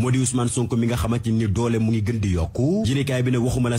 moo Manson Ousmane Sonko mi nga ni doole mu ngi gën di yokku yéenekaay bi ne waxuma la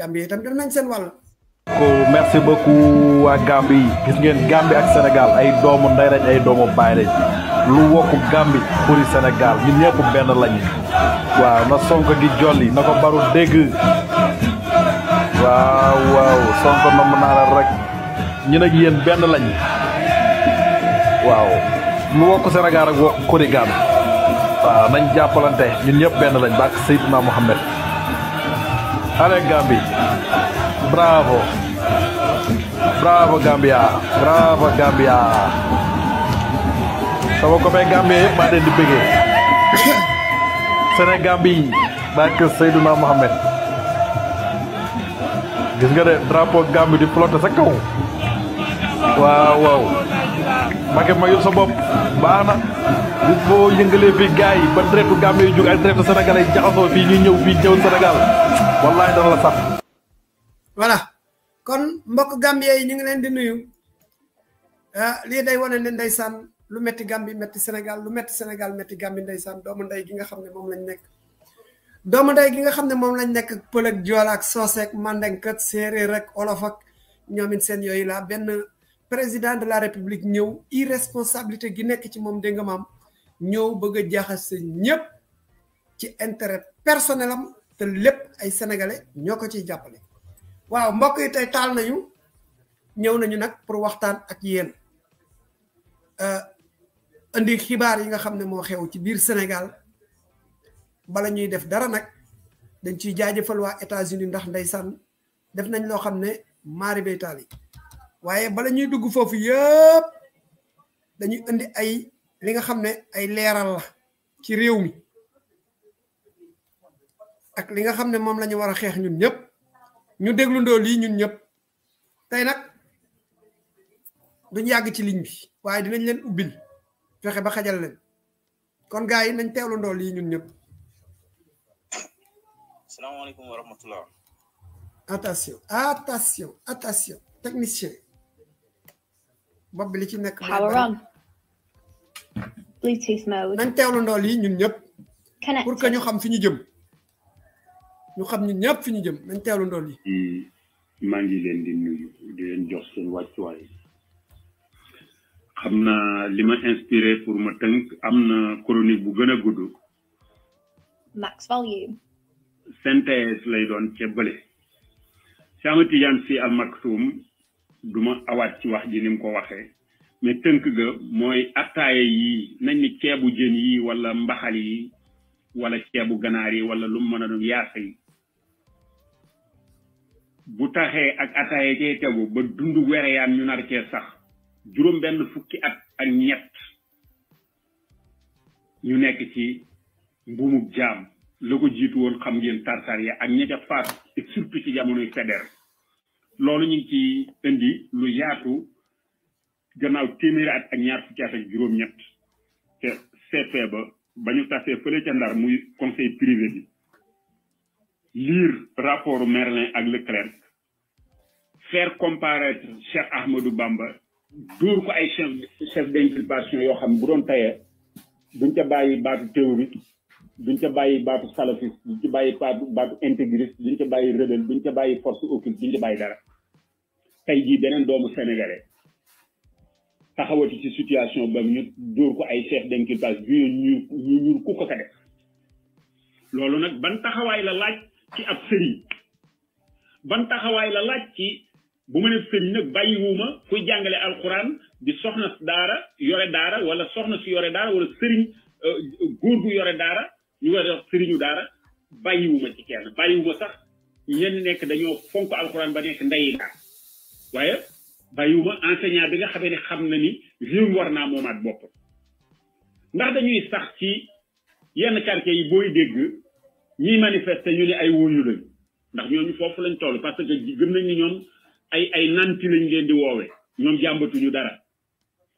Gambie tam itam dinañ seen ko merci beaucoup à Gambie gis ngeen Gambie ak Sénégal ay doomu nday lañ ay doomu bay lañ lu woku Gambie pour Sénégal ñun ñepp ben lañ waaw na Sonko di jolli nako baru dégg waaw waaw Sonko na mëna la rek ñun ak yeen ben lañ waaw lu woku Sénégal ak woku Kodi Gambie waaw nañ jappalante ñun ñepp ben lañ bak Seydina Mohamed Allez Gambie bravo bravo Gambia bravo Gambia sama copain Gambia yëpp maa leen di bëggee Sénégambie barke Seydouna Mohamed gis nga de drapeau di flotte sa kaw waaw waaw Macky mayul sa bopp baax na bis boo yëngalee fii gars ba traite Gambie yu jóg ak traite sénégalais jaxasoo fii ñu ñëw Sénégal wallahi la sax. voilà kon mbokk Gambie yi ñu ngi leen di nuyu ya, lii day wane ne ndeysaan lu metti Gambie metti Sénégal lu metti Sénégal metti Gambie ndeysaan doomu ndey gi nga xam ne lañ nekk. doomu ndey gi nga xam lañ ak ak ak mandeng kat rek olof ak ñoom it seen président de la république ñëw irresponsabilité gi nekk ci moom dégg nga ñëw bëgg a jaxase ñëpp ci intérêt personnel am te lépp ay sénégalais ñoo ko ciy jàppale. waaw mbokk yi tey taal nañu ñëw nañu nag pour waxtaan ak yéen euh, indi xibaar yi nga xam ne moo xew ci biir Sénégal bala ñuy def dara nag dañ ciy jaajëfal waa États-Unis ndax ndeysaan def nañ loo xam ne maari bay taal yi waaye bala ñuy dugg foofu yëpp dañuy indi ay li nga xam ne ay leeral la ci réew mi ak li nga xam ne moom lañu war a xeex ñun ñëpp ñu déglu ndool lii ñun ñëpp tey nag duñ yàgg ci ligne bi waaye dinañ leen ubbil fexe ba xajal leen kon gars yi nañ ndool lii ñun ñëpp salaamaaleykum wa rahmatullah attention attention attention technicien bopp bi li ci nekk. Bluetooth mode. nañ teewlu ndool yi ñun ñëpp. pour que ñu xam fi ñu jëm. ñu xam ñun ñëpp fi ñu jëm nañ teewlu ndool yi. Mm, maa ngi leen di nuyu di leen jox seen wàccuwaay. xam naa li ma inspiré pour ma tënk am na chronique bu gën a gudd. max volume. lay doon ca bële. Cheikh Ahmed Tidiane Sy Al Maktoum du ma awaat ci wax ji ni ko waxee. mais tënk ga mooy attaaya yi nañ ni ceebu jën yi wala mbaxal yi wala ceebu ganaar yi wala lu mën a doon yaasa yi bu taxee ak attaaya cay tegu ba dund wereyaan ñu nar cee sax juróom benn fukki at ak ñett ñu nekk ci mbuumub jaam la ko jiitu woon xam ngeen tartar ya ak ña ca faat surtout ci jamonoy feder loolu ñu ngi ci indi lu yaatu gannaaw téeméeri at ak ñaar fukki at ak juróom-ñett te CP ba ba ñu tasee fële ca ndar muy conseil privé bi lire rapport Merlin ak Leclerc faire comparaître Cheikh Ahmadou Bamba dóor ko ay chef chef d'inculpation yoo xam bu doon tayee duñ ca bàyyi baatu théorique duñ ca bàyyi baatu salafiste duñ ca bàyyi baatu baatu intégriste duñ ca bàyyi rebelle duñ ca bàyyi force occulte duñ ca bàyyi dara tey jii beneen doomu sénégalais taxawati ci situation ba ñu dóor ko ay chef d'inculpation bi ñu ñu ñu ku ko ka def loolu nag ban taxawaay la laaj ci ab sëriñ ban taxawaay la laaj ci bu ma ne sëriñ nag bàyyiwuma kuy jàngale alxuraan di soxna daara yore daara wala soxna si yore daara walla sëriñ euh, góor gu yore daara ñu koy wax sëriñu daara bàyyiwuma ci kenn bàyyiwuma sax ñenn nekk dañoo fonk alxuraan ba nekk ndeyi daara waaye bàyyiwuma enseignant bi nga xamee ne xam na ni réew war naa moomaat bopp ndax dañuy sax ci yenn quartier yi booy dégg ñiy manifester ñu ne ay wuyu lañ ndax ñooñu foofu lañ toll parce que gëm nañ ni ñoom ay ay nanti lañ leen di woowee ñoom jàmbatuñu dara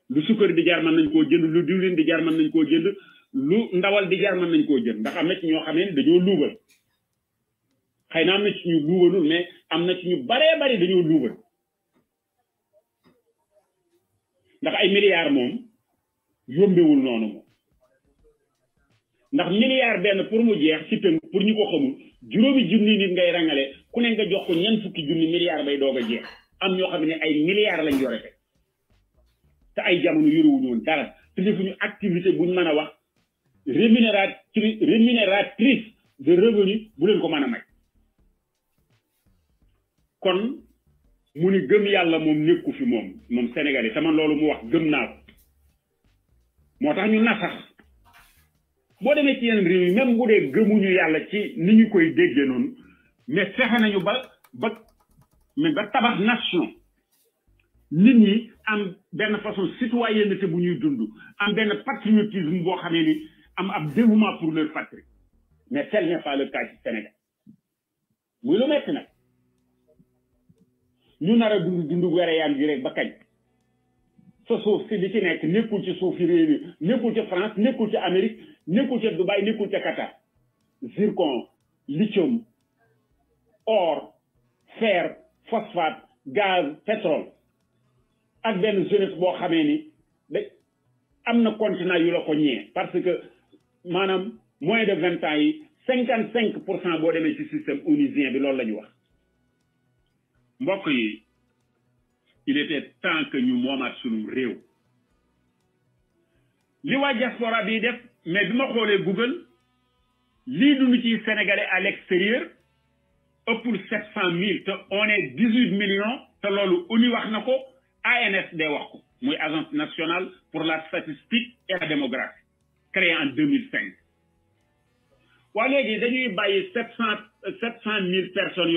lu sukkar di jar mën nañ koo jënd lu diwlin di jar mën nañ koo jënd lu ndawal di jar mën nañ koo jënd ndax am na ci ñoo xamee ne dañoo luubal xëy na am na ci ñu luubalul mais am na ci ñu baree bari dañoo luubal ndax ay milliards moom yombewul noonu moom ndax milliard benn pour mu jeex ci tënk pour ñu ko xamul juróomi junni nit ngay rangale ku ne nga jox ko ñeent fukki junni milliards bay doog a jeex am ñoo xam ne ay milliards lañ yore te ay jamono yorewuñu woon dara te ñu activité buñ mën a wax rémunératrice rémunératrice de revenu bu leen ko mën a may kon mouni gemi yalla mouni koufi moun, moun Senegalè, sa man lolo mou ak gemna. Mou atak moun nasak. Mouni meti yandri, mouni gemi mouni yalla ki, mouni koui degenon, mouni se hanayou bal, mouni bat tabak nasyon. Mouni mouni, mouni am dene fason sitwayen mouni doundou, am dene patrimotizm moun kamele, am ap devouman pou lèr patre. Mouni se lèr pa lèr kaj Senegalè. Mouni lèr mètena. ñu nar a dund dundu were yaan gi rek ba kañ sa suuf si li ci nekk nekkul ci suuf yi réew nekkul ci France nekkul ci Amérique nekkul ci Dubaï nekkul ci Qatar zircon lithium or fer phosphate gaz pétrole ak benn jeunesse boo xamee ni am na continent yu la ko ñee parce que maanaam moins de vingt ans yi cinquante cinq pour cent boo demee ci système onusien bi loolu la ñu wax Mokri, il était temps que nous mouamat sur nous réo. L'Iwa diaspora bidef, mais bima kholé Google, l'inumiti sénégalais à l'extérieur, pour 700 000, on est 18 millions, selon l'Uniwaknako, ANS de Wako, mon agence nationale pour la statistique et la démographie, créée en 2005. Ou alors, il y a 700 000 personnes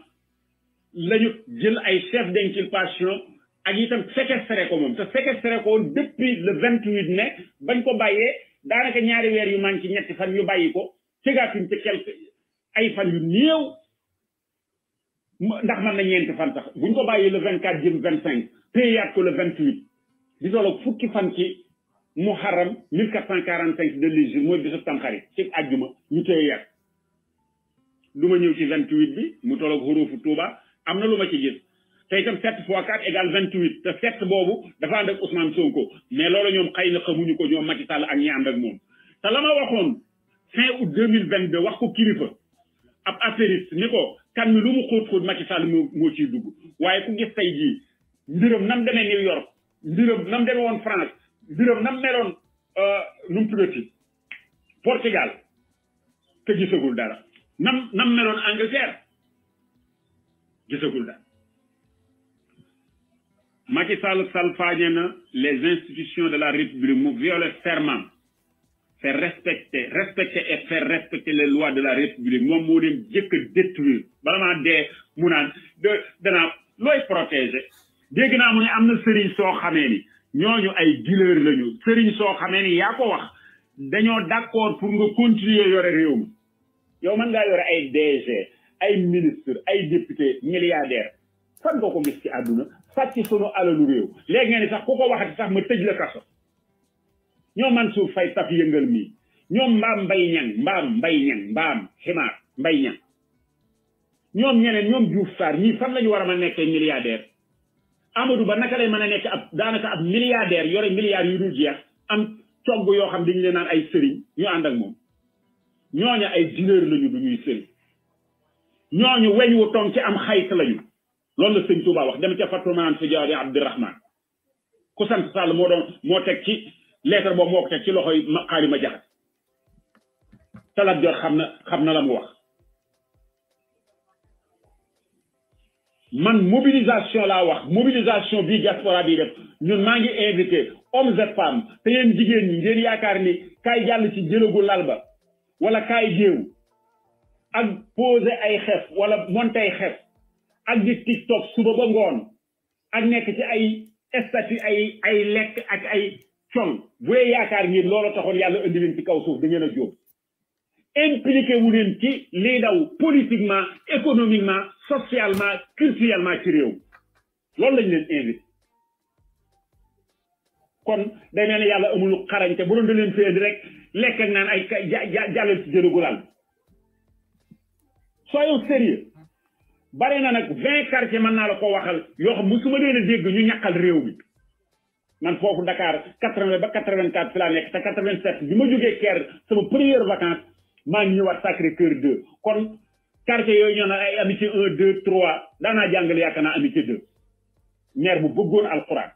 lañu jël ay chef d'inculpation ak tam itam séquestré ko moom te séquestré ko depuis le vingt huit mai bañ ko bàyyee daanaka ñaari weer yu man ci ñetti fan ñu bàyyi ko tëgaatuñ ci quelque ay fan yu néew ndax mën na ñeenti fan sax buñ ko bàyyee le vingt quatre jëm vingt cinq téyaat ko le vingt huit di tolloog fukki fan ci muharram mille quatre cent quarante cinq de l'hégire mooy bisu tamxarit ci àjjuma ñu téyaat du ma ñëw ci vingt huit bi mu tolloog xurufu Tuuba am na lu ma ci gis te itam 7 fois 4 égale 28 te 7 boobu dafa ànd ak Ousmane ko mais loolu ñoom xay na xamuñu ko ñoom Macky Sall ak ñi ànd ak moom te la ma waxoon fin août 2022 wax ko kilifa ab affairiste ni ko kan mi lu mu xóot xóot Macky Sall moo moo ci dugg waaye ku gis tey jii mbiram nam demee New York mbiram nam demee woon France mbiram nam meloon euh, nu mu tuddati Portugal te gisagul dara nam nam meloon Angleterre gisagul daal Macky Sall salfaañe na les institutions de la république mu viole fermement faire respecter respecter et faire respecter les lois de la république moom moo dem jëkk détruire bala maa dee mu naan de dana looy protéger dégg naa mu ne am na sëriñ soo ni ñoñu ay dealer lañu serigne so xamé ni yaa ko wax dañoo d'accord pour nga continuer yore réew yow man nga yore ay DG ay ministre ay député milliardaire fan nga ko gis ci àdduna sàcc sunu alalu réew léegi nga ni sax ku ko waxati sax ma tëj la kaso man Mansour Faye taf yëngal mii ñoom mbaam mbay ñang mbaam mbay ñang mbaam mbay ñang ñoom ñeneen ñoom Diouf saar ñii fan lañu war a mën a nekkee milliardaire Amadou Ba naka lay mën a nekk ab daanaka ab milliardaire yore milliards yu dul jeex am cogg yoo xam dañu leen naan ay sëriñ ñu ànd ak moom ñooñu ay dealer lañu du ñuy ñooñu weñ wu toon ci am xayt lañu loolu la sëñ Touba wax dem ca fatumaan si jaari Abdurahman ku sant Sall moo doon moo teg ci lettre boobu moo ko teg ci loxoy xaalima jaxat talat jor xam na xam na la mu wax man mobilisation laa wax mobilisation bii diaspora bii def ñun maa ngi invité hommes et te yéen jigéen ñi ngeen yaakaar ni kaay jàll ci jëlagu lal ba wala kaay géew ak poser ay xef wala monter ay xef ak di tiktok suba ba ngoon ak nekk ci ay statut ay ay lekk ak ay cong bu dee yaakaar ngeen loolu taxoon yàlla indi leen ci kaw suuf da ngeen a jóob impliqué wu leen ci liy daw politiquement économiquement socialement culturellement ci réew loolu lañ leen invité kon day mel yàlla amul xarañte bu doon da leen fee rek lekk ak naan ay ja jàllal ci jërëgu laal soyons sérieux bari na nag vingt quartiers mën naa la ko waxal yoo xam musuma leen a dégg ñu ñàkkal réew mi man foofu Dakar quatre vingt ba quatre vingt quatre fi laa nekk te quatre vingt sept bi ma jógee Kër sama première vacance maa ngi ñëwaat Sacré Cœur deux kon quartier yooyu ñoo na ay amitié un deux trois daanaa jàngale yaakaar naa amitié deux maire bu bëggoon alxuraan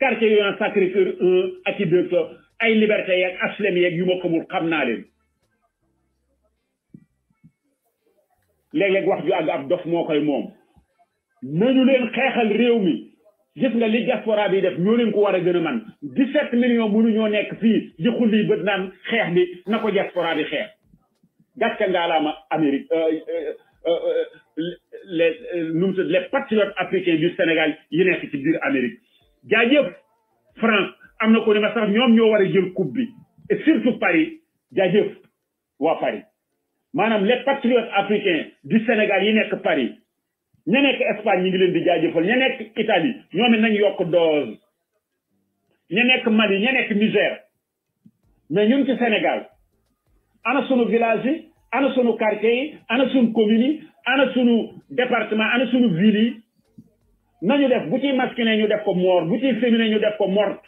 quartier yooyu naan Sacré Cœur un ak i deux ay liberté yeeg HLM yeeg yu ma xamul xam naa léeg-léeg wax ju àgg ab dof moo koy moom nañu leen xeexal réew mi gis nga li diaspora yi def ñoo leen ko war a gën a man dix-sept millions ñoo nekk fii di xulli bët naan xeex bi na ko diaspora bi xeex gàcce ngaalaama Amérique euh, euh, euh, les nu mu tudd les patriotes africains du Sénégal yi nekk ci biir Amérique jaajëf France am na ko ne ma sax ñoom ñoo war a jël coupe bi et surtout Paris jaajëf waa Paris manam les patriotes africains du Sénégal yi que Paris ñe que Espagne ñi ngi leen di jaajëfal ñe nek Italie ñoom it nañ yokk dose ña Mali ñe nek Niger mais ñun ci Sénégal ana sunu village ana sunu quartier ana sunu commune ana sunu département ana sunu ville nañu def bu ci masculin ñu def ko mort bu ci féminin ñu def ko morte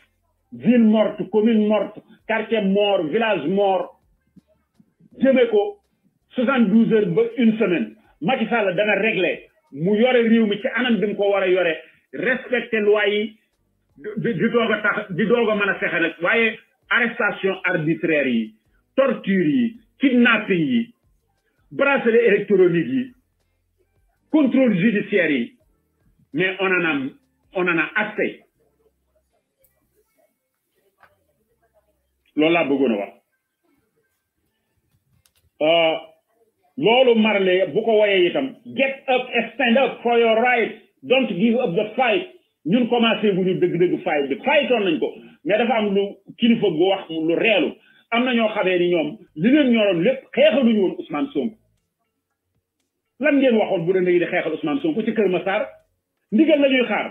ville morte commune morte quartier mort village mort jëme 72 heures une semaine Macky Sall dana réglé mu yoré réew mi ci anam ko a respecté loi yi di de tax di doog arrestation arbitraire yi torture yi kidnapping yi bracelet électronique yi contrôle judiciaire mais on en a on en a assez Lola laa wax euh, loolu marle bu ko woyee itam get up stand up for your right don't give up the fight ñun commencé bu ñu dëgg-dëgg fight bi fightoon nañ ko mais dafa am lu kilifa gu wax lu reelu am na ñoo xamee ni ñoom li leen ñoroon lépp xeexaluñu woon Ousmane Sonko lan ngeen waxoon bu dee da ngeen di xeexal Ousmane Sonko ci Kër ma Massar ndigal la ñuy xaar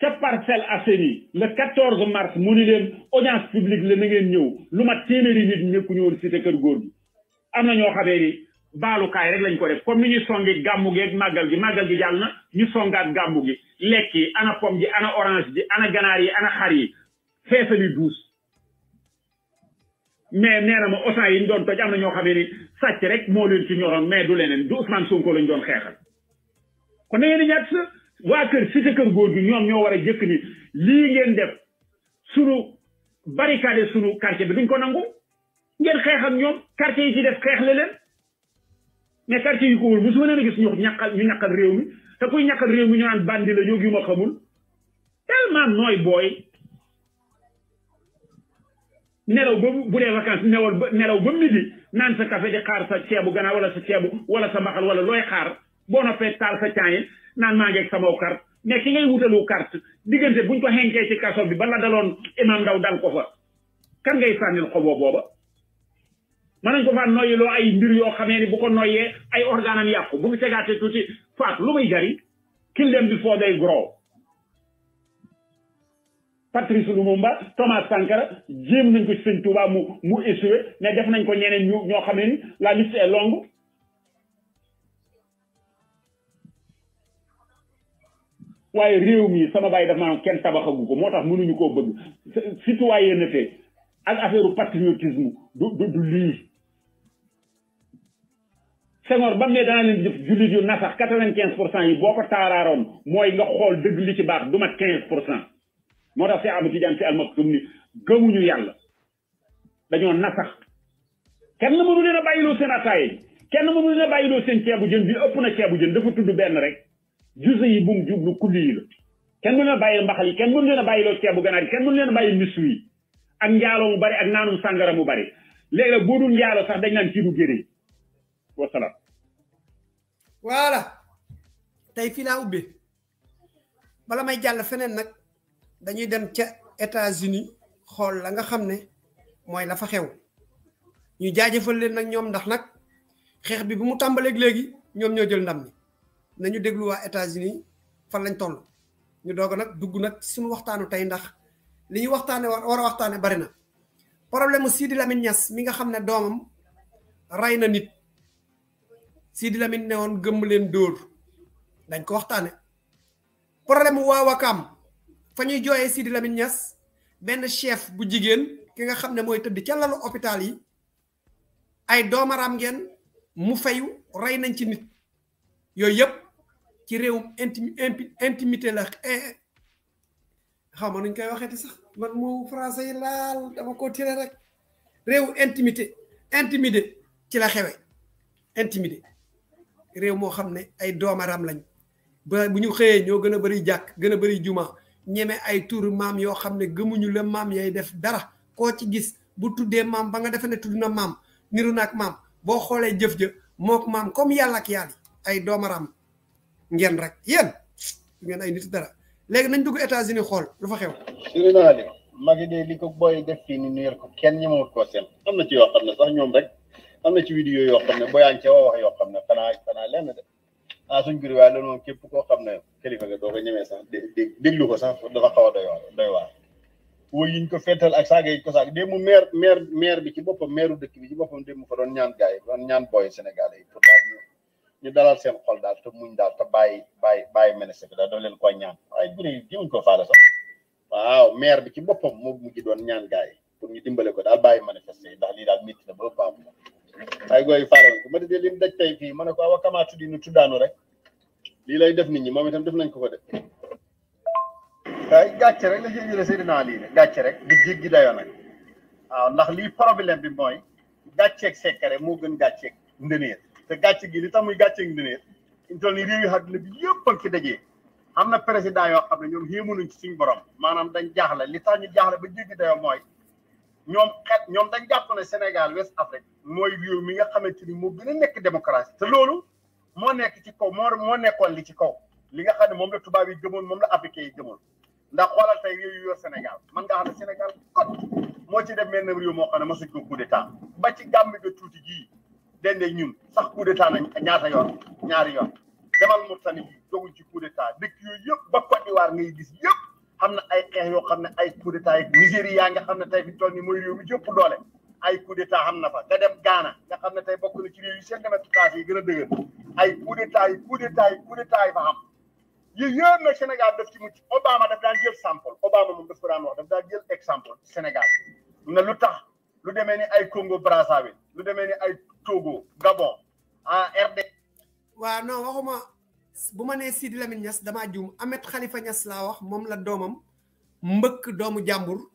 ca Parcelles Assainies le 14 mars mu ni leen audience publique la na ngeen ñëw lu mat téeméeri nit ñëkkuñu woon cité kër góor gi. am na ñoo xamee ni baalukaay rek lañ ko def comme ni ñu songi gàmmu gi màggal gi màggal gi jàll na ñu songaat gàmmu gi lekk yi ana pomme ji ana orange ji ana ganaar yi ana xar yi feesali duus mais nee ma osan yi ñu doon toj am na ñoo xamee ni sàcc rek moo leen ci ñoroon mais du leneen du Ousmane Sonko lañ doon xeexal kon na ngeen ñett sa waa kër si sa góor gi ñoom ñoo war a jëkk ni lii ngeen def sunu barricade sunu quartier bi duñ ko nangu ngeen xeex ak ñoom quartier yi ci def xeex la leen mais quartier yu ko wóor mosuma leen a gis ñu ñaqal ñu ñaqal réew mi te kuy ñaqal réew mi ñu naan bandi la ñoo gi ma xamul tellement nooy booy nelaw ba bu dee vacances newal ba nelaw ba midi naan sa café di xaar sa ceebu ganaar wala sa ceebu wala sa mbaxal wala looy xaar boo noppee taal sa caayin naan maa ngeeg sama carte mais ki ngay wutalu carte diggante buñ ko xenkee ci kaso bi ba la daloon imam ndaw dal ko fa kan ngay sànnil xoboo booba mën nañ ko faa noyyiloo ay mbir yoo xamee ni bu ko noyyee ay organe am yàqu bu fi tegaatee tuuti faat lu muy jari kill them before they grow Patrice Lumumba Thomas Sankara jéem nañ ko ci sëñ mu mu échoué mais def nañ ko ñeneen ñu ñoo xam ne ni la liste est longue waaye réew mi sama bàyyi daf maanaam kenn tabaxagu ko moo tax mënuñu koo bëgg citoyenneté ak affaire patriotisme du du lii Senghor ba mu ne danaa leen def jullit yu nasax quatre-vingt-quinze pour cent yi boo ko taaraaroon mooy nga xool dëgg li ci baax du mat quinze pour cent moo tax si Ahmad Tidiane si Al-Maktoum ni gëmuñu yàlla dañoo nasax kenn mu leen a bàyyiloo seen ataaya bi kenn mënu ne a bàyyiloo seen ceebu jën bi ëpp na ceebu jën dafa tudd benn rek juse yi bum jublu kulli yi la kenn mënu leen a bàyyi mbaxal yi kenn mënu leen a bàyyiloo ceebu ganaar yi kenn mënu leen a bàyyi misu yi ak njaaloo mu bari ak naanum sàngara mu bari léegi nag boo sax dañ naan kii du géré wasalaam. voilà tey fii laa ubbi bala may jàll feneen nag dañuy dem ca États-Unis xool la nga xam ne mooy la fa xew ñu jaajëfal leen nag ñoom ndax nag xeex bi bu mu tàmbaleek léegi ñoom ñoo jël ndam ni nañu déglu waa États-Unis fan lañ toll ñu doog nag dugg nag suñu waxtaanu tey ndax li ñu waxtaane war a waxtaane bari na problème mu Sidi Lamine mi nga xam ne doomam rey na nit Sidi Lamine ne woon gëmm leen dóor dañ ko waxtaane problème waa Wakaam fa ñuy jooyee Sidi Lamine Niass benn chef bu jigéen ki nga xam ne mooy tëdd ca lalu hôpital yi ay doomaraam ngeen mu fayu rey nañ ci nit yooyu yëpp ci réewum inti intimité la eh, eh. xaw ma nuñ koy waxeeti sax man mu français yi laal dama ko tiré rek réewu intimité intimidé ci la xewe intimidé réew moo xam ne ay doomaram lañ ba bu ñu xëyee ñoo gën a bari jàkk gën a bari juma ñeme ay tur maam yoo xam ne gëmuñu la maam yay def dara koo ci gis bu tuddee maam ba nga defe ne tudd na maam niru na ak boo xoolee jëf ja mook maam comme yàlla ak yàlla ay doomaram ngeen rek yéen ngeen ay nit dara léegi nañ dugg États-Unis xool lu fa xew. sëñ Aliou. magi li ko booy def fii nii ñu yor ko kenn ñemewut koo seen am na ci yoo xam ne sax ñoom rek. am na ci vidéo yoo xam ne boyaan cee wax yoo xam ne xanaa xanaa lenn de ah suñ guri waaye loolu moom képp koo xam ne kilifa nga doo ko ñemee sax déglu ko sax xaw a doy waar doy waar woy ko fettal ak saaga yiñ ko saag démb maire maire bi ci boppam maireu dëkk bi ci boppam démb fa doon ñaan gars ñaan booy Sénégal yi pour daal ñu ñu seen xol daal te muñ daal te bàyyi bàyyi bàyyi ministre bi daal doo leen ko ñaan waaye gune yi jiwuñ ko faale sax waaw maire bi ci boppam moo mujj doon ñaan gars yi pour ñu dimbale ko daal bàyyi manifester yi ndax lii daal métti na ba baax ay gooy faarawoon ko ma di lim daj tey fii ma ne ko awa kamaa tuddi nu tuddaanu rek lii lay def nit ñi moom itam def nañ ko ko de gàcce rek la jéggi Seydina Ali de gàcce rek di jéggi dayoo na waaw ndax lii problème bi mooy gàcceeg sekkare moo gën gàcceeg ndëneer te gàcce gi li tax gàcceek gàcceeg ndëneer ñu toll nii réew yi àdduna bi yëpp a ci dajee am na président yoo xam ne ñoom yéemu nañ ci suñu borom maanaam dañ jaaxle li tax ñu jaaxle ba jéggi dayoo mooy ñoom xet ñoom dañ jàpp ne Sénégal West Afrique mooy réew mi nga xamante ni moo gën a nekk démocratie te loolu moo nekk ci kaw moo moo nekkoon li ci kaw li nga xam ne moom la tubaab yi gëmoon moom la africain yi gëmoon ndax xoolal tey réew yu yor Sénégal man nga ne Sénégal kot moo ci def mel ne réew moo xam ne masuñ ko coup d'état ba ci gàmbi ga tuuti jii dende ñun sax coup d'état na ñaata yoon ñaari yoon demal Mauritanie bi doguñ ci coup d'état dëkk yooyu yëpp ba Côte d'Ivoire ngay gis yëpp am na ay xeex yoo xam ne ay coup d'état yi Nigéria nga xam ne tey fi toll nii mooy réew mi jëpp doole ay coup d'état xam na fa nga dem Ghana nga xam ne tey bokk na ci réew yi seen démocratie yi gën a dëgër ay coup d'état yi coup d'état yi coup d'état yi fa am yooyu yëpp nag Sénégal daf ci mucc Obama daf daan jël sample Obama moom daf ko daan wax daf daan jël exemple Sénégal na lu tax lu demee ni ay Congo Brazzaville lu demee ni ay Togo Gabon ah RD. waaw non waxuma. buma ne nee Sidi Lamine Niass dama djum Ahmed Khalifa Niass la wax mom la domam mbeuk domu jambour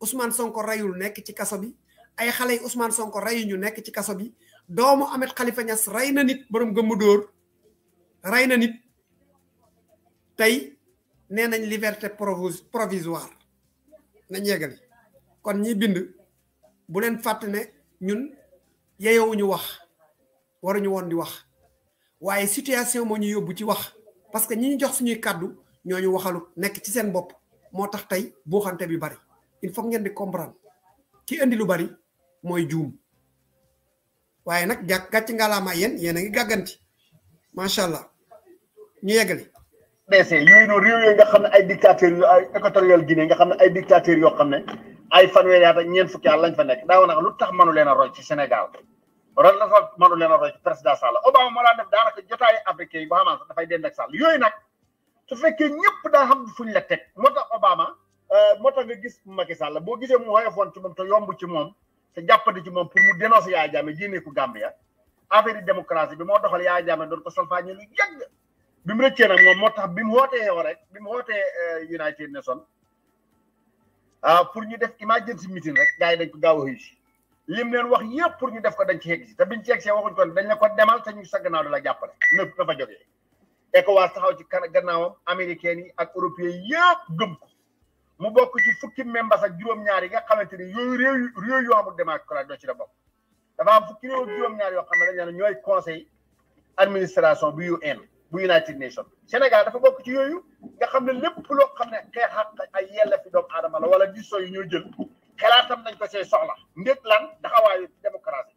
Ousmane Sonko rayul nek ci kasso bi ay xale Ousmane Sonko ñu nek ci kasso bi domu Ahmed Khalifa Niass rey na nit borom gëm door rey na nit tay nenañ liberté provisoire na ñegal kon ñi bind bu len fàtt ñun yeyewu ñu wax ñu won di wax waye situation mo ñu yobbu ci wax parce que ñi ñu jox suñuy kàddu ñooñu waxalu nek ci seen bop moo tax tey xanté bi bari il faut ngeen di comprendre ki andi lu bari moy joom waye nak jak gatch nga la mayen a nga gaganti machallah ñu yeggali. mais yooyu no rew yi nga xam ay dictateur yu ay équatorial Guinée nga xam ay dictateur yo xam ay fanweeri at ñeen fukki at lañ fa nekk daa woon lu tax manu leena roy ci Sénégal. loolu dafa mënu leen a roy ci président Sall Obama moo daan def daanaka jotaayu africain yi ba xam dafay dend ak Sall yooyu nag su fekkee ñëpp daa xam fuñ la teg moo tax Obama euh, moo tax nga gis mu Macky Sall boo gisee mu woyofoon ci moom te yomb ci moom te jàppandi ci moom pour mu dénoncer Yaya Jammeh génnee ko Gambia affaire yi démocratie bi moo doxal Yaya Jammeh doon ko salfaañe lu yàgg bi mu rëccee nag moom moo tax bi mu wootee yow rek bi mu wootee euh, United Nations ah, pour ñu def emergency meeting rek gars yi dañ ko lim leen wax yëpp pour ñu def ko dañ ci yegg si te biñ ci yegg see waxuñ ko dañ ne ko demal te ñu sa gannaaw di la jàppale nëpp dafa jógee ECOWAS taxaw ci kan gannaawam américain yi ak européens yëpp gëm ko mu bokk ci fukki membres ak juróom-ñaar yi nga xamante ni yooyu réew yu réew yoo xamul démocratie doo ci la bokk dafa am fukki réew juróom-ñaar yoo xam ne dañ naan ñooy conseil administration bu UN bu United Nations Sénégal dafa bokk ci yooyu nga xam ne lépp loo xam ne ay yelleefi doomu aadama la wala mission yi ñoo jël. xalaatam nañ ko see la ndéet lan taxawaayu démocratie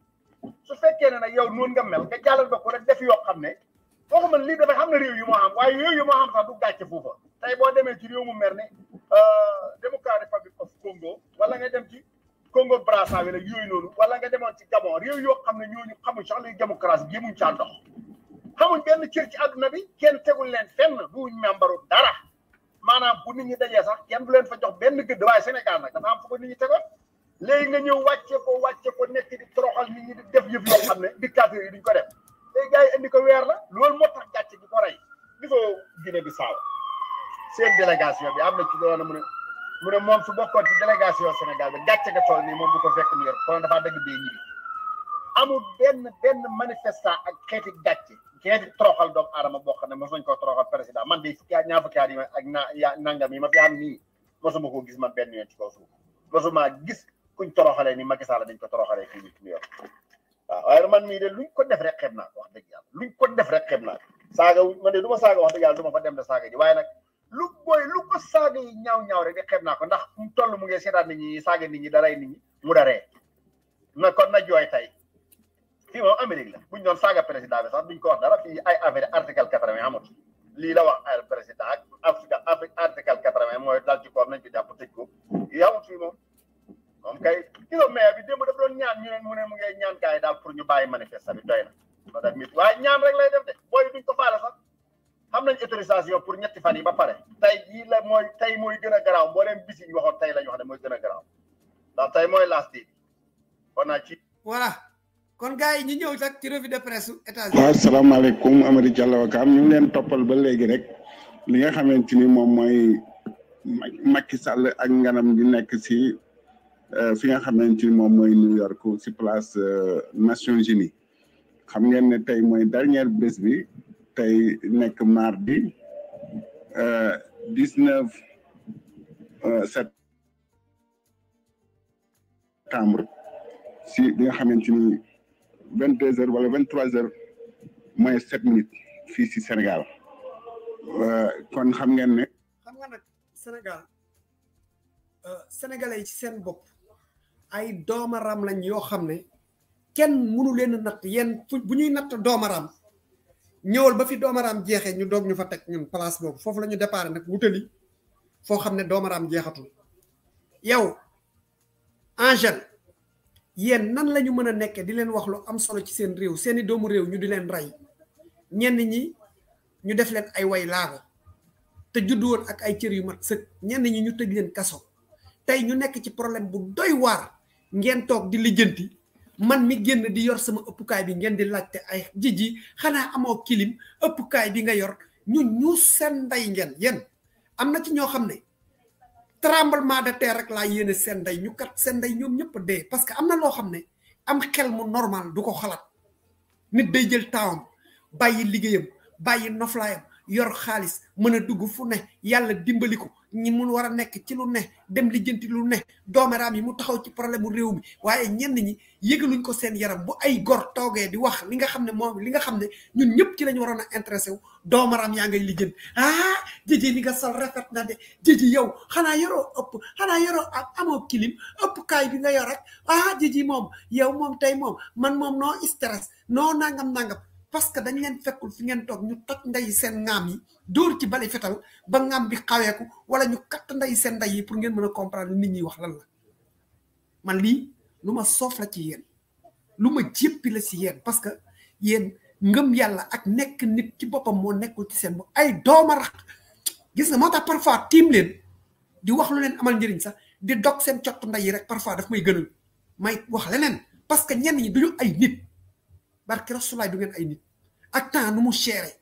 su fekkee ne na yow noonu nga mel nga jàllal ba ko rek def yoo xam ne foofu man lii dafa xam na réew yu moo xam waaye réew yu moo xam sax du foofa tey boo demee ci réew mu mer ne euh, Democratic Republic of Congo wala nga dem ci Congo Brazzaville ak yooyu noonu wala nga demoon ci Gabon réew yoo xam ne ñooñu xamuñ sax luy démocratie jéemuñ caa dox xamuñ benn cër ci àdduna bi kenn tegul leen fenn duñ membaru dara maanaam bu nit ñi dajee sax kenn du leen fa jox benn gëdd waaye Sénégal nag dafa am fu ko nit ñi tegoon léegi nga ñëw wàcce ko wàcce ko nekk di toroxal nit ñi di def yëf yoo xam ne dictateur yi duñ ko def léegi gars yi indi ko weer la loolu moo tax gàcce gi ko rey gisoo Guinée Bissau seen délégation bi am na ci doon mu ne mu ne moom su bokkoon ci délégation Sénégal bi gàcce ga toll nii moom bu ko fekk mu yor kon dafa dëgg bee ñibbi amul benn benn manifestant ak xeeti gàcce xeeti toroxal doomu aadama boo xam ne mos nañ koo toroxal président man de fukki ñaar fukki at yi ak naa nangam yi ma fi am nii mosuma ko gis ma benn yoon ci kaw suuf mosuma gis kuñ toroxalee ni Macky Sall dañ ko toroxalee fii nii yor waaw waaye man mii de ñu ko def rek xeeb naa ko wax dëgg luñ ko def rek xeeb naa ko saaga man de du ma saaga wax dëgg yàlla ma fa dem de saaga ji waaye nag lu booy lu ko ñaaw ñaaw rek de xeeb naa ko ndax mu toll mu ngi seetaan nit ñi saaga nit ñi dalay nit ñi mu daree na kon na jooy tey fii moom Amérique la bu ñu saaga président bi sax duñ ko wax dara fii ay affaire article quatre vingt amut lii la wax ay président ak Afrique mooy dal ci koom nañ ko jàpp tëj ko yi amut moom. kay kilo maire bi démb dafa doon ñaan ñu ne mu ne mu ngay ñaan gars yi daal pour ñu bàyyi manifeste bi doy na. moo tax mit waaye ñaan rek lay def booy duñ ko faale sax xam nañ autorisation pour ñetti fan yi ba pare. tey jii la mooy tey mooy gën a garaaw mbooleem la ñu ne mooy gën a garaaw ndax kon gars yi ñi ñëw sax ci revue de presse États-Unis. waaw salaamaaleykum Amady Diallo Wakaam ñu ngi leen toppal ba léegi rek li nga xamante ni moom mooy Macky Sall ak nganam di nekk si euh, fi nga xamante ni moom mooy New York si place euh, Nations Unies xam ngeen ne tey mooy dernière bés bi tey nekk mardi euh, dix-neuf septembre si li nga xamante ni. vingt deux heures wala vingt trois heures moins sept minutes fii si Sénégal euh, kon xam ngeen ne. xam nga nag Sénégal euh, sénégalais ci seen bopp ay doomaraam lañ yoo xam ne kenn mënu leen natt yenn fu bu ñuy natt doomaram ñëwal ba fi doomaram jeexee ñu doog ñu fa teg ñu place boobu foofu la ñu déparé nag wutali foo xam ne doomaraam jeexatul yow Angèle Yen nan lañu mëna a di leen wax lu am solo ci seen réew seen doomu réew ñu di leen ray ñen ñi ñu def leen ay way laago te juddu won ak ay cër yu mat sëkk ñen ñi ñu tej leen kaso tay ñu nekk ci problème bu doy war ngeen tok di lijeenti man mi genn di yor sama ëppukaay bi ngeen di laajte ay jiji xana amoo kilim ëppukaay bi nga yor ñun ñu seen nday ngeen yen am ci ño xamne tremblement de terre rek laa yéene seen ndey ñu kat seen ndey ñoom ñëpp dee parce que am na loo xam ne am xel mu normal du ko xalaat nit day jël taawam bàyyi liggéeyam bàyyi noflaayam yor xaalis mën a dugg fu ne yàlla dimbali ko ñi mu war a nekk ci lu ne dem lijjanti lu ne doomeraam yi mu taxaw ci problème mu réew mi waaye ñenn ñi yëgaluñ ko seen yaram bu ay gor toogee di wax li nga xam ne moom li nga xam ne ñun ñëpp ci lañu waroon a intéressé wu doomeraam yaa ngay lijjanti ah jëjee li nga sol rafet na de jëji yow xanaa yoroo ëpp xanaa yoroo ak amoo kilim ëpp kaay bi nga yor rek ah jëji moom yow moom tey moom man moom noo stress noo nangam nangam parce que dañ leen fekkul fi ngeen toog ñu toj ndey seen ngaam yi dóor ci bali fetal ba ngaam bi xaweeku wala ñu katt ndey seen ndey yi pour ngeen mën a comprendre nit ñi wax lan la man lii lu ma soof la ci yéen lu ma jéppi la ci yéen parce que yéen ngëm yàlla ak nekk nit ci boppam moo nekkul ci seen ay dooma rax gis nga moo tax parfois tiim leen di wax lu leen amal njëriñ sax di dog seen cott ndey yi rek parfois daf may gënal may wax leneen parce que ñenn ñi duñu ay nit barki rasulaay du ngeen ay nit ak temps nu mu chéré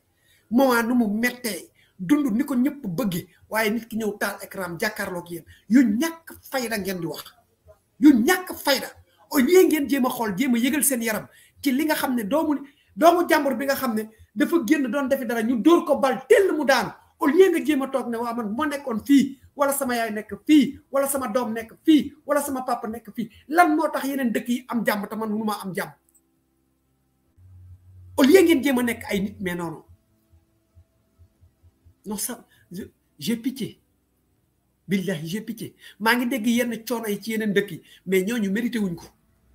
moment nu mu mettee dund ni ko ñëpp bëggee waaye nit ki ñëw taal écran jàkkaarloog yéen yu ñàkk fayda ngeen di wax yu ñàkk fayda au ngeen jéem a xool jéem a yëgal seen yaram ci li nga xam ne doomu doomu jàmbur bi nga xam ne dafa génn doon defi dara ñu dóor ko bal tell mu daan au lieu nga jéem a toog ne waa man moo nekkoon fii wala sama yaay nekk fii wala sama doom nekk fii wala sama papa nekk fii lan moo tax yeneen dëkk yi am jàmm te man mënuma am jàmm au lieu ngeen jéem a nekk ay nit mais non non non ça j'ai pitié billah j'ai pitié maa ngi dégg yenn coono yi ci yeneen dëkk yi mais ñooñu mérité wuñ ko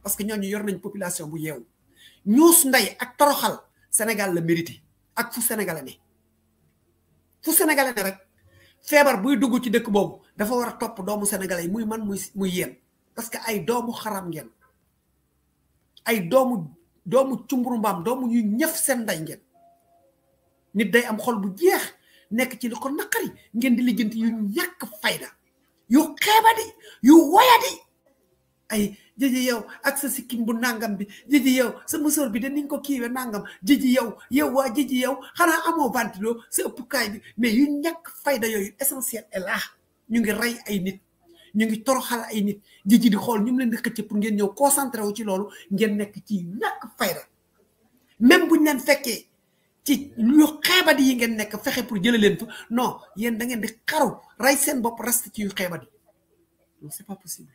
parce que ñooñu yor nañ population bu yeewu ñuus nday ak toroxal Sénégal la mérité ak fu Sénégalais ne fu Sénégalais ne rek feebar buy dugg ci dëkk boobu dafa war a topp doomu Sénégalais muy man muy muy yéen parce que ay doomu xaram ngeen ay doomu doomu cumburu mbaam doomu ñuy ñëf seen nday ngeen nit day am xol bu jeex nekk ci li ko naqari ngeen di lijjanti yu ñàkk fayda yu xeebadi yu woyadi ay jiji yow ak sa sikkim bu nangam bi jiji yow sa musóor bi de niñ ko kiiwee nangam jiji yow yow waa jiji yow xanaa amoo ventilo sa ëppukaay bi mais yu ñàkk fayda yooyu essentiel est là ñu ngi rey ay nit ñu ngi toroxal ay nit ji di xool ñu ngi leen di xëcc pour ngeen ñëw concentré wu ci loolu ngeen nekk ci ñàkk fayda même buñ leen fekkee ci lu xeebadi yi ngeen nekk fexe pour jëlee leen fa non yéen da ngeen di xaru rey seen bopp reste ci yu xeebadi non c'est pas possible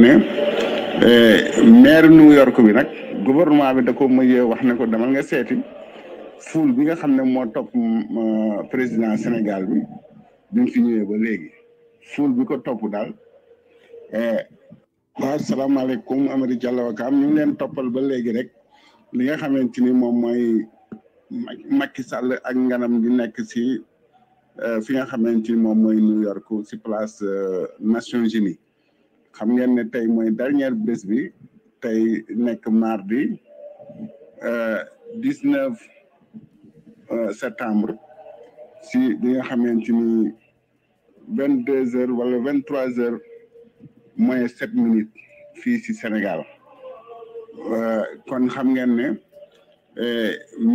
mais euh, maire New York bi nag gouvernement bi da ko mëyee wax ne ko demal nga séti foule bi nga xamné mo top euh, président Sénégal bi bi fi ñëwé ba légui foule bi ko top topp daal eh, waaw salaamaaleykum Amady Diallo Wakaam ñu leen toppal ba légui rek li nga xamanteni mom moy Macky Sall ak nganam di nekk euh fi nga xamanteni mom moy New York ci place euh, Nations Unies xam ngeen ne tay moy dernière bés bi tey nekk mardi euh, dix neuf euh, septembre si bi nga xamante ni vingt deux heures wala vingt trois heures moins sept minutes fii si Sénégal euh, kon xam ngeen ne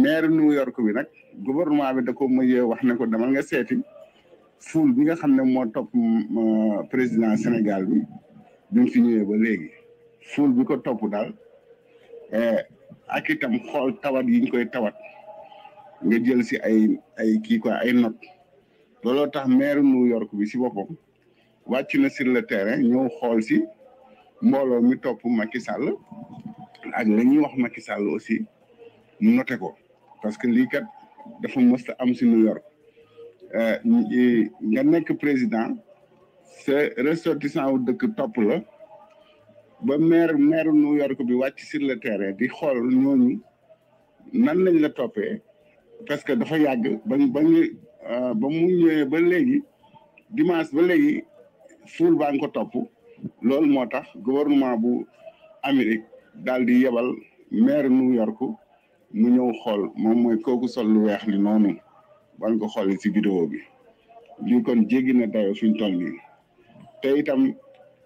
maire New York bi nag gouvernement bi da ko mujjee wax ne ko demal nga seeti foule bi nga xam ne moo topp président Sénégal bi bi mu fi ñëwee ba léegi suul bi ko topp daal eh, ak itam xool tawat yiñ koy tawat nga jël si ay ay kii quoi ay not looloo tax maire New York bi si boppam wàcc na sur le terrain ñoo xool si mbooloo mi topp Macky Sall ak la ñuy wax Macky Sall aussi noté ko parce que lii kat dafa mosta am si New York eh, nga nekk président sa ressortissant wu dëkk topp la ba maire maire New York bi wàcc sur le terrain di xool ñooñu nan lañ la toppee parce que dafa yàgg ba ba ñu euh, ba mu ñëwee ba léegi dimanche ba léegi suul baa nga ko topp loolu moo tax gouvernement bu Amérique daal di yebal maire New York mu ñëw xool moom mooy kooku sol lu weex li noonu ban ko xool ci vidéo bi lii kon jéggi na dayo suñ toll nii te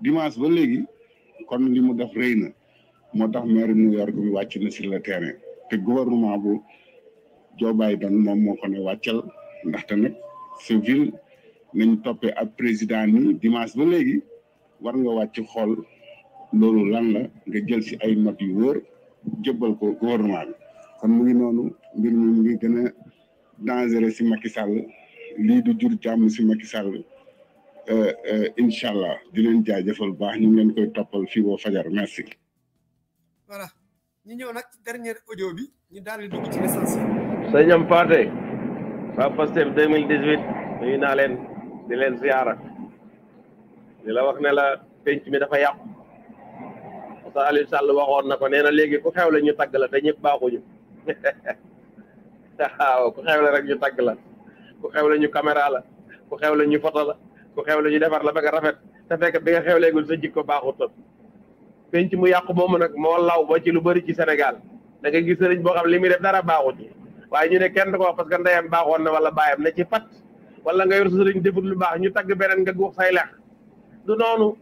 dimanche ba léegi kon li mu def rëy na moo tax maire New York bi wàcc na sur le terrain te gouvernement bu Joe Biden moom moo ko wàccel wàccal ndaxte nag sa ville nañ toppee ak président ni dimanche léegi war nga wàcc xool loolu lan la nga jël si ay notes yu wóor jëbbal ko gouvernement bi kon mu ngi noonu mbir ngi gën a dangereux si Macky Sall lii du jur jàmm si Macky Sall Euh, euh, incha allah di leen jaajëfal baax ñu ngi leen koy toppal fii fajar merci. voilà ñu ñëw nag ci dernier audio bi ñu daal di dugg ci l'essentiel. sëñ am Pathé waa Pastef 2018 nuyu naa leen di leen ziara di la wax ne la penc mi dafa yàqu parce que Aliou Sall waxoon na ko nee na léegi ku xew la ñu tagg la te ñëpp baaxuñu waaw ku xew la rek ñu tagg la ku xew la ñu caméra la ku xew la ñu la. ko xewle ñu defar la ba nga rafet ta fekk bi nga xewleegul sa jikko baaxutoon penc mu yàqu moomu nak mo law ba ci lu bari ci senegal da nga gis serigne bo xam limi def dara baaxu ci ñu ne kenn ko parce que ndayam baaxoon na wala bayam na ci fat wala nga yor serigne sëriñ defut lu baax ñu tag benen nga guux say lekh du nonu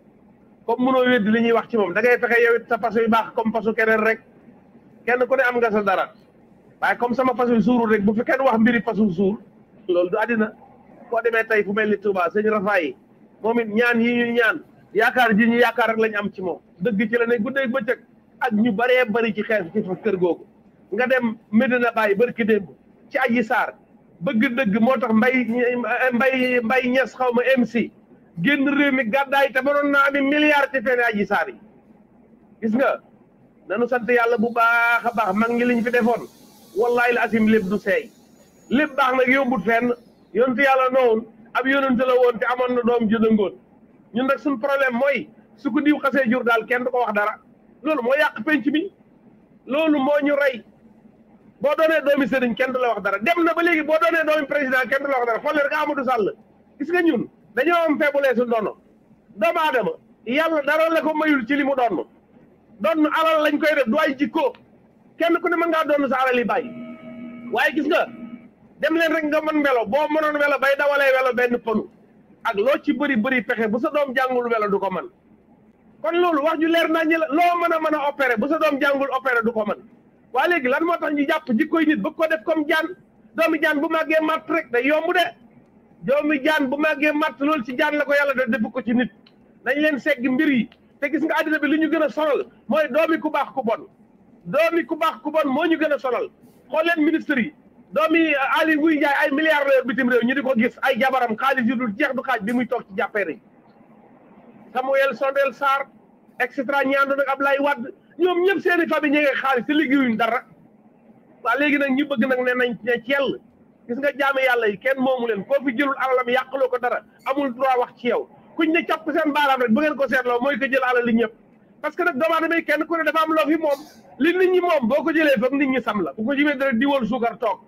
comme mëno wedd li ñuy wax ci mom da ngay fexé yow sa fas baax comme fasu keneen rek kenn ku ne am nga sa dara waye comme sama fas suru rek bu fi kenn wax mbiri fasu suur lolou du adina boo demee tey fu mel ni Touba sëñ Rafaay moom it ñaan yi ñuy ñaan yaakaar ji ñu yaakaar rek lañu am ci moom dëgg ci la ne guddeeg bëccëg ak ñu baree bari ci xeex ci kër googu nga dem Medina Baye barki démb ci aji saar bëgg dëgg moo tax mbay mbay mbay ñes xaw ma MC génn réew mi gàddaay te mënoon naa ami milliard ci fene aji saar yi gis nga nanu sant yàlla bu baax a baax mag ñi lañ fi defoon wallaay la asim lépp du seey lépp baax nag yombut fenn yontu yàlla noonu ab yonente la woon te amoon na doom ju dëngoon ñun nag suñ problème mooy su ko diw xasee jur daal kenn du ko wax dara loolu moo yàq penc mi loolu moo ñu rey boo doonee doomi sëriñ kenn du la wax dara dem na ba léegi boo doonee doomi président kenn du la wax dara xool leen nga Amadou Sall gis nga ñun dañoo am faiblesse su ndono doomu aadama yàlla dara la ko mayul ci li mu doon doon alal lañ koy def du ay jikko kenn ku ne mën ngaa doon sa alal waaye gis dem leen rek nga mën welo boo mënoon welo bay dawalee welo benn pënu ak loo ci bëri bëri pexe bu sa doom jàngul welo du ko mën kon loolu wax ju leer naa ñi la loo mën a mën a opéré bu sa doom jàngul opéré du ko mën waa léegi lan moo tax ñu jàpp jikkoy nit bëgg ko def comme jaan doomi jaan bu màggee matt rek day yomb de doomi jaan bu màggee matt loolu ci jaan la ko yàlla de def ko ci nit dañ leen segg mbir yi te gis nga àddina bi li ñu gën a sonal mooy doomi ku baax ku bon doomi ku baax ku bon moo ñu gën a sonal xool ministre yi doomi Aly Ngouille Ndiaye ay milliards la yor bitim réew ñu di ko gis ay jabaram xaalis yu dul jeex du xaaj bi muy toog ci jàppee nañ Samuel Sondel Sarr et cetera ñi àndoon ak Ablaye Wade ñoom ñëpp seen i famille ñu ngi xaalis te liggéeyuñ dara waa léegi nag ñu bëgg nag ne nañ ne ceel gis nga jaame yàlla yi kenn moomu leen koo fi jëlul alalam yàqaloo ko dara amul droit wax ci yow kuñ ne capp seen baaraam rek bu ngeen ko seetloo mooy ko jël alal li ñëpp parce que nag doomu aadama kenn ku ne dafa am loo fi moom li nit ñi moom boo ko jëlee foog nit ñi sam la bu ko jëmee dara diwoon suukar toog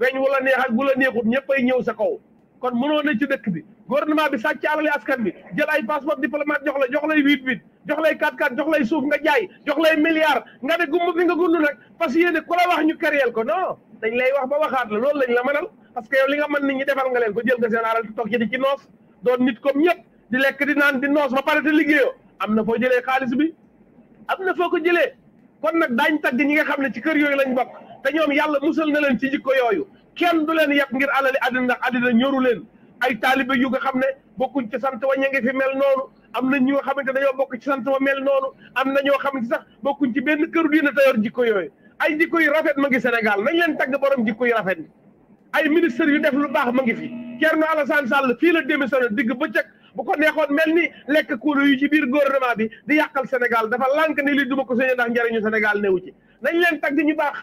weñ wu la neex ak bu la neexut ñëppay ñëw sa kaw kon mënoon nañ ci dëkk bi gouvernement bi sàcc alali askan bi jël ay passeport diplomate jox la jox lay huit huit jox lay quatre quatre jox lay nga jaay jox lay milliard nga ne gumb bi nga gund nag parce que yéene la wax ñu kariyeel ko non dañ lay wax ba waxaat loolu lañ la mënal parce que li nga mën nit ñi defal nga leen ko jël nga seen alal toog noos doon nit comme ñëpp di lekk di naan di noos ba pare te liggéeyoo am na foo jëlee xaalis bi am na foo ko jëlee kon nag daañ tagg ñi nga xam ne ci kër yooyu lañ bokk te ñoom yàlla musal na leen ci jikko yooyu kenn du leen yàpp ngir alali àddina ndax àddina ñoru leen ay taalibe yu nga xam ne bokkuñ ci sant wa ña ngi fi mel noonu am na ñu nga xamante dañoo bokk ci sant wa mel noonu am na ñoo xamante sax bokkuñ ci benn këru diina te yor jikko yooyu ay jikko yu rafet ma ngi Sénégal nañ leen tagg borom jikko yu rafet ay ministre yu def lu baax ma ngi fi Thierno Alassane Sall fii la démissionné digg bëccëg bu ko neexoon mel ni lekk kuulu yu ci biir gor gouvernement bi di yàqal Sénégal dafa lànk ni li duma ko sëñe ndax njëriñu Sénégal newu ci nañ leen tagg ñu baax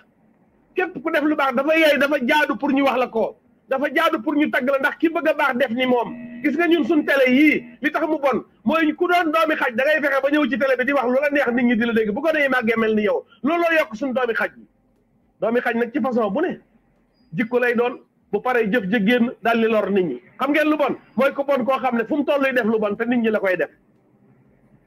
képp ku def lu baax dafa yey dafa jaadu pour ñu wax la ko dafa jaadu pour ñu tagg la ndax ki bëgg a baax def ni moom gis nga ñun suñ télé yii li tax mu bon mooy ku doon doomi xaj da ngay fexe ba ñëw ci télé bi di wax lu la neex nit ñi di la dégg bu ko nee màggee mel ni yow looloo yokk suñ doomi xaj bi doomi xaj nag ci façon bu ne jikko lay doon bu paree jëf ja génn daal di lor nit ñi xam ngeen lu bon mooy ko bon koo xam ne fu mu tolluy def lu bon te nit ñi la koy def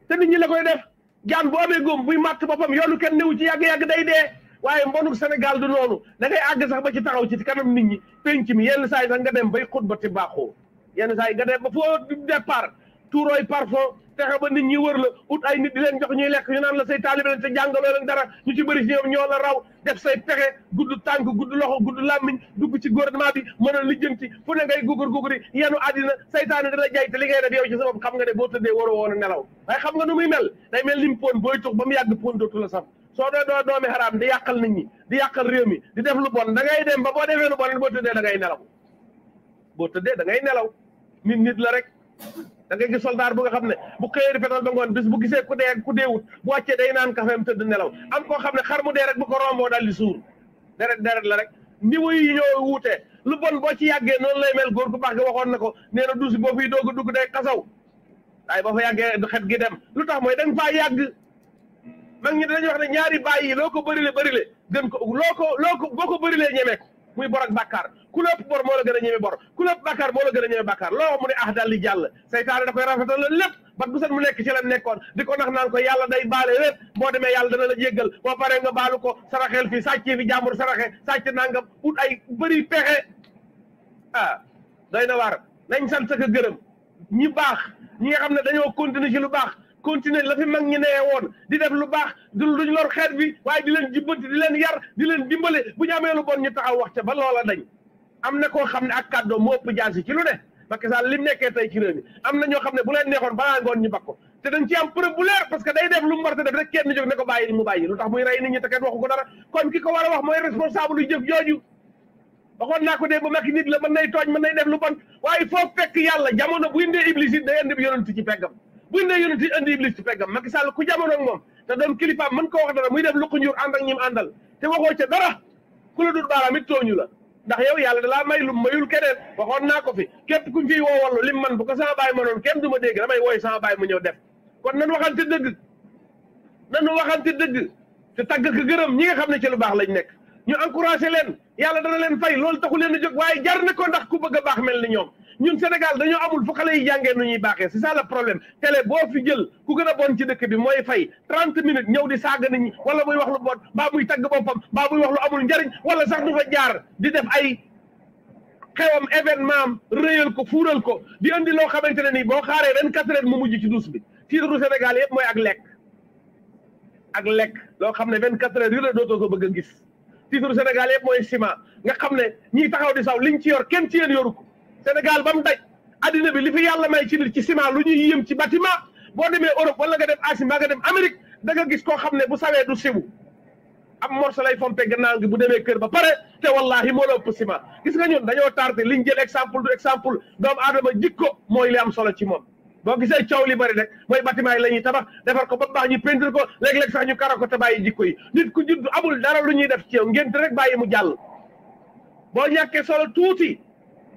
te nit ñi la koy def jaan bu amee góom buy màtt boppam yoonu kenn newu ci yàgg-yàgg day dee waaye mbonuk Sénégal du noonu da ngay àgg sax ba ci taxaw ci kanam nit ñi penc mi yenn saa yi sax nga dem bay ba ti baaxoo yenn saa yi nga dem ba foo départ tuurooy parfum fexe ba nit ñi wër la ut ay nit leen jox ñuy lekk ñu naan la sey taalibe leen te jàngaloo leen dara ñu ci bëri si ñoom ñoo la raw def say pexe gudd tànk gudd loxo gudd làmmiñ dugg ci gouvernement bi mën a lijjanti fu ne ngay gugur guguri yenu àddina saytaane dana jay te li ngay def yow ci sabab xam nga ne boo tëddee xam nga nu muy mel day mel lim poon booy ba mu yàgg poon dootu la sam soo doo doo doomi xaraam di yàqal nit ñi di yàqal réew mi di def lu bon da ngay dem ba boo defee lu bon boo tëddee da ngay nelaw boo tëddee da ngay nelaw nit nit la rek da ngay gis soldaar bu nga xam ne bu xëyee di fetal ba ngoon bis bu gisee ku dee ku deewut bu wàccee day naan kafeem tëdd nelaw am koo xam ne xar mu dee rek bu ko romboo daal di suur deret deret la rek niveau yi ñoo wuute lu bon boo ci yàggee noonu lay mel góor gu baax gi waxoon na ko nee na duusi boo fiy doog a dugg day xasaw waaye boo gi dem lu tax mooy da nga mag ñi dañuy wax ne ñaari baay yi loo ko bërile bërile gën ko loo ko loo ko boo ko bërilee ñemee ko muy bor ak bàkkaar ku lépp bor moo la gën a ñeme bor ku lépp bàkkaar moo la gën a ñeme bàkkaar loo wax mu ne ah daal di nekk ci la nekkoon di ko nax naan ko yàlla day baale lépp boo demee yàlla dana la jéggal boo paree nga baalu ko saraxeel fi sàccee fi jàmbur saraxe sàcc nangam ut ay bëri pexe ah doy na waar nañ sant ak gërëm ñi baax ñi nga xam ne dañoo continuer ci lu baax continuer la fi mag ñi nee woon di def lu baax du luñ lor xeet bi waaye di leen jubbanti di leen yar di leen dimbale bu ñu amee lu bon ñu taxaw wax ca ba loola dañ am na koo xam ne ak kàddoo moo ëpp jaasi ci lu ne Macky Sall li nekkee tey ci réew am na ñoo xam ne bu leen neexoon balaa ngoon ñu bakko te dañ ci am preuve bu leer parce que day def lu mu war a def rek kenn jóg ne ko bàyyi mu bàyyi lu tax muy rey nit ñi te kenn waxu ko dara kon ki nay tooñ mën nay def lu bon waaye foo yàlla jamono bu indee iblis it day indi yonent bu ne yonent yi andi iblis ci peggam Macky Sall ku jamono ak moom te doon kilifaam mën koo wax dara muy def luqu njur ànd ak ñim àndal te waxoo ca dara ku la dul baaraam it tooñu la ndax yow yàlla dalaa may lu mayul keneen waxoon naa ko fi képp kuñ fiy woo wallu lim man bu ko sama baay ma noonu kenn du ma dégg damay wooy sama baay mu ñëw def kon nan waxante dëgg nanu waxante dëgg te tàgg ko gërëm ñi nga xam ne ci lu baax lañ nekk ñu encouragé leen yàlla dana leen fay loolu taxu leen a jóg waaye jar na ko ndax ku bëgg baax mel ni ñoom ñun Sénégal dañoo amul fu xale yi jàngee nu ñuy baaxee c'est ça problème télé boo fi jël ku gën a bon ci dëkk bi mooy fay trente minutes ñëw di saaga nit ñi wala muy wax lu bon baa muy tagg boppam mbaa muy wax lu amul njariñ wala sax du fa jaar di def ay xewam événement am réyal ko fuural ko di andi loo xamante ne nii boo xaaree vingt quatre heures mu mujj ci duus bi tiitaru Sénégal yëpp mooy ak lekk ak lekk loo xam ne vingt quatre heures yu la dootoo ko bëgg a gis tiitaru Sénégal yëpp mooy ciment nga xam ne ñiy taxaw di saw liñ ci yor kenn ci yéen yoru ko Sénégal ba mu daj addina bi li fi yàlla may ci nit ci ciment lu ñuy yëm ci bâtiment boo demee Europe wala nga dem Asie mbaa nga dem Amérique danga nga gis koo xam ne bu sawee du siw am morceau lay fompe gannaaw gi bu demee kër ba pare te wallahi moo la ëpp siman gis nga ñun dañoo tardé liñ jël exemple du exemple doomu aadama jikko mooy li am solo ci moom boo gisee coow li bari rek mooy bâtiment yi la ñuy tabax defar ko ba baax ñu peinture ko léeg-léeg sax ñu kara ko te bàyyi jikko yi nit ku judd amul dara lu ñuy def ci yow ngénte rek bàyyi mu jàll boo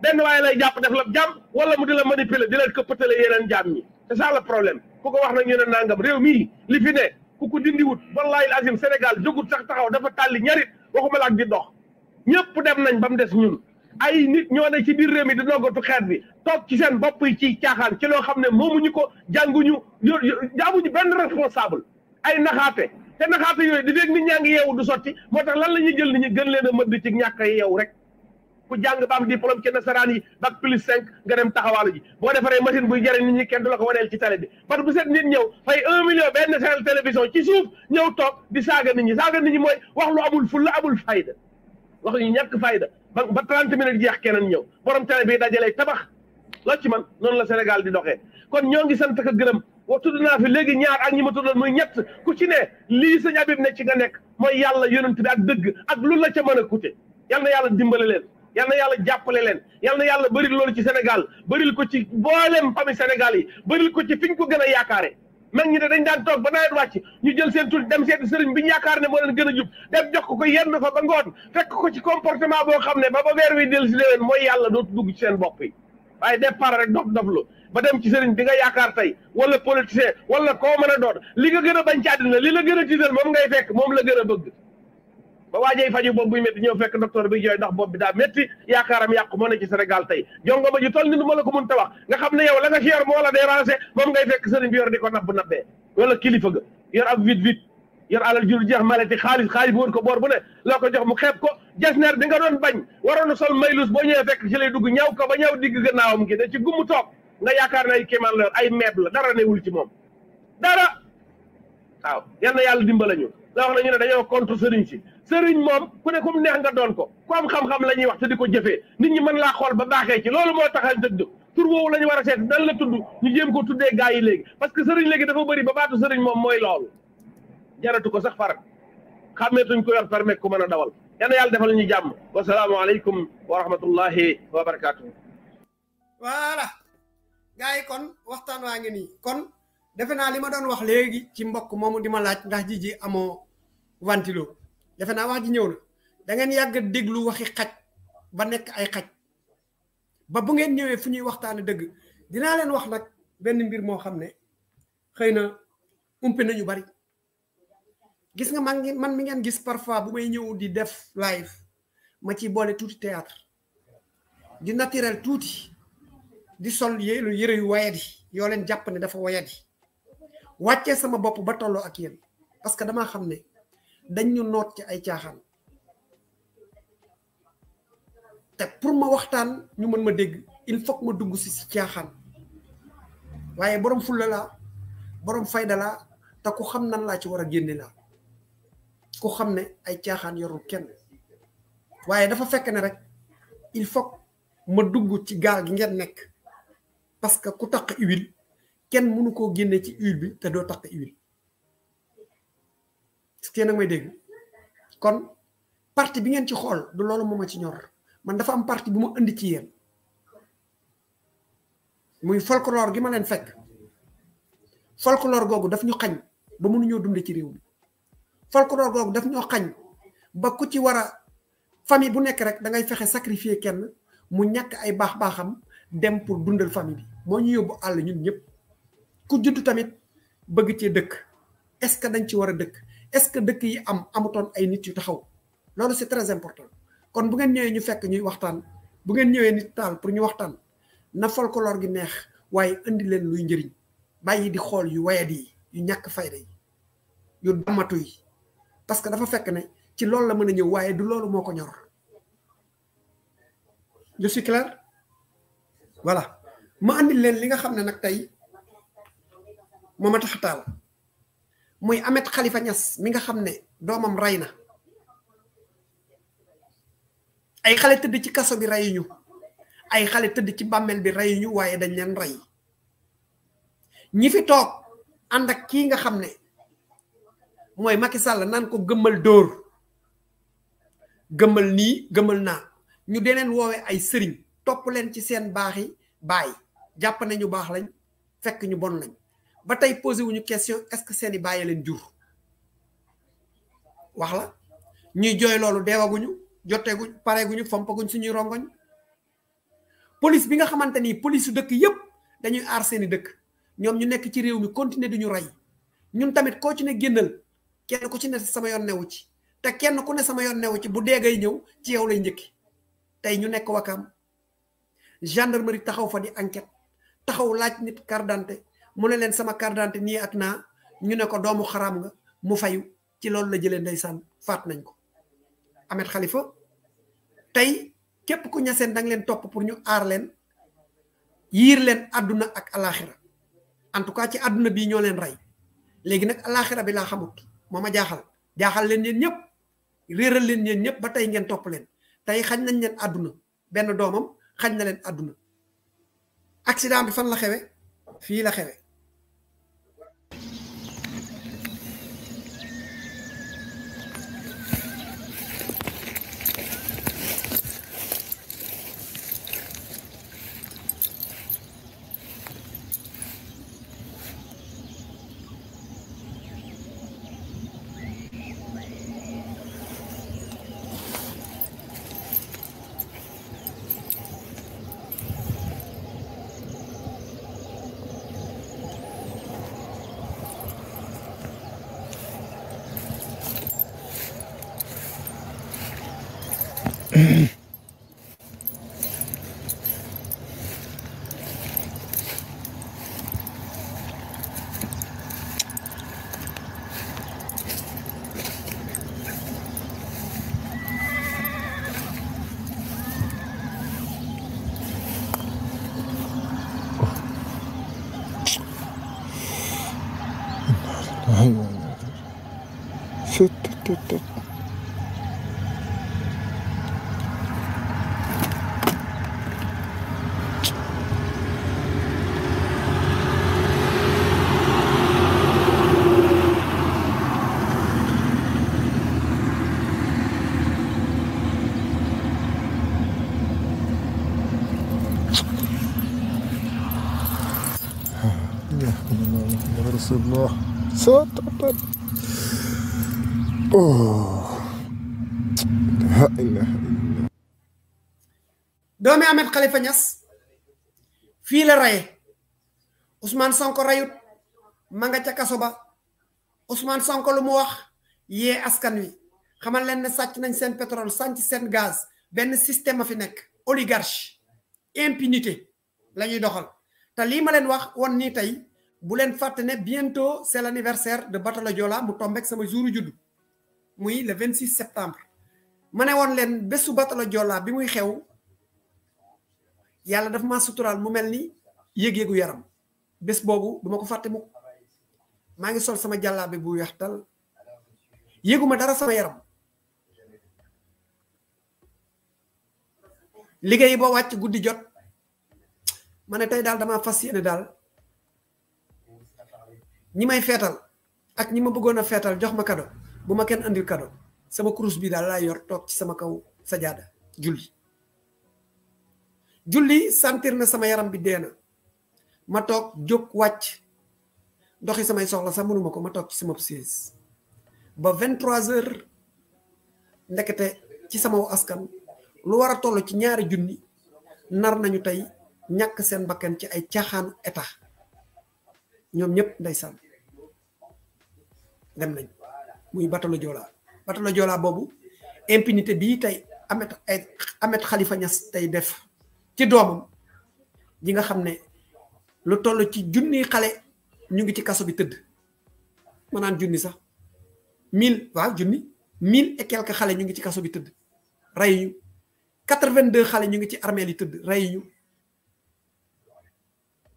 benn waaye lay jàpp def la jàmm wala mu di la manipuler di leen këppatale yeneen jàmm ñi c'est ça le problème ku ko wax na ñu ne nangam réew mii li fi ne ku ko dindiwut wallahi azim Sénégal jógut sax taxaw dafa tàlli ñarit waxuma la ak di dox ñëpp dem nañ ba mu des ñun ay nit ñoo ne ci biir réew mi di noggatu xeet bi toog ci seen bopp yi ci caaxaan ci loo xam ne moomuñu ko jànguñu jaamuñu benn responsable ay naxaate te naxaate yooyu di dégg nit ñaa ngi yeewu du sotti moo lan la ñuy jël nit ñi gën leen a mëdd ci ñàkk yeewu rek bu jàng ba am diplôme ci nasaraan yi bac plus cinq nga dem taxawaalu ji boo defaree machine buy jëriñ nit ñi kenn du la ko waneel ci télé bi parce que bu set nit ñëw fay un million benn seen télévision ci suuf ñëw toog di saaga nit ñi mooy wax lu amul fulla amul fayda wax ñu ñàkk fayda ba ba trente jeex keneen ñëw borom télé bi dajalee tabax loo ci man noonu la Sénégal di doxee kon ñoo ngi sant ko gërëm wa tudd naa fi léegi ñaar ak ñi ma tuddoon ñett ku ci ne lii sëñ Habib ne ci nga nekk mooy yàlla yonent bi ak dëgg ak lu la ca mën a coûté yal na yàlla leen yal na yàlla jàppale leen yal na yàlla bëril loolu ci Sénégal bëril ko ci mboolem famille Sénégal yi bëril ko ci fi ñu ko gën a yaakaare mag ñi ne dañ daan toog ba naa nawet wàcc ñu jël seen tur dem seeti sëriñ bi ñu yaakaar ne moo leen gën a jub dem jox ko yenn fa ba ngoon fekk ko ci comportement boo xam ne ba ba weer wi dellu si leen mooy yàlla dootu dugg ci seen bopp yi waaye départ rek dof dof lu ba dem ci sëriñ bi nga yaakaar tey wala politicien wala koo mën a doon li nga gën a bañ ci àddina li la gën a tiital moom ngay fekk moom la gën a bëgg ba wajay faju bob bu metti ñew fekk docteur bi joy ndax bob bi da metti yaakaaram yaq mo ne ci senegal tay jongo ba ji toll ni mo la ko mën ta wax nga xamne yow la nga ci mo la déranger mom ngay fekk serigne bi yor diko ko nabb nabbee wala kilifa ga yor ab vite vite yor alal jur jeex malati xaalis xaalis won ko bor bu ne la ko jox mu xeb ko jesneer bi nga don bañ waroon sol maylus bo ñëwee fekk ci lay dugg ñaw ko ba ñaw digg gannaawam gi da ci gumu tok nga yaakaar na ay kéemaan ay meble dara neewul ci mom dara waaw yalla yalla dimbalañu daa wax na ñu ne dañoo contre sëriñ si sëriñ moom ku ne ku mu neex nga doon ko kom am xam-xam la ñuy wax te di ko jëfee nit ñi mën laa xool ba baaxee ci loolu moo tax a dëgg tur woowu la ñu war a seet nan la tudd ñu jéem ko tuddee gaa yi léegi parce que sëriñ léegi dafa bëri ba baatu sëriñ moom mooy loolu jaratu ko sax farat xàmmeetuñ ko yor permis ko mën a dawal yana yàlla defal ñu jàmm wasalaamaaleykum wa rahmatullahi wa barakaatu. voilà gars yi kon waxtaan waa ngi nii kon. defena lima don wax legi ci mbokk momu dima ma laaj ndax jiji amo amoo ventilo defe wax ji ñëw na da ngeen yag deglu waxi xaj ba nek ay xaj ba bu ngeen ñewé fu ñuy waxtaan deug dina leen wax nak benn mbir mo xamne ne umpe nañu bari gis nga man man mi ngeen gis parfois bu may ñew di def live ma ci bolé tuuti théâtre di naturel touti di sol yéelu yere yu wayadi yo leen japp ne dafa wayadi wacce sama bop ba tolloo ak yeen parce que dama xam dañ ñu noot ci ay caaxaan té pour ma waxtaan ñu mëna ma dégg il faut que ma dugg si ci caaxaan waaye borom fulla la borom fayda la ta ku xam nan la ci wara a la ku xam ne ay caaxaan yoru kenn waaye dafa fekk né rek il faut ma dugg ci gaal gi ngeen nek parce que ku taq huile kenn munu ko génne ci huile bi te doo takk huile ce kon parti bi ngeen ci xool du loolu moma ci ñor man dafa am parti bu ma indi ci yéen muy folklore gi ma leen fekk folklore googu daf ñu xañ ba mënuñoo dund ci réew mi folklore googu daf ñoo xañ ba ku ci war a famille bu nekk rek da ngay fexe sacrifier kenn mu ñàkk ay baax-baaxam dem pour dundal famille bi moo ñu yóbbu àll ñun ñëpp ku juddu tamit bëgg cee dëkk est-ce que dañ ci war a dëkk est-ce que dëkk yi am amutoon ay nit yu taxaw loolu c'est très important kon bu ngeen ñëwee ñu fekk ñuy waxtaan bu ngeen ñëwee nit taal pour ñu waxtaan na folklore gi neex waaye indi leen luy njëriñ bàyyi di xool yu wayad yi yu ñàkk fayda yi yu damatu yi parce que dafa fekk ne ci loolu la mën a ñëw waaye du loolu moo ko ñor je suis clair voilà ma andi leen li nga xam ne nag tey momata khatal taal muy amet Khalifa nyas mi nga xamne domam rayna ay xalé teud ci kasso bi rey ñu ay xalé teud ci bammel bi rey ñu waaye dañ leen ray ñi fi tok and ak ki nga xamne moy Macky Sall nan ko gëmmal door gëmmal ni gëmmal na ñu deneen wowe ay sëriñ top leen ci seen baaxi baax lañ fekk ñu bon lañ ba tey posé wuñu question est-ce que seeni bàyyi leen jur waxla ñuy jooy loolu deewaguñu joteeguñ pareeguñu fompaguñ suñuy rongoñ police bi nga xamante ni police su dëkk yëpp dañuy aar seeni dëkk ñoom ñu nekk ci réew mi du ñu rey ñun tamit koo ci ne génnal kenn ku ci ne sama yoon newu ci te kenn ku ne sama yoon newu ci bu deegay ñëw ci yow lay njëkki tey ñu nekk wakaam gendarmerie taxaw fa di enquête taxaw laaj nit carte d'identité mu ne leen sama carte nii ak naa ñu ne ko doomu xaraam nga mu fayu ci loolu la jëlee ndeysaan faat nañ ko amet xalifa tey képp ku ñaseen danga leen topp pour ñu aar leen yiir leen àdduna ak alaxira en tout cas ci àdduna bii ñoo leen rey léegi nag alaxira bi laa xamut moo ma jaaxal jaaxal leen yéen ñëpp réeral leen yéen ñëpp ba tey ngeen topp leen tey xañ nañ leen àdduna benn doomam xañ na leen àdduna accident bi fan la xewe fii la xewe Så, toppen. Oh. La fii la reye Ousmane Sonko reyut ma nga ca kaso ba Ousmane Sonko lu mu wax yee askan wi xamal leen ne sàcc nañ seen pétrole sànc seen gaz benn système a fi nekk oligarchie impunité lañuy ñuy doxal te lii ma leen wax woon nii tey bu leen biento ne bientôt c'est l'anniversaire de Batala Diola mu ak sama jouru judd muy le 26 septembre mané won len leen Batala Diola bi muy xew yalla daf ma sutural mu melni ni yegu yaram bes bobu duma ko fàtte mu ma ngi sol sama bi bu yextal yeguma dara sama yaram liggéey bo wacc guddi jot mané tay dal dama damaa dal ñi may fetal ak ñi ma bëggona fetal jox ma cadeau bu andil cadeau sama kurus bi dal la yor tok ci sama kaw sajada, julli julli sentir na sama yaram bi deena ma tok jóg wacc doxi sama soxla sa mënu mako ma tok ci sama siis ba 23 h ndekete ci sama askan lu wara tollu ci ñaari junni nar nañu tay ñak seen bakkan ci ay état ñoom ñëpp ndeysaan dem nañ muy batalo Joola batalo Joola boobu impunité bii tey Ahmed ay Ahmed Khalifa tey def ci doomam ji nga xam ne lu toll ci junni xale ñu ngi ci kaso bi tëdd ma naan junni sax mille waaw junni mille et quelques xale ñu ngi ci kaso bi tëdd rey ñu quatre-vingt-deux xale ñu ngi ci armeel li tëdd rey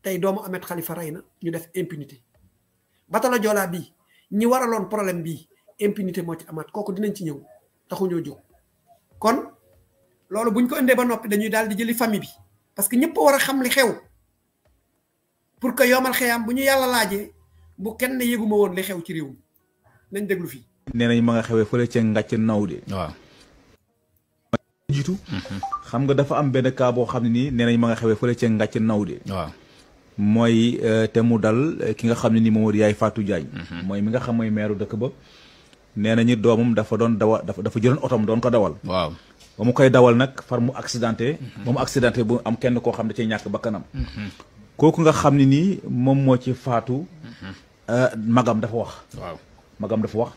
tay doomu Ahmed Khalifa rayna ñu def impunité batala jola bi ñi waralon problème bi impunité mo ci amat koku dinañ ci taxu kon lolu buñ ko ëndé ba nopi dañuy daal di jëli fami bi parce que ñepp wara xam li xew pour que yomal xiyam buñu yalla laaje bu kenn yeguma won li xew ci rew nañ deglu fi nenañ ma nga xewé fele ci naw de waaw jitu mm-hmm. xam nga dafa am benn cas boo xam ne nii nee ma nga mooy euh, te mu dal euh, ki nga xam ne ni moom war yaay faatu Diagne. Mhm. mooy mi nga xam mooy meeru dëkk ba. nee na ñi doomam dafa doon dawa dafa dafa jëloon otom doon ko dawal. waaw ba mu koy dawal nag far mu accidenté. Mhm. ba mu accidenté am kenn koo xam ne cee ñàkk ba kanam mhm. kooku nga xam ne nii moom moo ci faatu. Euh, magam dafa wax. waaw magam dafa wax.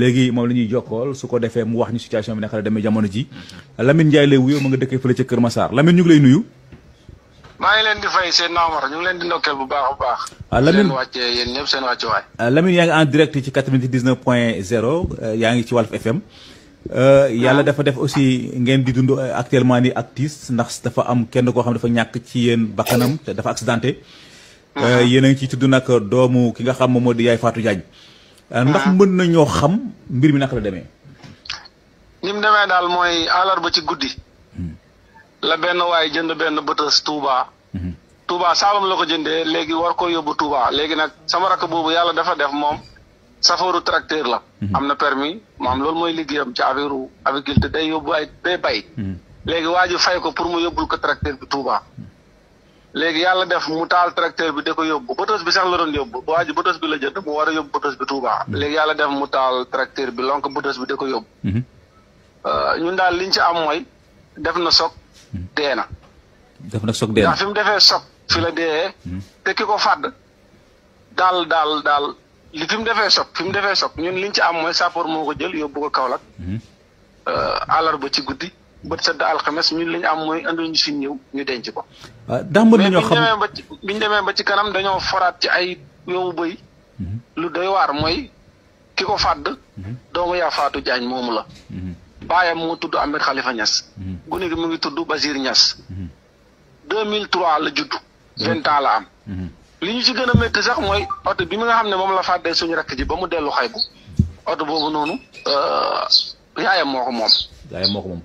léegi moom la ñuy jokkool su ko defee mu wax ñu situation bi naka la demee jamono ji Lamine Ndiaye lay wuyoo ma nga dëkkee fële ca Kër Massar Lamine ñu ngi lay nuyu. maa ngi leen di fay seen naamar ñu ngi leen di ndokkeel bu baax a baax. Ah, Lamine seen wàccee yéen ñëpp seen wàccu waay. Ah, Lamine yaa ngi en direct ci 99 point 0 euh, yaa ngi ci Walf FM. Euh, yàlla ah. dafa def aussi ngeen di dund euh, actuellement ni ak ndax dafa am kenn koo xam dafa ñàkk ci yéen bakkanam te dafa accidenté. Mhm. yéen a ngi ciy tudd nag doomu ki nga xam moom moo di Yaay faatu Diagne. ndax mhm. mën ñoo xam mbir mi naka la demee. ni demee daal mooy àllarba ci guddi. la benn waay jënd benn bëtës Touba. Mhm. Touba saabam la ko jëndee léegi war ko yóbbu Touba léegi nag sama rakk boobu yàlla dafa def moom safaru tracteur la. Mhm. am na permis maam loolu mooy liggéeyam ci affaire agriculture day yóbbu ay day bay. Mhm. léegi waa fay ko pour mu yóbbul ko tracteur bi Touba. léegi yàlla def mu taal tracteur bi da ko yóbbu bëtës bi sax la doon yóbbu waa bëtës bi la jënd mu war a yóbbu bi Touba. léegi yàlla def mu taal tracteur bi lonk bëtës bi ko yóbbu. Euh, ñun daal liñ ci am mooy def na sok. dee na. def nag soog dee ndax fi mu defee soog fi la dee. Hmm. te ki ko fàdd daal daal daal li fi defee soog fi mu defee soog ñun liñ ci am mooy sappoor moo ko jël yóbbu ko Kaolack. Hmm. Euh, àllarba ci guddi ba sedd alxames mi li ñu am mooy andu ñu fi ñëw ñu denc ko. ah dàmbur nañoo xam mais ñu demee ba ci kanam dañoo foraat ci ay yowu bëy. Hmm. lu day waar mooy ki ko fàdd. doomu yaa faatu jaañ moomu la. baayam moo tudd Ahmed Khalifa Niass. Mhm. gune gi mu ngi tudd Basir Niass. 2003 mhm. la judd. vingt ans la am. Mhm. li ñu ci gën a mekk sax mooy oto bi nga xam ne moom la fàttee suñu rakk ji ba mu dellu xaybu oto boobu noonu. Euh, yaayam moo ko moom. yaayam moo ko moom.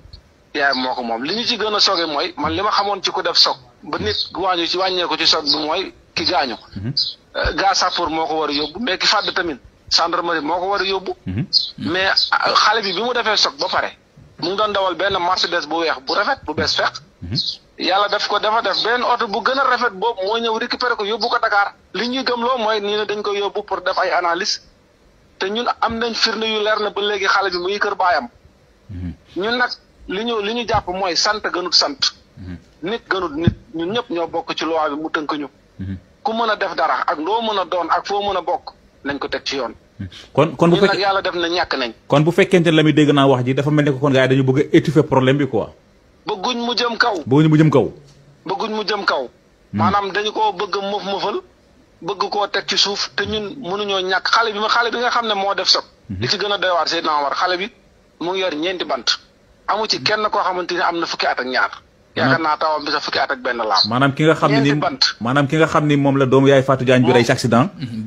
moo ko moom li ñu ci gën a soge mooy man li ma xamoon ci ko def soog ba nit wàññi ci wàññeeku ci soog bi mooy ki gaañu. Euh, gaa sàppur moo ko war a yóbbu mais ki fàdd tamit. gendarmerie moo ko war a yóbbu. Mhm. mais euh, xale bi bi mu defee ba mu ngi dawal benn Mercedes bu weex bu rafet bu bees fekk. Mhm. yàlla def ko dafa def ben oto bu gën a rafet boobu moo ñëw récupéré ko yóbbu ko Dakar li ñuy gëm loo mooy nii dañ koy pour def ay analyse tenyu ñun am nañ firnde yu leer na ba léegi xale bi mu ngi kër baayam. Mhm. ñun nag li ñu li ñu jàpp gënut nit gënut nit ñun ñëpp ñoo bokk ci loi bi mu tënk ñu. ku mën def dara ak loo mën doon ak nañ ko teg ci yoon. kon kon bu fekkee yàlla def na ñàkk nañ. kon bu fekkente ne la muy dégg naa wax ji dafa mel ne ko kon gars yi dañu bëgg a étouffer problème bi ko bëgguñ mu jëm kaw. bëgguñ mu jëm kaw. bëgguñ mu jëm kaw. maanaam dañu koo bëgg a moof bëgg koo teg ci suuf te ñun mënuñoo ñàkk xale bi ma xale bi nga xam ne moo def soog. Hmm. li ci gën a doy waar Seydina Omar xale bi mu ngi yor ñeenti bant. amu ci kenn koo xamante ni am na fukki at ak ñaar yaakaar naa taawam bi sa fukki at ak benn laam maanaam ki nga xam ne ni maanaam ki nga xam ni moom la doomu yaay Fatou Diagne bi rey si accident mm-hmm,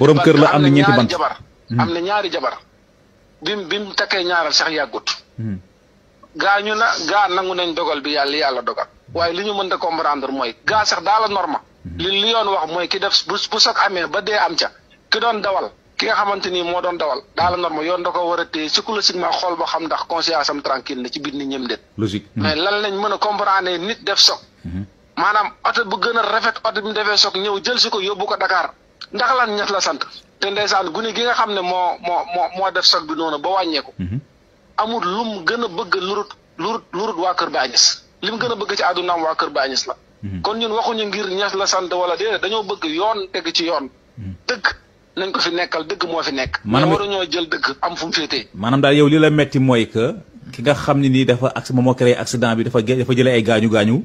borom kër la am na bant jabar mm-hmm. am na ñaari jabar bim bim mu takkee ñaaral sax yàggut mm-hmm. gaa ñu na gaa nangu nañ dogal bi yàlla yàlla dogal waaye li ñu mën a comprendre mooy gaa sax daala norma li li yoon wax mooy ki def bu bu soog ba dee am ca ki doon dawal ki nga xamanteni mo doon dawal dala norme yoon da ko wara té psychologiquement xol ba xam ndax conscience am tranquille na ci bit ni ñëm det logique mais lan lañ mëna comprendre nit def sok mhm. manam auto bu gëna rafet auto bi def sok ñëw jël ci ko yobbu ko Dakar ndax lan ñat la sant te ndéssane guni gi nga xamné mo mo mo def sok bi nonu ba wañé ko mhm. amul lum gëna bëgg lurut lurut lurut wa kër bañis lim gëna bëgg ci aduna wa kër bañis la mhm. kon ñun waxu ñu ngir ñat la sant wala dé dañoo bëgg yoon tégg ci yoon nañ ko fi nekkal dëgg moo fi nekk maanaam waru ñoo jël dëgg am fu mu féetee maanaam yow li la metti mooy que ki nga xam ne dafa ak moom moo accident bi dafa dafa jëlee ay gaañu gaañu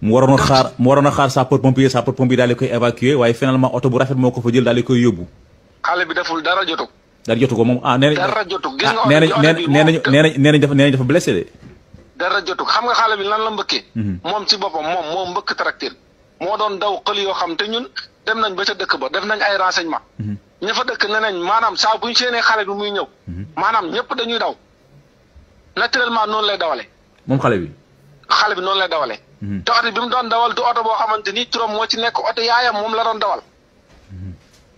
mu waroon xaar mu waroon a xaar sapeur pompier sapeur pompier daal koy évacuer waaye finalement oto bu rafet moo fa jël daal koy yóbbu xale bi deful dara jotu dara jotu ko moom ah nee dara jotu gis nga ah, nee nañ nee dafa nee nañ dafa blessé de dara jotu xam nga xale bi lan la mbëkkee mhm. moom ci boppam moom moo mbëkk tracteur moo doon daw xël yoo xam te ñun dem nañ ba ca dëkk ba def nañ ay renseignement mhm. ña fa dëkk ne nañ maanaam saa bu ñu xale bi muy ñëw mhm. maanaam ñëpp dañuy daw naturellement noonu lay dawale moom xale bi xale bi noonu lay dawale mhm. te oto bi mu doon dawal du oto boo xamante ni turam moo ci nekk oto yaayam moom la doon dawal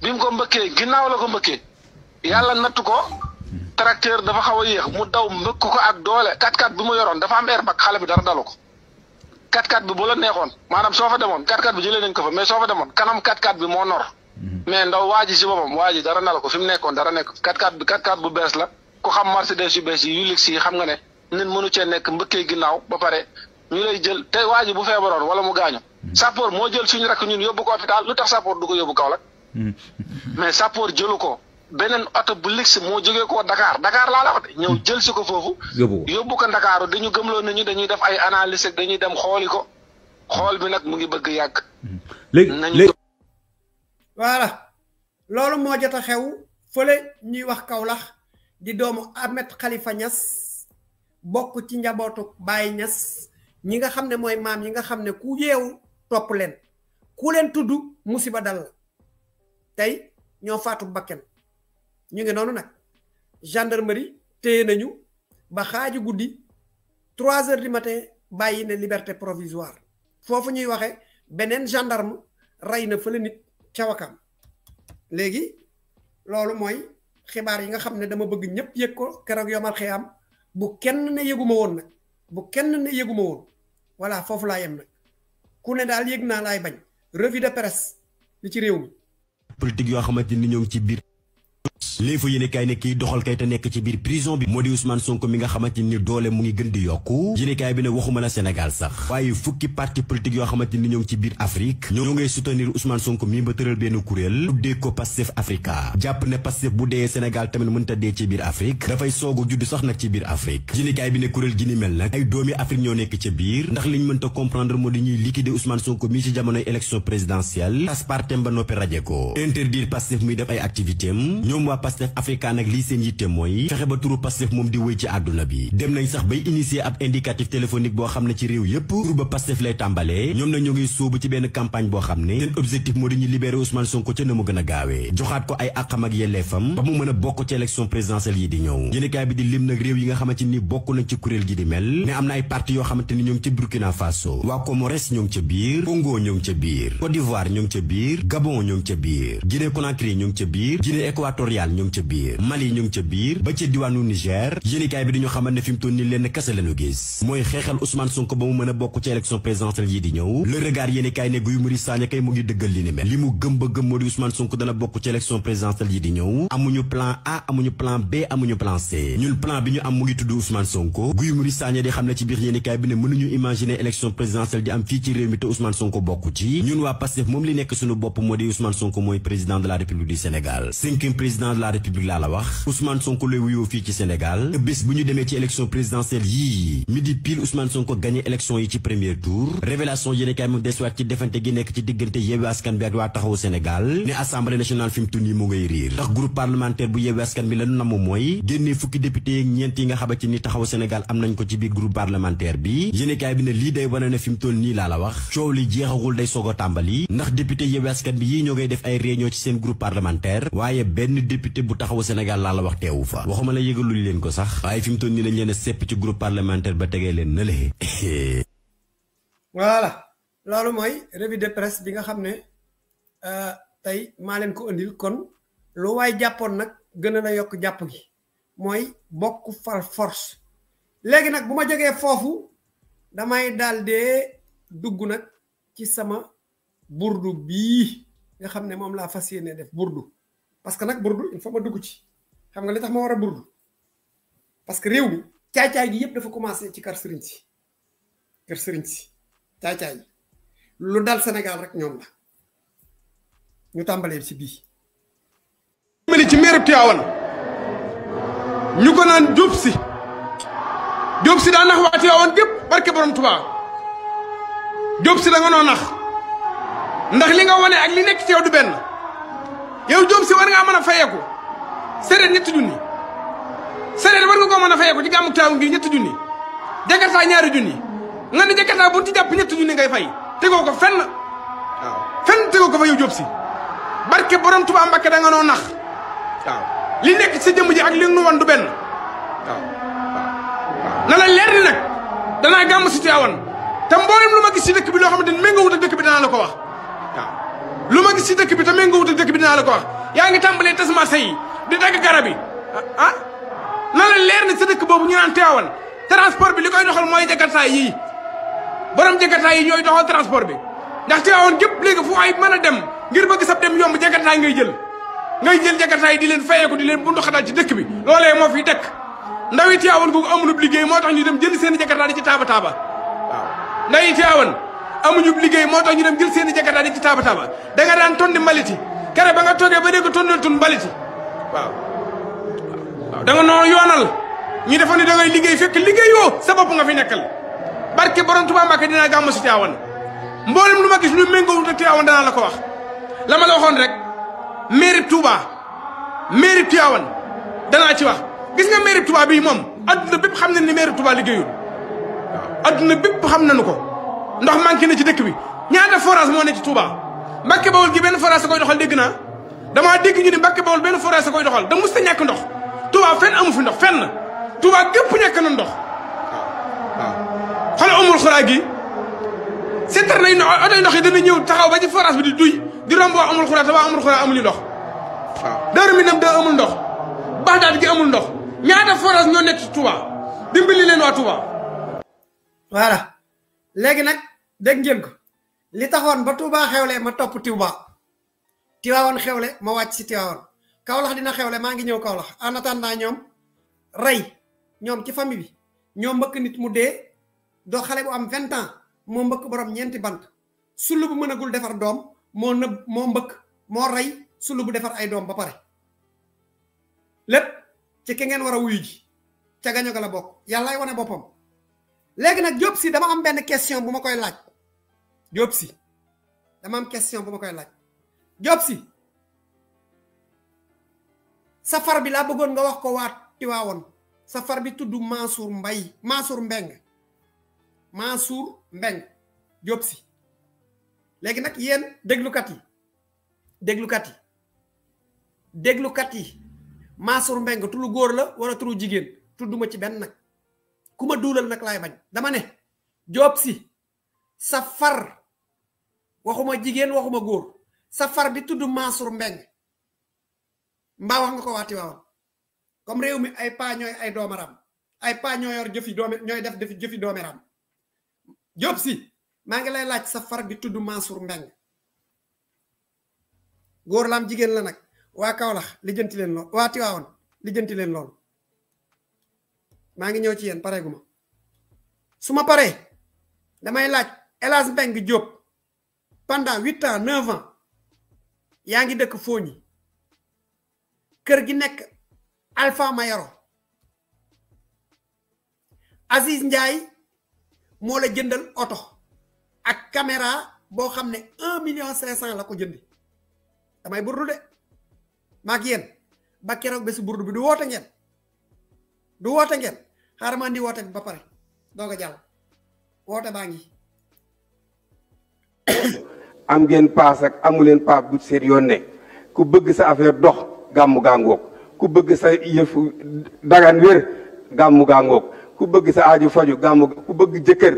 bi mu ko mbëkkee ginnaaw la ko mbëkkee yàlla nattu ko tracteur dafa xaw a yéex mu daw mbëkk ko ak doole 4x4 bi mu yoroon dafa am airbag xale bi dara dalu ko 4-4 bi bu la neexoon maanaam soo fa demoon 4-4 bi jëlee nañ ko fa mais soo fa demoon kanam 4-4 bi moo nor. Mhm. mais ndaw waa si boppam waa dara na la ko fi mu nekkoon dara nekk 4-4 bi 4 bu bees la ku xam Mercedes yu bees yu ligg si xam nga ne nit mënu cee nekk mbëkkee ginnaaw ba pare ñu lay jël te waa ji bu feebaroon wala mu gaañu. Mhm. Sappoor moo jël suñu rakk ñun yóbbu ko hôpital lu tax Sappoor du ko yóbbu Kaolack. Mhm. mais Sappoor jëlu ko. benen auto bu ligsi mo joge ko Dakar Dakar la la wax ñew hmm. jël ci ko ko Dakar dañu gëmloo ne ñu dañuy def ay analyse ak dañuy dem xooli ko xool bi nak mu ngi bëgg yag leg wala lolu mo moo xew fele ñuy wax Kaolack di doomu Ahmed Khalifa Niass bokku ci njabotu Baye Niass ñi nga xamne moy mam yi nga xamne ku yew top len ku len tuddu musiba dal tay ño ñoo ñu ngi noonu nag gendarmerie téye nañu ba xaaju guddi trois heures du matin bàyyi ne liberté provisoire foofu ñuy waxee beneen gendarme rey na fële nit ca léegi loolu mooy xibaar yi nga xam ne dama bëgg ñëpp yëg ko keroog yomal am bu kenn ne yëguma woon nag bu kenn ne yëguma woon voilà foofu laa yem nag ku ne daal yëg naa laay bañ revue de presse li ci réew mi politique yoo xamante ni ñoo ngi ci biir léefa yéene kaay ne kii doxal kay te nekk ci biir prison bi moo di Ousmane Sonko mi nga xamante ni doole mu ngi gën di yokku yéene kaay bi ne waxuma la Sénégal sax waaye fukki parti politique yoo xamante ni ñoo ngi ci biir Afrique ñoo ngay soutenir Ousmane Sonko mi ba tëral benn kuréel tuddee ko Pastef Africa jàpp ne Pastef bu dee Sénégal tamit mënta dee ci biir Afrique dafay soog a judd sax nag ci biir Afrique yéene kaay bi ne kuréel gi ni mel nag ay doomi Afrique ñoo nekk ca biir ndax liñ mënta comprendre moo di ñuy liquider Ousmane Sonko mi ci jamonoy élection Pastef Africa nag lii seen yitte mooy fexe ba turu Pastef moom di wéy ci àdduna bi dem nañ sax bay initier ab indicatif téléphonique boo xam ne ci réew yépp turu ba Pastef lay tàmbalee ñoom na ñoo ngi sóobu ci benn campagne boo xam ne seen objectif moo di ñu libérer Ousmane Sonko ca na gën a gaawee joxaat ko ay àqam ak yelleefam ba mu mën a bokk ci élection présidentielle yi di ñëw yéenekaay bi di lim nag réew yi nga xamante ni bokk ci kuréel gi di mel ne parti yoo xamante ni ñoo ngi ci Burkina Faso waa Comores ñoo ngi ca biir Congo ñoo ngi ñu ngi ca biir Mali ñu ca biir ba ci diwanu Niger yéenekaay bi dañu xamal ne fim mu toll nii lenn gis moy xexal Ousmane Sonko ba mu meuna bokku ci election présidentielle yi di ñëw le regard yéenekaay ne guyu Marius Sagna kay mu ngi deggal li ni mel limu gëm ba gëm modi Ousmane Sonko dana bokku ci election présidentielle yi di ñëw amuñu plan A amuñu plan B amuñu plan C ñun plan bi ñu am mu ngi tuddu Ousmane Sonko guyu Marius Sagna di xamna ci biir yéenekaay bi ne ñu imaginer élection présidentielle di am fi ci réew mi te Ousmane Sonko bokku ci ñun wa Pastef mom li nekk suñu bop modi Ousmane Sonko moy président de la République du Sénégal cinquième président la république la wax Ousmane Sonko lay wuyoo fii ci Sénégal bés buñu démé ci élection présidentielle yi midi pile Ousmane Sonko gagné élection yi ci premier tour révélation yéene kaay mu desuwaat ci défanté gi nek ci diggante Yewwi Askan bi ak waa Taxawu Sénégal ne assemblée nationale fim tuni mo yi ngay groupe parlementaire bu Yewwi Askan bi lañu namm moy génné fukki député ak ñent yi nga ci ni taxaw Sénégal amnañ ko ci bi groupe parlementaire bi yéene kaay bi né li day wane né fim toll nii la wax coow li jeexagul day sogo tambali tàmbali ndax député Yewwi Askan bi yi ñogay def ay réunion ci seen groupe parlementaire waaye benn député te bu taxawu Sénégal laa la wax teewu fa waxuma la yëgaluñ leen ko sax waaye fi mu toll la dañ leen a sepp ci groupe parlementaire ba tegee leen na lee voilà loolu mooy revue de presse bi nga xam ne euh, tey maa leen ko indil kon lu waay jàppoon nag gën a la yokk jàpp gi mooy bokk far force léegi nag bu ma jógee foofu damay daal dee dugg nag ci sama burdu bii nga xam ne moom laa fas yéene def burdu parce que nak burdu il faut ma dugg ci xam nga li tax ma wara burdu parce que réew mi caay-caay gi yëpp dafa commencer ci kër serigne ci kër serigne ci caay-caay lu dal senegal rek ñom la ñu tambalé ci bi meli ci mère tiawal ñu ko nan ci ci da nax wa tiawon gep barke borom tuba Jóob ci da nga no nax ndax li nga wane ak li nekk ci yow du benn yow Diop si war ngaa mën a fayeeku séeréer ñetti junni séeréer war nga koo mën a fayeeku ci gàmmu taaw gi ñetti junni jakarta ñaari junni nga ne jakarta bu ci jàpp ñetti junni ngay fay te ko fenn waaw fenn tegoo ko fa yow Diop si barke borom Tuubaa Mbàkke da nga noo nax li nekk sa jëmm ji ak li nu wan du benn na la leer ni nag danaa si Tiwaawan te mboolem lu ma gis si dëkk bi loo xamante ni méngoowut ak dëkk bi danaa la ko wax luma gis ci dëkk bi te nga ak dëkk bi dinaa la ko wax yaa ngi tàmbalee tas marché yi di dagg garab yi ah na la leer ne sa dëkk boobu ñu naan teewal transport bi li koy doxal mooy jakartaay yii borom jakartaay yi ñooy doxal transport bi ndax teewoon gépp léegi fu ay mën a dem ngir bëgg sab dem yomb jakartaay ngay jël ngay jël jakartaay di leen fayeeku di leen bundu xatal ci dëkk bi loolee moo fi dëkk ndaw yi teewoon googu amulub liggéey moo tax ñu dem jël seen jakartaay di ci taaba taaba waaw ndaw yi teewoon amuñu liggéey moo tax ñu dem jël seen i jakarta di ci taaba taaba da nga daan tondi mbaliti kere ba nga toogee ba dégg waaw waaw da yoonal ñu defoon ni da ngay liggéey fekk liggéeyoo sa bopp nga fi nekkal barke borom Tuubaa Mbàkke dinaa gàmmu si Tiwaawan mboolem lu ma gis lu méngoowut ak Tiwaawan danaa la ko wax la la waxoon rek mairie Touba mairie Tiwaawan danaa ci wax gis nga mairie Touba bii moom adduna bépp xam na ni mairie Touba liggéeyul waaw adduna ko ndox manki na ci dëkk bi ñaata forage moo ne ci Touba Mbacke bawul gi benn forage koy doxal dégg naa dama dégg ñu ni Mbacke bawul benn forage koy doxal da musta ta ñàkk ndox Touba fenn amu fi ndox fenn Touba gépp ñàkk na ndox waaw umul amul gi seetar nañ ne oto ndox yi dana ñëw taxaw ba ci forage bi di duy di romb waa amul xuraa te waa amul xuraa amuñu ndox waaw Daaru Minam da amul ndox Baxdaad gi amul ndox ñaata forage ñoo nekk ci Touba dimbali leen waa Touba voilà léegi nak dégg ngeen ko li taxoon ba Touba xewle ma topp Touba Tiwaawoon xewle ma wàcc si Tiwaawoon kawlax dina xewle maa ngi ñëw kawlax en attendant ñoom rey ñoom ci famille bi ñoo mbëkk nit mu dee do xale bu am 20 ans moo mbëkk borom ñeenti bant sulu bu mënagul defar doom moo nëb moo mbëkk moo rey sulu bu defar ay doom ba pare lépp ci ki ngeen war a wuyu ji ca la bokk yàllaay Légui nak Diop Sy dama am ben question buma koy laaj Diop dama am question buma koy laaj Diop safar bi la bëggon nga wax ko waat waawon. safar bi tuddu Mansour Mbaye Mansour Mbeng. Mansour Mbeng. Diop Légui nak yeen deglu kat yi kat yi kat yi Mansour Mbeng turu goor la wala turu jigen. Tuduma ci ben nak. Kuma dulal nak lay bañ dama ne job si safar waxuma jigen waxuma gor safar bi tuddu Mansour Mbeng mba wax nga ko wati waawan comme réew mi ay pa ñoy ay domaram ay pa ñoy yor jëfi domi ñoy def def jëfi domaram job si ma nga lay laaj safar bi tuddu Mansour Mbeng gor lam jigen la nag waa Kaolack lijjanti leen lijeenti len maa ngi ñëw ci yéen pare guma ma su ma paree damay laaj elas Hadj job pendant huit ans neuf ans yaa ngi dëkk Fogny kër gi nekk Alpha mayaro Aziz Ndiaye moo la jëndal oto ak caméra boo xam ne un million cinq cent la ko jënd damay burdu de maak yéen ba keroog bésu burdu bi du woote ngeen du woote ngeen xaaral ma andi woote ba a jàll woote ngi. am ngeen paas ak amu leen paas bu seen yoon ku bëgg sa affaire dox gàmmu gàngoog ku bëgg sa yëfu dagan wér gàmmu gàngoog ku bëgg sa aaju faju gàmmu ku bëgg jëkkër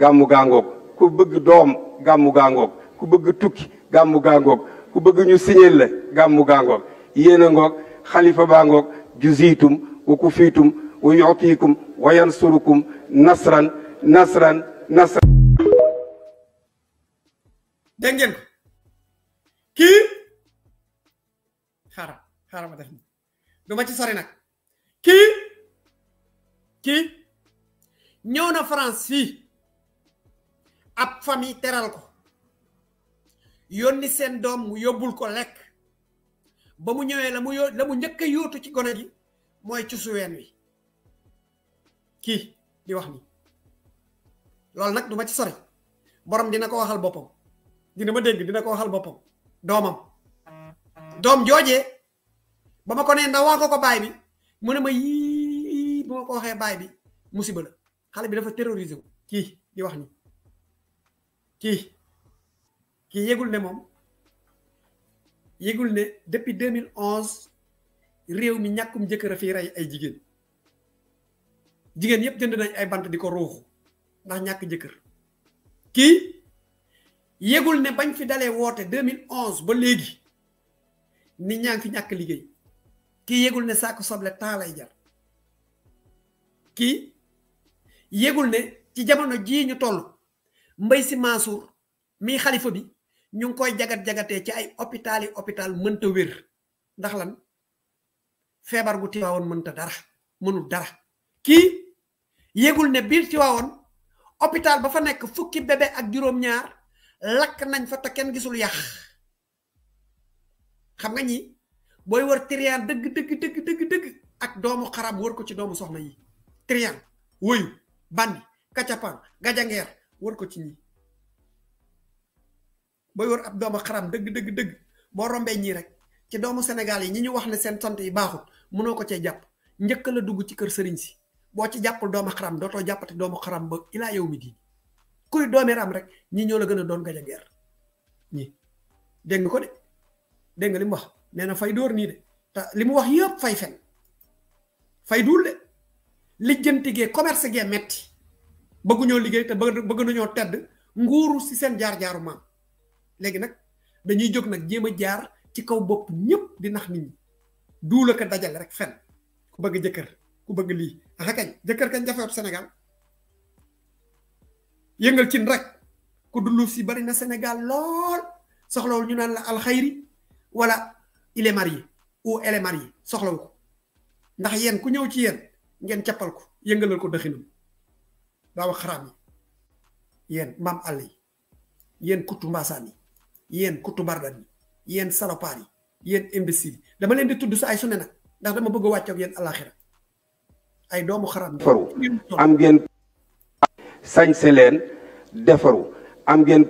gàmmu gàngoog ku bëgg doom gàmmu gàngoog ku bëgg tukki gàmmu gàngoog ku bëgg ñu siñeel la gàmmu gàngoog yéen ngoog xalifa baa ngoog ju ziitum wa ku fiitum wa yu'tikum wa yansurukum nasran nasran nasran dégg ngeen ko kii xaaral xaaral ma def ni du ci sori nag kii kii ñëw na France fii ab famille teral ko yónni seen doom mu yóbbul ko lekk ba mu ñëwee la mu yo la mu njëkk a yóotu ci gone gi mooy ci suween wi kii di wax ni loolu nag du ma ci sori borom dina ko waxal boppam dina ma dégg dina ko waxal boppam doomam doom joojee ba ma ko nee ndaw waa ko ko baay bi mu ne ma yii ba ma ko waxee baay bi musiba la xale bi dafa terrorisé wu kii di wax ni kii kii yëgul ne moom yëgul ne depuis 2011 réew mi ñàkkum jëkkër a fii rey ay jigéen jigen yep jënd nañ ay bant di ko roxu ndax ñak jëkër ki yegul ne bañ fi dalé woté 2011 ba légui ni ñang ngi fi ñak liggéey ki yegul ne saako soble ta lay jar ki yegul ne ci jamono ji ñu toll mbay si Mansour mi khalifa bi ñu ngi koy jagat jagaté ci ay hôpital yi hôpital mënta wër ndax lan feebar gu tiwawon mënta dara mënul dara ki yegul ne ci waawon hôpital ba fa nekk fukki bébé ak juróom-ñaar lakk nañ fa te kenn gisul yàq xam nga ñi boy war trian deug deug deug deug deug ak doomu xarab war ko ci doomu soxna yi trian woyu bandi kacapan gajanger, war ko ci ñi booy ab doomu xaram deug deug deug bo rombee ñi rek ci doomu Sénégal yi ñi ñu wax ne sen sant yi baaxul mëno ko ci japp njëkk la dugg ci kër sëriñ si boo ci jàppul doomu xaram dootoo jàppati doomu xaram ba ilaa yow mi diin kuy doomi raam rek ñii ñoo la gën a doon gaj a geer dégg nga ko de dégg nga li wax nee na fay dóor nii de te li mu wax yëpp fay fen fay duul de lijjanti gee commerce gee metti bëgguñoo liggéey te bëgg nañoo tedd nguuru si seen jaar-jaaru maam léegi nag dañuy jóg nag jéem a jaar ci kaw bopp ñëpp di nax nit ñi duula ko dajale rek fen ku bëgg jëkkër ku bëgg lii xakañ jëkkër kañ jafewut Sénégal yëngal cin rek ku dulluuf si bari na Sénégal lool soxlawul ñu naan la al khairi wala il est marié ou elle est mariée soxlawu ko ndax yéen ku ñëw ci yéen ngeen cappal ko yëngalal ko dëxinam daa wax xaraam yi yéen mam àll yi yéen kuttu mbaasaan yi yéen kuttu bardan yi yéen salopaar yi yéen imbécile dama leen di tudd sa ay su nag ndax dama bëgg a wàccoog yéen alaxira ay doomu xaram defaru am ngeen sañse leen defaru am ngeen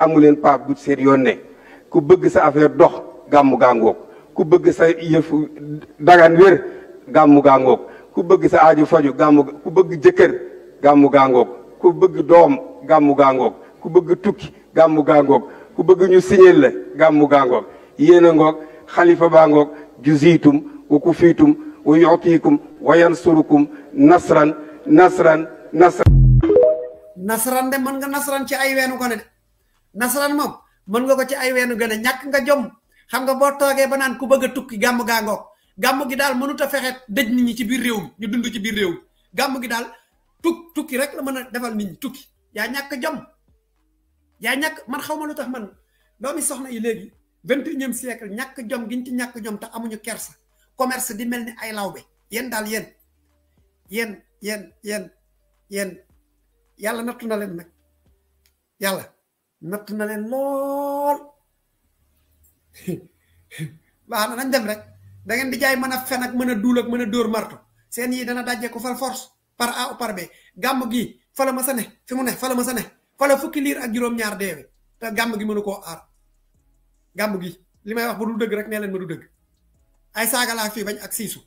amu leen paas bu seen yoon ku bëgg sa affaire dox gàmmu gàngoog ku bëgg sa yëf dagan wér gàmmu gàngoog ku bëgg sa aaju faju gàmmu ku bëgg jëkkër gàmmu gàngoog ku bëgg doom gàmmu gàngoog ku bëgg tukki gàmmu gàngoog ku bëgg ñu siñeel la gàmmu gàngoog yéen ngoog xalifa baa ngoog ju ziitum wa ku fiitum wa yu'tikum wa yansurukum nasran nasran nasran nasran de mën nga nasran ci ay weenu gone de nasran moom mën nga ko ci ay weenu gone ñàkk nga jom xam nga boo toogee ba naan ku bëgg a tukki gàmm gaa ngoog gàmm gi daal mënuta a fexe dëj nit ñi ci biir réew mi ñu dund ci biir réew mi gàmm gi daal tuk tukki rek la mën a defal ni ñi tukki yaa ñàkk jom yaa ñàkk man xaw ma lu tax man doomi soxna yi léegi vingt et unième siècle ñàkk jom giñ ci ñàkk jom te amuñu kersa commerce di melni ay lawbe yen dal yen yen yen yen yen yalla nattu na len nak yalla nattu na len lol baxna nañ dem rek da ngeen di jay meuna fen ak ak meuna dor marto sen yi dana dajje ko fal force par a ou par b gàmm gi fala ma sané fi mu ne fala ma sané fala fukki lire ak juroom ñaar deewe ta gàmm gi ko ar gi limay wax bu du deug rek ne len ma du deug ay saaga laa fi bañ ak sisu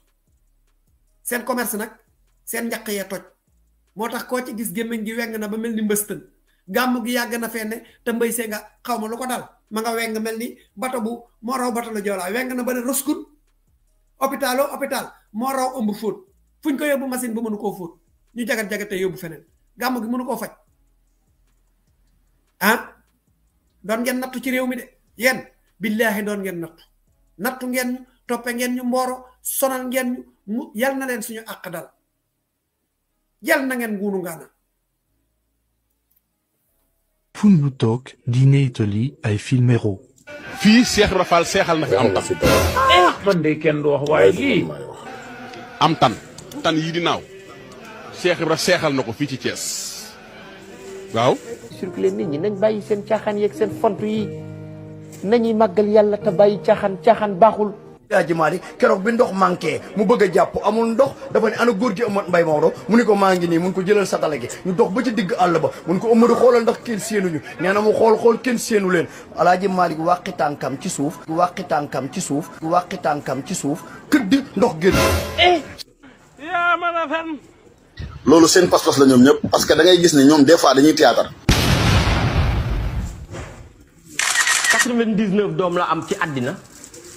sen commerce nak sen ñak yee toj motax ko ci gis gemeng gi weng na ba melni mbeustal gamu gi yag na fenne te mbey see nga xaw ma lu ko dal ma nga weng melni bato bu mo raw bato la jola weng na ba ne rëskun hopitalo hopital mo raw umbu fóot fuñ ko yóbbu machine bu mënu ko fóot ñu jagat jagat te yóbbu feneen gi mënu ko fajj ah don ngeen nattu ci rew mi de yen billahi don ngeen nattu nattu ngeen topé ngén ñu mboro sonal ngén ñu yal na len suñu àq dal yal na ngén nguunu ngana fun lu tok diine itali ay filmero fi Cheikh Rafal cheikhal na fi am tan ah, man de kenn do wax way lii am tan tan yi di naw Cheikh Ibra cheikhal nako fi ci Thiès waw circulé nit ñi nañ bayyi seen caaxaan yeeg seen fontu yi nañi magal yalla ta bayyi tiaxan tiaxan baxul Alaaji Maalik keroog bi ndox manqué mu bëgg a jàpp amul ndox dafa ne ana góor gi Amat Mbay Maodo mu ni ko maa ngi nii mun ko jëlal satala gi ñu dox ba ci àll ba ko Amadu xoolal ndax kenn séenuñu nee na xool xool kenn séenu leen Alaaji Maalik wàqi tànkam ci suuf wàqi tànkam ci suuf wàqi tànkam ci suuf këddi ndox génn eh! yaa mën a loolu seen pas la ñoom ñëpp parce que da ngay gis ne ñoom des fois dañuy théâtre 99 doom la am ci àddina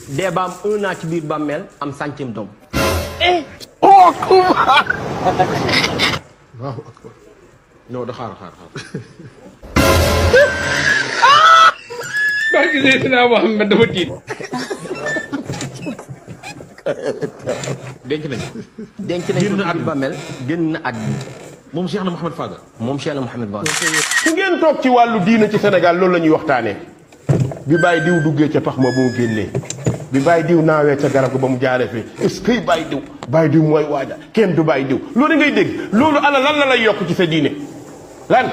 dee ba am ci biir bàmmeel am centième doom. Eh! oh Kumba. waaw non da xaar xaar xaar. parce que Seydina Mohamed dafa na àddina. moom na Fadal. moom Cheikh na Mouhamed Fadal. fu ngeen toog ci wàllu diina ci Sénégal loolu la ñuy waxtaanee. bi bàyyi diw duggee ca pax ma ba mu génnee bi bàyyi diw naawee ca garab ga ba mu jaaree fi est-ce que bàyyi diw bàyyi diw mooy waaja kenn du bàyyi diw loolu ngay dégg loolu ana lan la lay yokk ci sa diine lan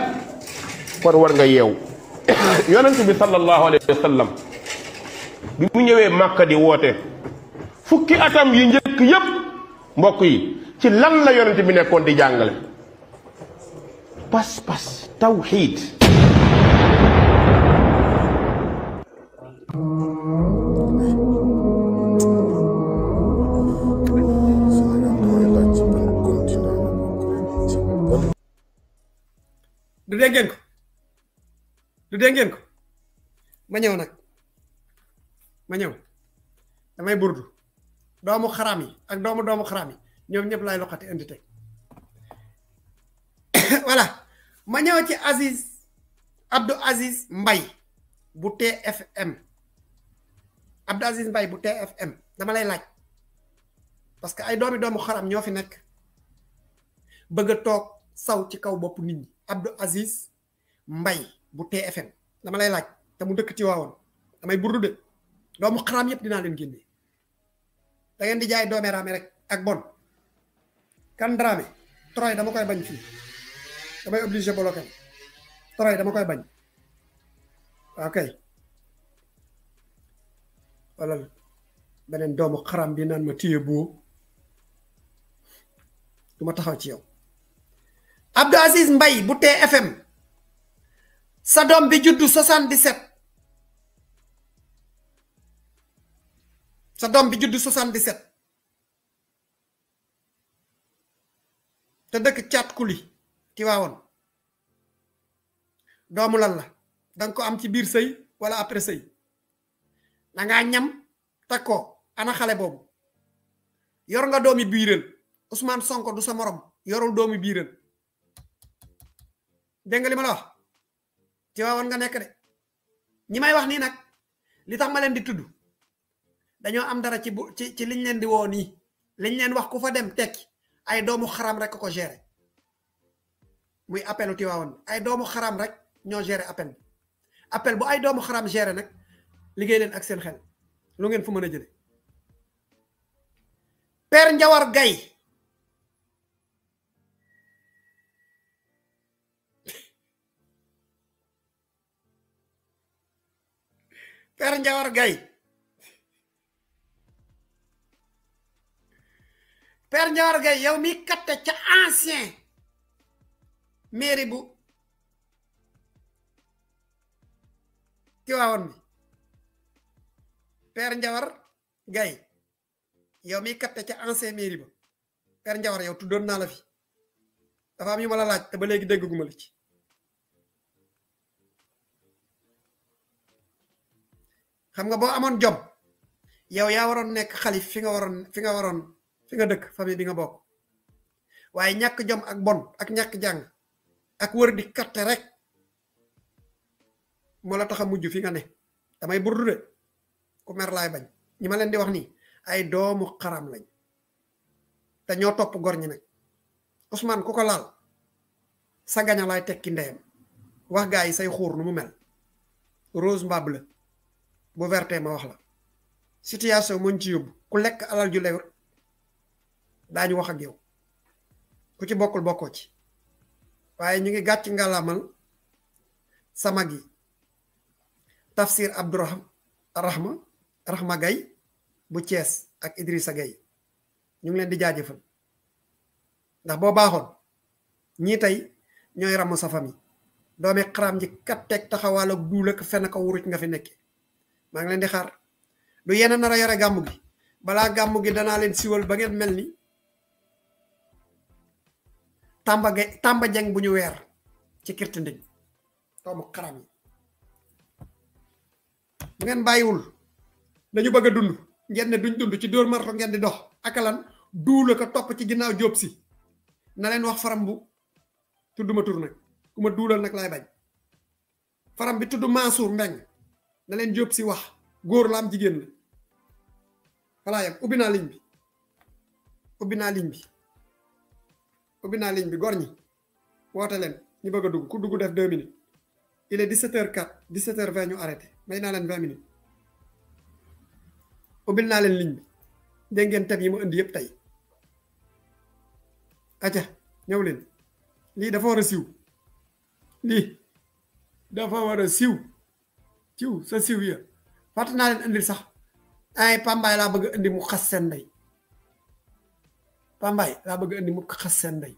kon war nga yeewu yonent bi sallallahu alayhi wa sallam bi mu ñëwee màkka di woote fukki atam yi njëkk yépp mbokk yi ci lan la yonent bi nekkoon di jàngale pas-pas tawxiid du dégg ngeen ko du dégg ko ma ma damay burdu doomu xaraam yi ak doomu doomu xaraam yi ñoom ñëpp laay loxati indi teg voilà ma ci Aziz Abdou Aziz Mbaye bu TFM Abdaziz Aziz Mbaye bu TFM dama lay laaj parce que ay doomi doomu xaram ñoo fi nek bëgg tok saw ci kaw bop nit ñi Abdou Aziz Mbaye bu TFM dama lay laaj te mu dëkk ci waawon damay burdu de doomu xaram yépp dina leen gënné da ngeen di jaay doomi ramé rek ak bon kan dramé troy dama koy bañ fi damay obligé bloqué troy dama koy bañ Oke. wala beneen doomu xaram bi naan ma téye boo du ma taxaw ci yow Abdou Aziz Mbaye bu TFM sa doom bi juddu 77 sa doom bi juddu 77 te dëkk caat kuli ci doomu lan la danga ko am ci biir sëy wala après sëy na nga ñam takko ana xalé bobu yor nga doomi birin, Ousmane Sonko du sa morom yorul doomi biirel Dengali li ma la wax ci waawoon nga nek de ñi may wax ni nak li tax ma len di tuddu dañu am dara ci ci ci liñ len di wo ni liñ len wax ku fa dem tek, ay doomu xaram rek ko gérer muy appelu Tiwaawan ay doomu xaram rek ño gérer appel appel bu ay doomu xaram gérer nak liggéey leen ak seen xel lu ngeen fu mën a jële Père Ndiawar gay Père Ndiawar gay Père Ndiawar gay yow mi katte ca ancien mairie bu Tivaouane mi père njawar gay yow mi capté ci ancien mairie ba père njawar yow tudon na la fi dafa am yu la laaj te ba léegi dégguma la ci xam nga bo amone jom yow ya waron nek khalif fi nga waron fi nga waron fi nga dëkk famille bi nga bok waye ñak jom ak bon ak ñak jang ak wër di katte rek mo la tax fi nga ne damay burdu de ku mer laay bañ ñi ma leen di wax nii ay doomu xaram lañ dañoo topp gor ñi nag Ousmane ku ko laal sa gaña tekki ndeyam wax gaa yi say xuur nu mu mel rose mbaa bleu bu verte ma wax la situation muñ ci yóbbu ku lekk alal ju lewut daañu wax ak yow ku ci bokkul bokkoo ci waaye ñu ngi gàcc ngalaamal samag yi tafsir abdourahma Rahma gay, bu Thiès ak Idrissa gay ñu ngi leen di jaajeufal ndax bo baaxoon ñi tay ñoy ramu sa fami doomi xaram ji kat tek taxawal ak duul ak fenn ko wuruj nga fi ma ngi leen di xaar du yena nara yara gamu gi bala gamu gi dana leen siwal ba ngeen melni tamba ge jeng bu ñu weer ci kirti ndiñ doomu xaram ngeen bayiwul dañu bëgg dund ngeen ne duñ dund ci door marto ngeen di dox akalan duula ko top ci ginnaaw job si na leen wax faram bu tudduma tur nag ku ma duulal nak lay bañ faram bi tuddu mansour mbeng na leen job si wax goor la jigen la falaa yam ubina liñ bi ubina liñ bi ubina liñ bi gorñi wota woote leen ñu bëgg dug ku dug def 2 minutes il est 17h4 17h20 ñu arrêté may na leen 20 minutes ubbil naa leen ligne bi dégg ngeen thèmes yi mu indi yëpp tey acca ñëw leen lii dafa war a siw lii dafa war a siw siiw sa siiw ya fàtte naa leen indil sax ay pambaay laa bëgg indi mu xas seen pambaay laa bëgg indi mu xas seen ndey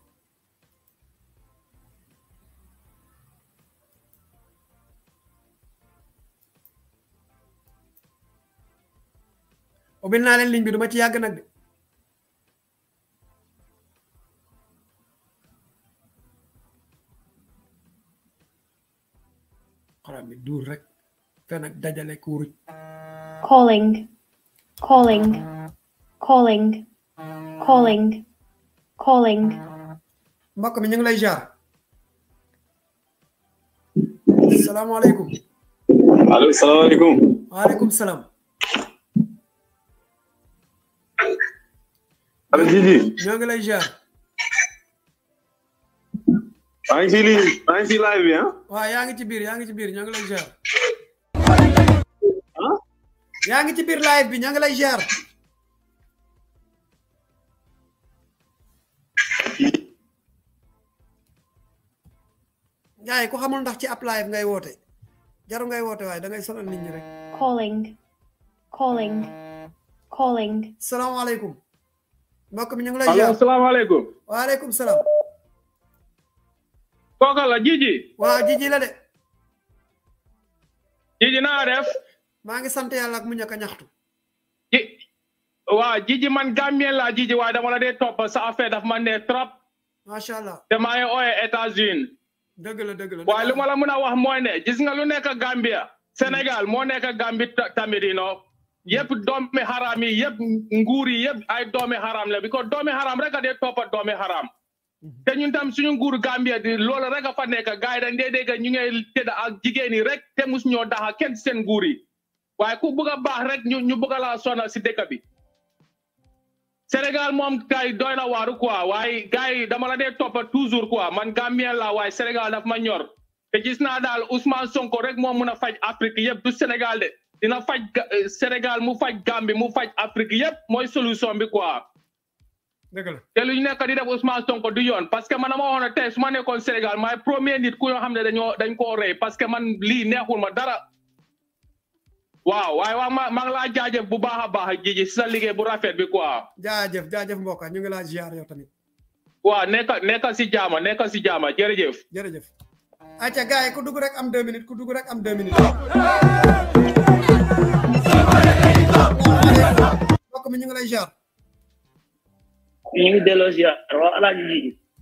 ubil na len ligne bi duma ci yag nak de xaram bi duur rek fe nak dajale kuuruj calling calling calling calling calling mbokk mi ñu ngi lay jaar salaamaaleykum allo wa alaykum salaam Alin Sidi. ñoo ngi lay ziar. maa ngi si live ya? Wah, yang itu bir, yang itu bir, ngi ci biir Yang itu bir live bi ñoo lagi Gaya, ziar. gars yi ku xamul ndax ci live ngay woote jarum ngay woote waaye da ngay sonal nit ñi rek. calling calling calling. Assalamualaikum mbokk mi ñu ngi iya. lay jaar allo waaleykum salaam. kooka la Jiji. waaw Jiji la de. Jiji naa def. maa ngi sant yàlla ak mu ñàkk a ñaxtu. ji waaw Jiji man Gambien laa Jiji waaye dama la dee topp sa affaire daf ma ne trop. macha allah te maa ngi ooyee États-Unis. dëgg la dëgg la waaye lu ma la mën a wax mooy ne gis nga lu nekk Gambia. Sénégal moo nekk Gambie tamit yi yëpp doomi xaraam yi yëpp nguur yi yëpp ay doome xaraam la because doome xaraam rek a dee toppa doomi xaraam mhm. te ñun tam suñu nguur Gambia di loolu rek a fa nekk gars yi dañ dee ñu ngay tëdd ak jigéen yi rek te mus ñoo daxa kenn seen nguur yi waaye ku bëgg a baax rek ñu ñu bëgg laa si dëkk bi Sénégal moom kay doy na waaru quoi waaye gars yi dama la dee toppa toujours quoi man Gambien la waaye Sénégal daf ma ñor te gis naa daal Ousmane Sonko rek moo mun a faj Afrique yëpp du dina faj eh, Sénégal mu faj Gambie mu faj Afrique yépp mooy solution bi quoi. dëgg la te lu ñu nekk di def Ousmane Sonko di yoon parce que man dama waxoon ne tey su ma nekkoon Sénégal maay premier nit ku ñoo xam ne dañoo dañ koo rey parce que man lii neexul ma dara. waaw waaye waa ma maa ngi laa jaajëf bu baax a baax jiji si sa liggéey bu rafet bi quoi. jaajëf jaajëf mbokk ñu ngi laa ziar yow tamit. waaw nekka nekka si jaama nekka si jaama jërëjëf. jërëjëf. ayca gars ku dugg rek am deux minutes ku dugg mbokk mi ñu ngi Ini jaar ñu ngi delloo ziar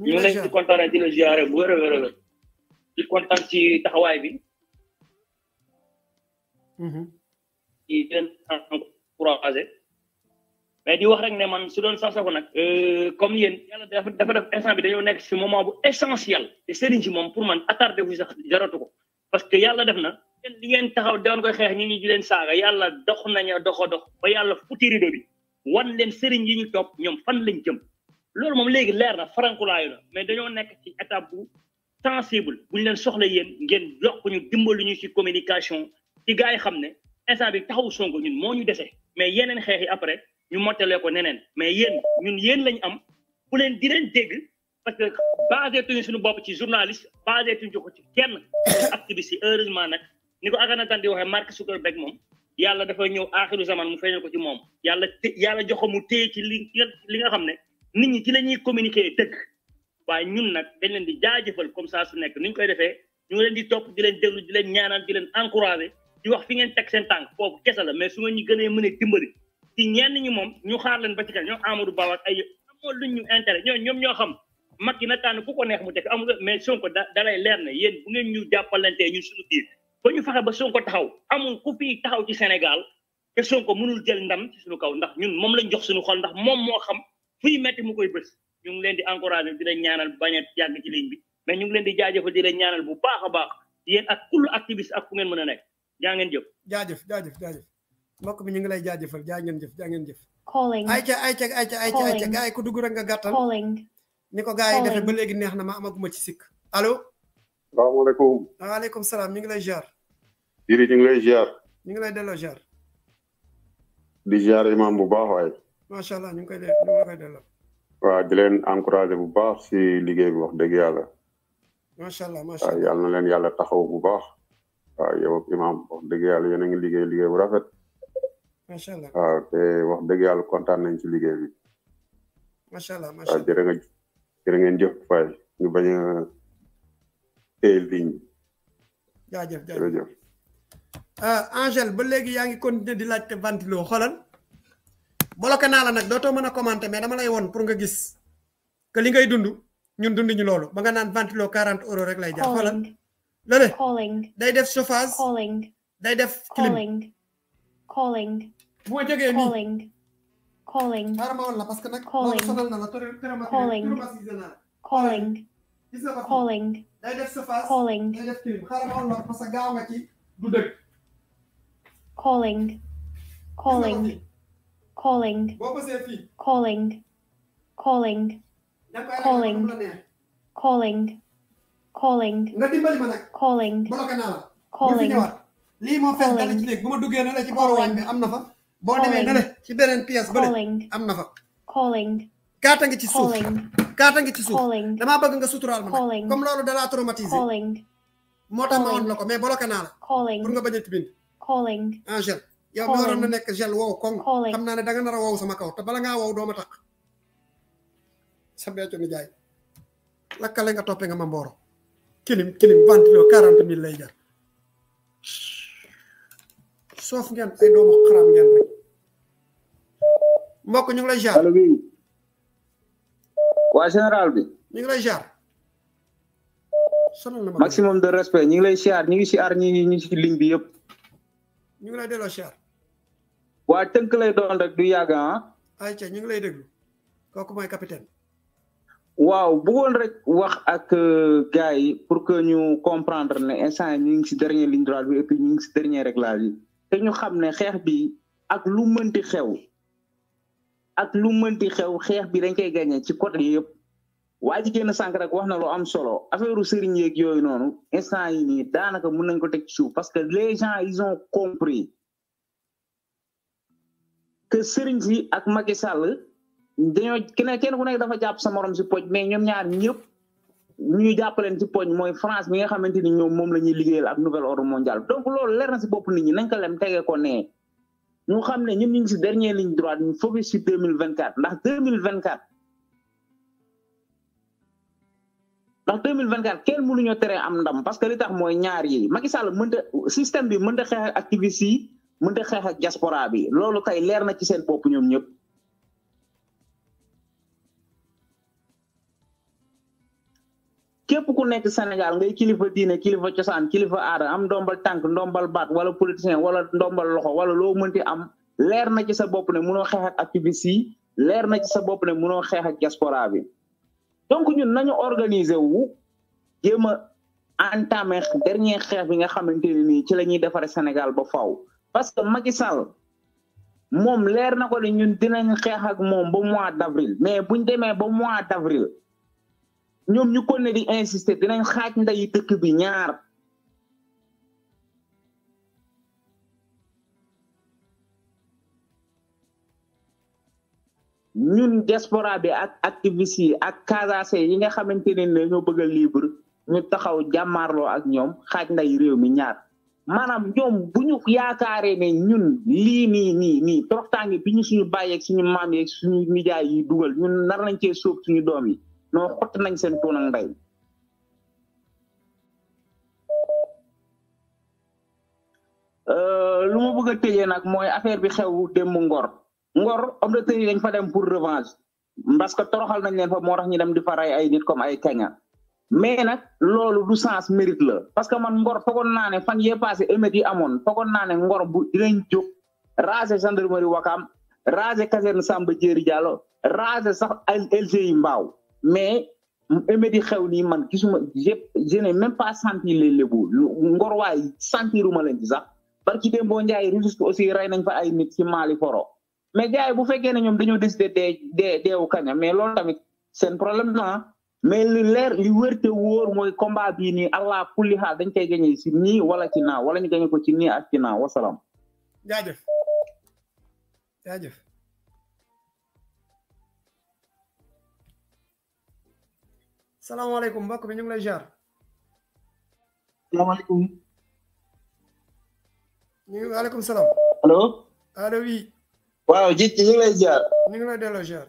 di la mhm. ziare nah, eh, bu wér a wér a wér di kontaan ci taxawaay bi di leen encouragé mais di wax rek ne man su doon sax sax nag comme yéen yàlla dafa dafa def instant bi dañoo nekk si moment bu essentiel pour man wu sax parce que def na li ngeen taxaw doon koy xeex ñi ñu di leen saaga yàlla dox nañu doxa dox ba yàlla futti rido bi wan leen sëriñ yi ñu topp ñoom fan lañ jëm loolu moom léegi leer na farankulaayu na mais dañoo nekk ci étape bu sensible bu ñu leen soxla yéen ngeen yokk ñu dimbali ñu ci communication ci gars yi xam ne instant bi taxaw Sonko ñun moo ñu dese mais yeneen xeex yi après ñu mottalee ko neneen mais yéen ñun yéen lañ am bu leen di leen dégg parce que basé tuñu suñu bopp ci journaliste basé tuñu ko ci kenn activiste yi heureusement nag ni ko Akhenaten di waxee Mark Zuckerberg moom yàlla dafa ñëw aaxiru zaman mu feeñal ko ci moom yàlla té yàlla jox ko mu téye ci li li nga xam ne nit ñi ci la ñuy communiquer dëgg waaye ñun nag dañ leen di jaajëfal comme ça su nekk ni ñu koy defee ñu ngi leen di topp di leen déglu di leen ñaanal di leen encourager di wax fi ngeen teg seen tànk foofu kese la mais su nga ñu gënee mën a dimbali ci ñi moom ñu xaar leen ba ñoo kan ñoom Amadou Ba ak ay amoo luñ ñu intérêt ñoo ñoom ñoo xam Macky na tànn ku ko neex mu teg amul mais Sonko da dalay leer ne yéen bu ngeen ñu jàppalantee ñun suñu biir ba ñu fexe ba Sonko taxaw amul ku fi taxaw ci Sénégal te Sonko mënul jël ndam ci suñu kaw ndax ñun moom lañ jox suñu xol ndax moom moo xam fuy metti mu koy bës ñu ngi leen di encouragé di leen ñaanal bañ a yàgg ci ligne ñu ngi leen di jaajëfal di leen ñaanal bu baax a baax yéen ak ku ngeen mën a nekk jaa ngeen jëf. jaajëf jaajëf jaajëf mbokk mi ñu ngi lay jaajëfal jaa ngeen jëf jaa ngeen jëf. calling ayca ayca dugg rek nga gàttal. calling ni ko gars ba léegi neex na ma amaguma ci sikk alo Assalamualaikum. Waalaikumsalam salaam ngi lay ziar. Diri ñu ngi lay ngi lay di ziar imam bu baax ma allah ñu koy delloo ñu koy delloo. waaw di bu baax si liggéey bi wax dëgg ma allah macha allah yàlla na leen yàlla taxaw bu baax. yow ya, imam wax dëgg yàlla yéen ya, ngi liggéey liggéey bu rafet. allah waaw te wax dëgg yàlla kontaan nañ ci bi. allah macha allah waaw nga jërë ngeen jëf ñu et ligne jaajëf jaajëf Angèle ba léegi yaa ngi continuer di laajte ventilo xoolal bloqué naa la nag dootoo mana a commenter mais dama lay woon pour nga gis que li ngay dundu ñun dund ñu loolu ba nga naan ventilo 40 euros rek lay Calling. Calling. Calling. day def chauffage day def clim calling bu ma Calling. Calling. calling Calling. Calling. ma Calling. Calling. parce que Calling. Calling. Calling. Calling. Calling. Calling. Calling. Calling. calling calling gis nga ko calling day def sa face calling day def tiim xaaral ma woon la parce que gaaw nga ci du dëgg. calling. calling calling boo ko see fii. calling calling. calling calling calling. nga dimbali ma nag. calling bloqué naa la. calling bu fi ñëwaat lii moo fees dale ci néeg bu ma duggee na la ci booru waañ bi am na fa. boo demee na la ci beneen pièce bële am na fa. calling. kaata ngi ci suuf kaata ngi ci suuf damaa bëgg nga suturaal ma comme loolu dalaa traumatisé moo tax ma woon la mais bloqué naa la pour nga bañ a bind angel ah, yow mi waroon na nekk gel wow koŋ xam ne da nga nar a sama kaw te bala ngaa wow dooma taq sa beeco ni jaay lakkale nga toppe nga ma mbooro kilim kilim ventilo quarante mille lay jar soof ngeen ay doomu xaram ngeen rek mbokk ñu ngi lay jaar waa général bi. ñu ngi lay jaar. maximum de respect ñu ngi lay siyaar ñu ngi siyaar ñi ñi ci ligne bi yëpp. ñu ngi lay delloo siyaar. waa tënk lay doon rek du yàgg ah. ayca ñu ngi lay déglu kooku mooy capitaine. waaw bëggoon rek wax ak gars yi pour que ñu comprendre ne instant ñu ngi si dernier ligne droite bi et puis ñu ngi si dernier réglage bi te ñu xam ne xeex bi ak lu mënti xew. ak lu mënti xew xeex bi dañ koy gagné ci côté yëpp waa ji génn sànq rek wax na lu am solo affaire sëriñ yeeg yooyu noonu instant yi nii daanaka mun nañ ko teg ci suuf parce que les gens ils ont compris que sëriñ si ak Macky Sall dañoo kenn kenn ku nekk dafa jàpp sa morom si poñ mais ñoom ñaar ñëpp ñuy leen ci poñ mooy France mi nga xamante ni ñoom moom la ñuy liggéeyal ak nouvel ordre mondial donc loolu leer na si bopp nit ñi nañ ko lem tegee ko nee ñu xam ne ñun ñu ngi si dernière ligne droite ñu focus si deux mille vingt quatre ndax deux mille vingt quatre ndax deux mille vingt quatre kenn mënuñoo tere am ndam parce que li tax mooy ñaar yi Macky Sall mënta système bi mënta xeex ak activiste yi mënta xeex ak diaspora bi loolu tey leer na ci seen bopp ñoom ñëpp. képp ku nekk Sénégal ngay kilifa diine kilifa cosaan kilifa aada am ndombal tànk ndombal baat wala politicien wala ndombal loxo wala loo mënti am leer na ci sa bopp ne mënoo xeex ak activiste leer na ci sa bopp ne mënoo xeex ak diaspora donc ñun nañu organiser wu jéem a entamé dernier xeex bi nga xamante ne nii ci la ñuy defaree Sénégal ba faw parce que Macky Sall moom leer na ko ne ñun dinañ xeex moom ba mois d' mais buñ demee ba mois d' ñoom ñu ko di insister dinañ xaaj ndeyi dëkk bi ñaar ñun diaspora ak ak activistes yi ak casacé e yi nga xamante ne ne ñoo bëgg a libre ñu taxaw jàmmaarloo ak ñoom xaaj nday réew mi ñaar maanaam ñoom bu ñu yaakaaree ne ñun lii nii nii nii toroxtaange bi ñu suñu bàyyeeg suñu maam yeeg suñu nijaay yi dugal ñun nar nañ cee sóob suñu doom yi non xott nañ seen tuun ak ndey euh, lu ma bëgg a tëjee nag mooy affaire bi xew démb ngor ngor homme de tenue yi dañ fa dem pour revanche parce que toroxal nañ leen fa moo tax ñu dem di fa ay nit comme ay keña mais nag loolu du sens mérite la parce que man ngor foogoon naa ne fan yee passé émeutes yi amoon foogoon naa ne ngor bu dinañ jóg raser gendarmerie Wakaam raser caserne Samba Diéry Diallo raser sax LG yi mbaaw mais émédi xew nii man gisuma j'ai je n'ai même pas senti les lébu ngor waay sentiruma leen ci sax barki dem boo njaay registre aussi rey nañ fa ay nit ci maali foro mais gars yi bu fekkee ne ñoom dañoo décidé dee dee deewu kaña mais lool tamit seen problème la ah. mais leer li wërte wóor mooy combat bii nii allah kulli xaal dañ koy gañe si nii wala ci naa wala ñu gañe ko ci nii ak ci naa wasalaam jaajëf salaamaaleykum mbokk bi ñu ngi lay jaar. salaamaaleykum. ñu ngi salaam. allo. ji ñu ngi lay jaar. ngi lay delloo jaar.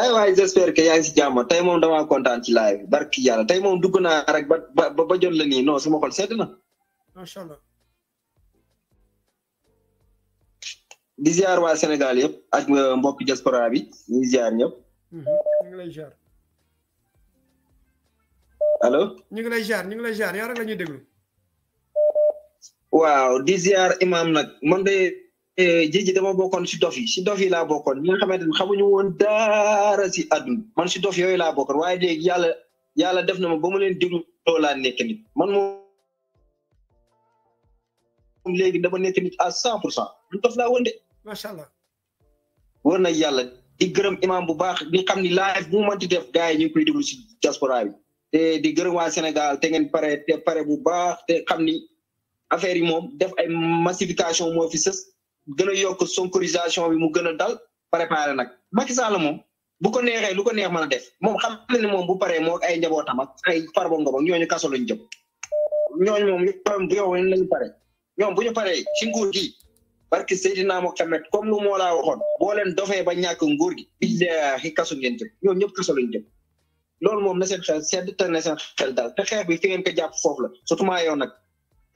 ay waay j'espère que yaa si jàmm tey moom damaa kontaan ci live barki yàlla tey moom dugg naa rek ba ba ba jot la nii non sama xol sedd na. di ziar waa Sénégal yëpp ak euh, mbokk diaspora bi ñuy ziar ñëpp. ñu ngi lay jaar. allo. ñu ngi lay jaar ñu ngi lay jaar yow rek déglu. waaw di ziar imaam nag man de jiji dama bokkoon si dof si dof yi laa bokkoon ñi nga xamante ne xamuñu woon daara si àdduna man si dof yooyu laa bokkoon waaye léegi yàlla yàlla def na ma ba leen déglu loolu laa nekk man moom léegi dama nekk nit à cent pour cent man dof laa woon de. macha allah. war na yàlla. di gërëm imam bu baax di xam ni live bu mu mënti def gars yi ñu ngi koy déglu si diaspora bi di gërëm waa Sénégal te ngeen pare te bu baax te xam ni affaire yi moom def ay massification moo fi sës gën a yokk sonkorisation bi mu gën a dal préparé nag Macky Sall moom bu ko neexee lu ko neex mën a def moom xam na ni moom bu paree moo ay njabootam ak ay farba ngobam ñooñu kaso lañ jëm ñooñu moom ñoom bu ñu paree ñoom bu ñu paree si nguur barki Seydina Mohamed comme lu moo laa waxoon boo dofee ba ñàkk nguur gi billaahi kasu ngeen jëm ñoom ñëpp kasu lañ jëm loolu moom na seen xel sedd te na seen xel daal te xeex bi fi jàpp foofu la surtout maa yow nag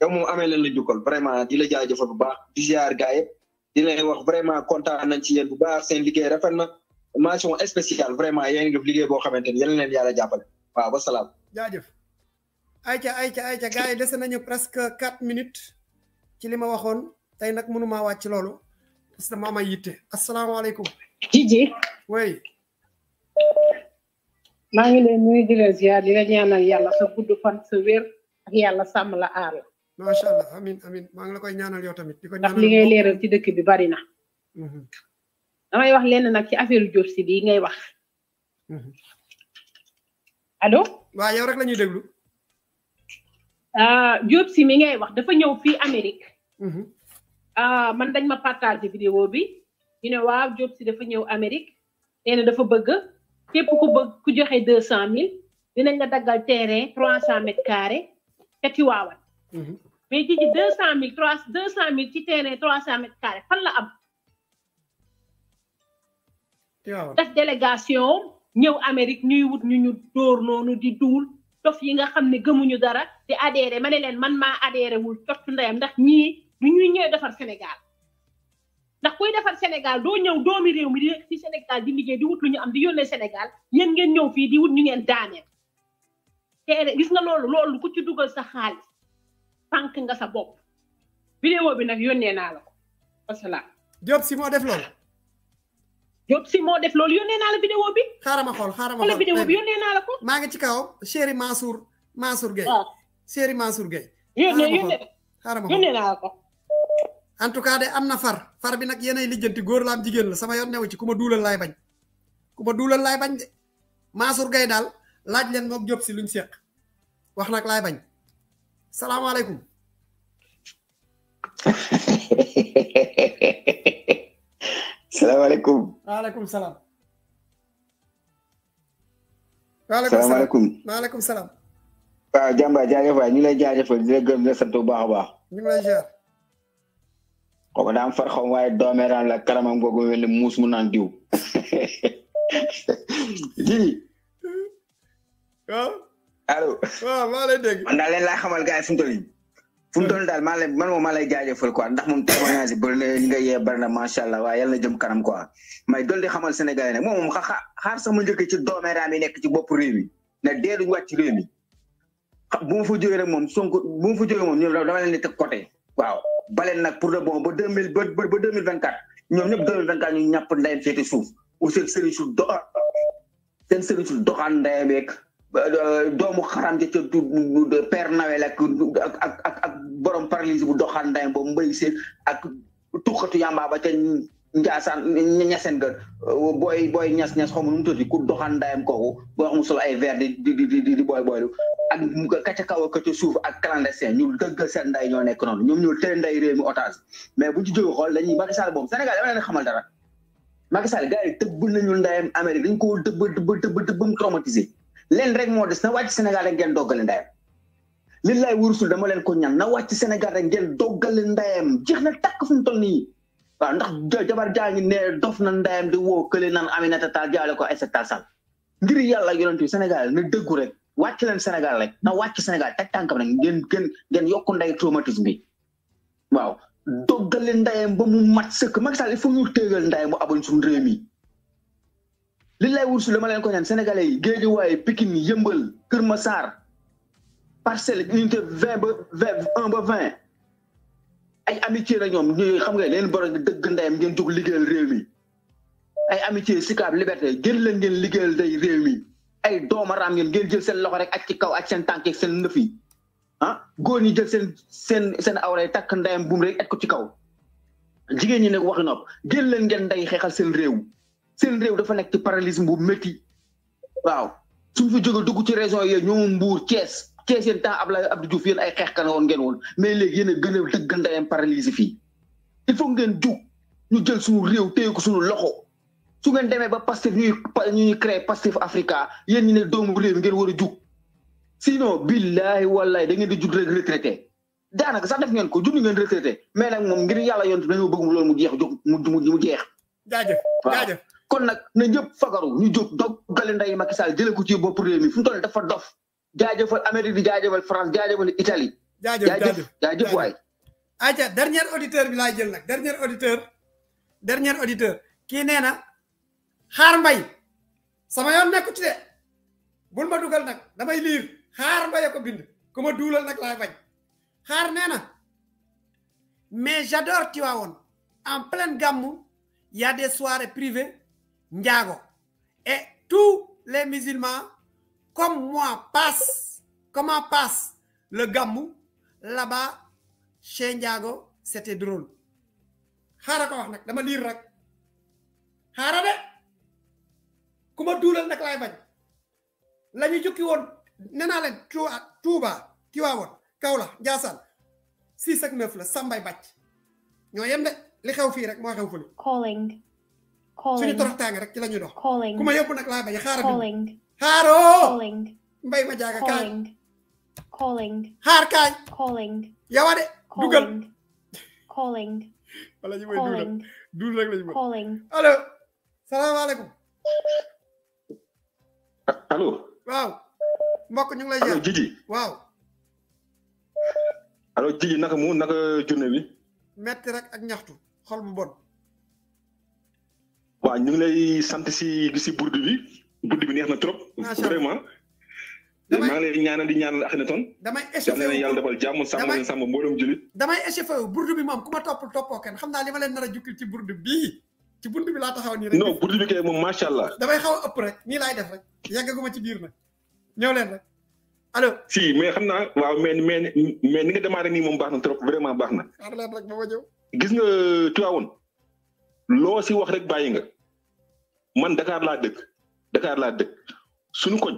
yow moom amee leen la jukkal vraiment di la jaajëfal bu baax di ziar gaa yëpp di leen wax vraiment kontaan ci yéen bu baax seen liggéey rafet na mention spéciale vraiment yéen ngi def liggéey boo xamante ni yéen leen yàlla jàppale ba salaam. jaajëf ayca ayca ayca dese nañu presque quatre minutes ci li waxoon. tey nak mënuma wàcc loolu parce que mama am assalamu alaykum asalaamaaleykum. Jiji. way ma ngi leen nuy di la ziar di la ñaanal yalla sa guddu fan sa wër ak yalla sam la aar ma sha allah amin amin ma ngi la koy ñaanal yow tamit. diko ñaanal li ngay leral ci dëkk bi bari na. Mhm. damay wax lenn nak ci affaire Diop ci bi ngay wax. Mhm. allo. wa yow rek la ñuy déglu. Ah, Diop si mi ngay wax dafa ñëw fii Amérique. Mhm. Ah, man dañ ma partagé vidéo bi ñu ne waaw Diop Sy dafa ñëw Amérique nee na dafa bëgg képp ku bëgg ku joxe deux cent mille dinañ la daggal terrain trois cent mètres carrés te Tiwaawan mhm. mais ji ji deux cent mille trois deux cent mille ci terrain trois cent mètres carrés fan la am dax délégation ñëw Amérique ñuy wut ñu ñu dóor noonu di duul dof yi nga xam ne gëmuñu dara di adhéré ma ne leen man maa adhéré wul cott ndeyam ndax ñii ñu ñuy defar Sénégal ndax kuy defar Sénégal doo ñëw doomi réew mi di ci Sénégal di liggéey di wut lu ñu am di yónnee Sénégal yéen ngeen ñëw fii di wut ñu ngeen daaneel te gis nga loolu loolu ku ci dugal sa xaalis sànq nga sa bopp vidéo bi nag yónnee naa la ko wasalaam Diop si moo def loolu Diop si moo def lool yónnee naa bi xaaral ma xool xaaral ma bi yónnee naa la ko maa ngi ci kaw chéri Mansour Mansour Gueye ah. chéri Mansour Gueye yónnee yónnee xaaral ma xool ko en tout cas de am na far far bi nag yéenay lijjanti góor la am jigéen la sama yoon newu ci ku ma duulal laay bañ ku ma duulal laay bañ de Mansour Gaye daal laaj leen moom Diop si luñ seq wax nag laay bañ salaamaaleykum. salaamaaleykum. waaleykum salaam. salaamaaleykum waaleykum salaam. waaw jàmba jaajëf waay ñu lay jaajëfal di la gërëm di la sant bu baax a baax. ñu ngi lay ziar. xaw ma daan far xaw waaye doomeeraam la karamam googu mel ni muus mu naan diw jii waaw allo waaw lay dégg man daal laa xamal gars yi fu daal maa lay man moom maa lay jaajëfal quoi ndax moom témoignage bëri na li nga yee na macha allah waaye yàlla na jëm kanam quoi may dool di xamal Sénégal yi nag moom moom xaar sax ma njëkkee ci doomeeraam yi nekk ci bopp réew mi ne dee duñu wàcc réew mi bu ma fa jógee nag moom Sonko bu ma fa jógee moom dama leen di teg waaw baleen nag pour le bon ba deux mille ba ba deux mille vingt quatre ñoom ñëpp deux mille vingt quatre ñu ñàpp ndayam féete suuf ou seen sëriñ su do seen sëriñ su doxaan ndayam yeeg doomu xaram ca ca père nawel ak ak ak borom paralysie bu doxaan ndayam boobu mbay seen ak tuxatu ba ca Ndiassane ñaseen ga euh, booy booy ñas ñas xaw ma nu mu tudd ku doxaan ndayam kooku boo xam sol ay verre booy booylu ak mu ka kaw ka suuf ak clandestin ñu dëgg seen nday ñoo nekk noonu ñoom ñoo tëye nday réew mi mais bu ci jógee xool dañuy Macky Sall boobu Sénégal dama leen xamal dara Macky Sall gars yi tëbb nañu ndayam Amérique dañ ko dëbb dëbb dëbb dëbb mu traumatisé leen rek moo des na wàcc Sénégal rek ngeen doggale ndayam li lay wursul dama leen ko ñaan na wàcc rek ngeen doggale ndayam jeex na takk fu mu toll nii waaw ndax jabar jaa ngi ne dof na ndayam di woo kële naan Aminata Tall jaale ko Aïssata Tall Sall ngir yàlla yonent bi Sénégal na dëggu rek wàcc leen Sénégal rek na wàcc Sénégal teg tànkam rek ngeen ngeen ngeen yokku nday traumatisme bi waaw doggale ndayam ba mu mat sëkk Macky Sall il faut ñu téegal ndayam mu aboñ suñu réew mi li lay wut su dama leen ko ñaan sénégalais yi Guédiawaye Pikine yëmbal Kër Massar parcelle unité vingt ba vingt ba vingt ay amitié la ñoom ñu xam nga leen borom dëgg ndeyam ngeen jóg liggéeyal réew mi ay amitié sikaab liberté ngeen liggéeyal day réew mi ay doomaraam ngeen ngeen jël seen loxo rek ak ci kaw ak seen tànk ak seen nëf yi ah góor ñi jël seen seen seen awray takk ndeyam buum rek et ko ci kaw jigéen ñi nag waxi nopp leen ngeen nday xeexal seen réew seen réew dafa nekk ci paralysme bu métti waaw suñ fi jóge dugg ci région yooyu ñu Mbuur Thiès ci seen temps ablaye abdou diouf yéen ay xeex kan woon ngeen woon mais léegi yéen a gën a dëgg ndayam paralysé fii il faut ngeen jug ñu jël suñu réew téye ko suñu loxo su ngeen demee ba pastef ñuy ñuy créé pastef africa yéen ñu ne doomu réew ngeen war a jug sinon billahi wallahi da ngeen di jug rek retraité daanaka sax def ngeen ko junni ngeen retraité mais nag moom ngir yàlla yont dañoo bëgg loolu mu jeex jóg mu mu mu jeex jaajëf jaajëf kon nag na ñëpp fagaru ñu jóg dog gale nday Macky Sall ko ci bopp réew mi fu mu dafa dof jaajëfal Amérique di jaajëfal France jaajëfal itali jaajëf jaajëf jaajëf waay. aca dernier auditeur bi laay jël nag dernier auditeur dernier auditeur kii nee na xaar mbay sama yoon nekku bul ma dugal nag damay liir xaar mbay ko bind ku ma duulal nag laay bañ xaar nee na mais j'adore Tivaouane en pleine Gamou y a des soirées privées njaago e tous les musulmans comme moi paas comment passe le gamou là-bas chez Ndiago c'était drôle xaaral ko wax nag dama liir rek xaaral de ku ma duulal nag laay bañ la ñu jukki woon nee naa leen Touba Tiwaawoon Kaolack Ndiassane si ak neuf la Sambay bàcc ñoo yem de li xew fii rek moo xew fële. calling calling suñu toroxtaange rek ci la ñuy dox. calling ku ma yóbbu nag laay bañ xaaral Haro! Calling. Mbay ma jaaga kaay. Calling. Calling. Haar kaay. Calling. Yawade. Dugal. Calling. Wala ñu may dugal. Dul rek lañu Calling. Halo, Salaamaaleykum. Halo. Wow, Mbokk ñu ngi lay jël. Jiji. Wow. Allo Jiji nak mu nak journée bi. Metti rek ak ñaxtu. Xol bu bon. wa ñu ngi lay sant si ci burdu bi guddi bi neex na trop. vraiment. damay maa lay ñaanal di ñaanal Akhenaton. damay échauffé wu yàlla defal jàmm sàmm leen sàmm mboolem julit. damay échauffé wu burdu bi moom ku ma topp toppoo kenn xam li ma Budi nar a ci burdu bii. ci bunt bi laa taxaw nii rek. non burdu bi kay allah. xaw rek def rek ci rek allo. si mais xam waaw mais mais mais ni nga trop vraiment baax na. xaar rek ba ma gis nga Tivaouane loo wax rek man Dakar Dakar laa dëkk suñu koñ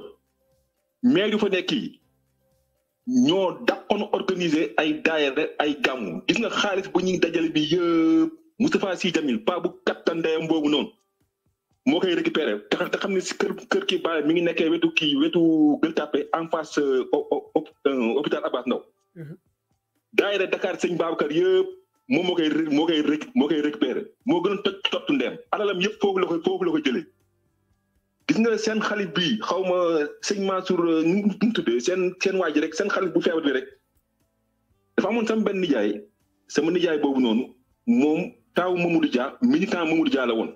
maire yu fa nekk yi ñoo dàqoon organiser ay daayira ay gàmmu gis nga xaalis bu ñuy dajale bi yëpp Moustapha Sy Jamil pa bu kattan ndeyam boobu noonu moo koy récupérer te xam te xam ne si kër kër kii baale mi ngi nekkee wetu kii wetu Gueule Tapée en face euh, euh, hôpital Abass Ndao mhm. daayira Dakar sëñ Babacar yëpp moom moo koy moo moo koy récupérer moo gën a toj tottu ndeem alalam yëpp foofu la ko foofu la ko jëlee gis nga seen xalit bi xaw ma sëñ Mansour euh, nu mu tuddee seen seen waa ji rek seen xalit bu feebar bi rek dafa amoon sama benn nijaay sama nijaay boobu noonu moom taawu Mamadou Dia militant Mamadou Dia la woon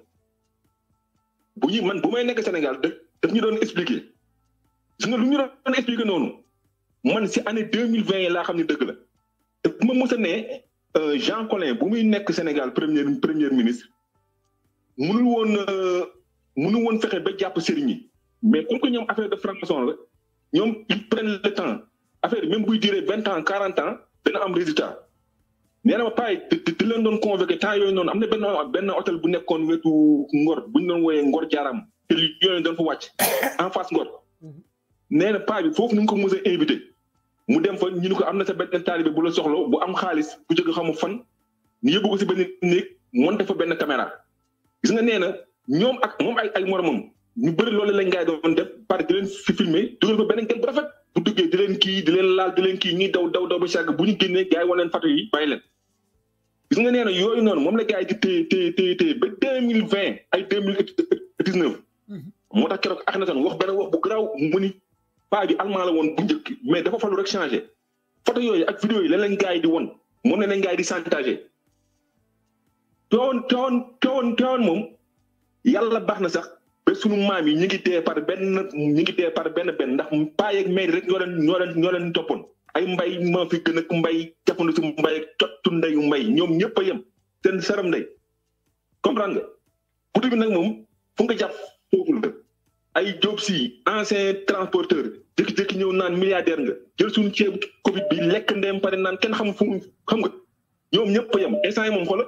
bu ñu man bu may nekk Sénégal daf ñu doon expliquer su nga lu ñu doon expliquer noonu man si année 2020 mille vingt laa xam ne dëgg la te bu ma mos a ne euh, Jean Collin bu muy nekk Sénégal premier premier ministre mënul woon. Euh, mënu woon fexe ba jàpp sëriñ mais comme que ñoom affaire de franc-maçon la ñoom ils prennent le temps affaire même buy duré vingt ans quarante ans dana am résultat nee na ma paay di leen doon convoqué temps yooyu noonu am na benn benn hôtel bu nekkoon wetu Ngor bu ñu doon wooyee Ngor Jaaram te yooyu doon wàcc en face Ngor nee na paa bi foofu nu ko mos a mu dem fa ñu ne ko am na sa benn taalibe soxla bu am xaalis bu jóge xamu fan ñu yóbbu ko si benn néeg monté fa benn caméra gis nga nee na ñoom ak moom ay moro moromam ñu bëri loolu lañ ngay doon de par di leen fi filmer dugal ko beneen bu rafet bu duggee di leen kii di leen laal di leen kii ñuy daw daw daw ba sàgg bu ñu génnee gars yi wan leen photo yi bàyyi leen gis nga nee na yooyu noonu moom la gars yi di téye téye téye téye ba deux mille vingt ay deux mille dix neuf mm-hmm. moo tax keroog Akhenaton wax benn wax bu garaaw mu ni paa bi la woon bu njëkk mais dafa falu rek changé photo yooyu ak vidéo yi le lañ gars yi di won moom la lañ gars yi di chantage teewoon teewoon teewoon teewoon moom yàlla baax na sax ba sunu maam yi ñu ngi dee par benn ñu ngi par benn benn ndax paa yeeg maire rek ñoo leen ñoo leen ñoo leen ay mbay maa fi gën ak mbay jàppandu si mbay ak cottu ndeyu mbay ñoom ñëpp a yem seen saram ndey bi nag moom fu nga jàpp foofu la ay job si ancien transporteur jékki-jékki naan milliardaire nga jël suñu ceeb covid bi lekk ndeem pare naan kenn xam fu xam nga ñoom ñëpp a yem instant yi moom xoolal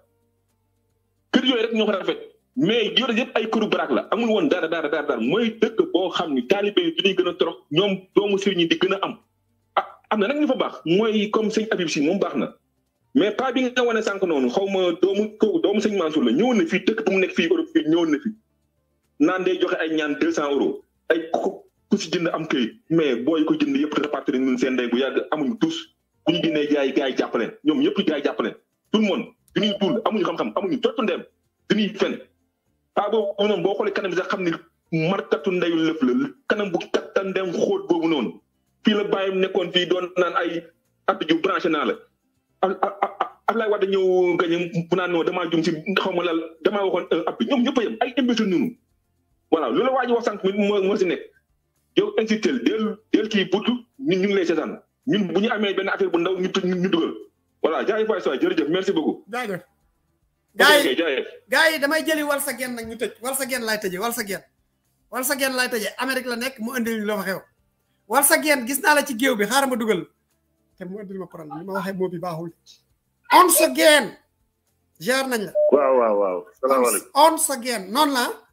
kër yooyu rek ñoo a rafet mais yooyu yëpp ay këru baraak la amul woon dara dara dara dara mooy dëkk boo xam ni taalibe yi dañuy gën a torox ñoom doomu sëriñ yi di gën a am. ah am na nag ñu fa baax mooy comme sëñ Habib si moom baax na mais pas bi nga wane sànq noonu xaw ma doomu kooku doomu sëñ Mansour la ñëwoon na fii dëkk bu mu nekk fii Europe fii ñëwoon na fi naan day joxe ay ñaan 200 euros ay ku ku si jënd am këyit mais boo ko jënd yëpp répartir nañ seen ndey bu yàgg amuñ tous bu ñu génnee jaay gaay jàppaleen ñoom yëpp gaay jàppaleen tout le dañuy duul amuñu xam-xam amuñu jottu ndeem dañuy fen paa boobu noonu boo xoolee kanam bi sax xam ni markatu ndeyu lëf la kanam bu kattan ndeem xóot boobu noonu fii la bàyyam nekkoon fii doon naan ay at ju branché naa a Ablaye Wade ñëw gañe mu naan non damaa xaw ma lal damaa waxoon euh, ab ñëpp a yem ay imbécile nunu voilà loolu la waa ji wax sànq mi moo moo si nekk yow insitel del del kii budd ñun ñu ngi lay seetaan ñun bu ñu amee benn affaire bu ndaw ñu ñu dugal voilà jaajëf waay sooy jërëjëf merci beaucoup. jaajëf. gaa yi gaa yi damay jëli war sa genn nag ñu tëj war sa genn laay tëjee wal sa genn war sa genn laay tëjee Amérique la nekk mu indil la fa xew sa genn gis naa la ci géew bi xaaral ma dugal te mu indil ma problème li ma waxee moo bi baaxul on sa genn jaar nañ la. waaw waaw waaw salaamaaleykum on sa genn noon laa ah?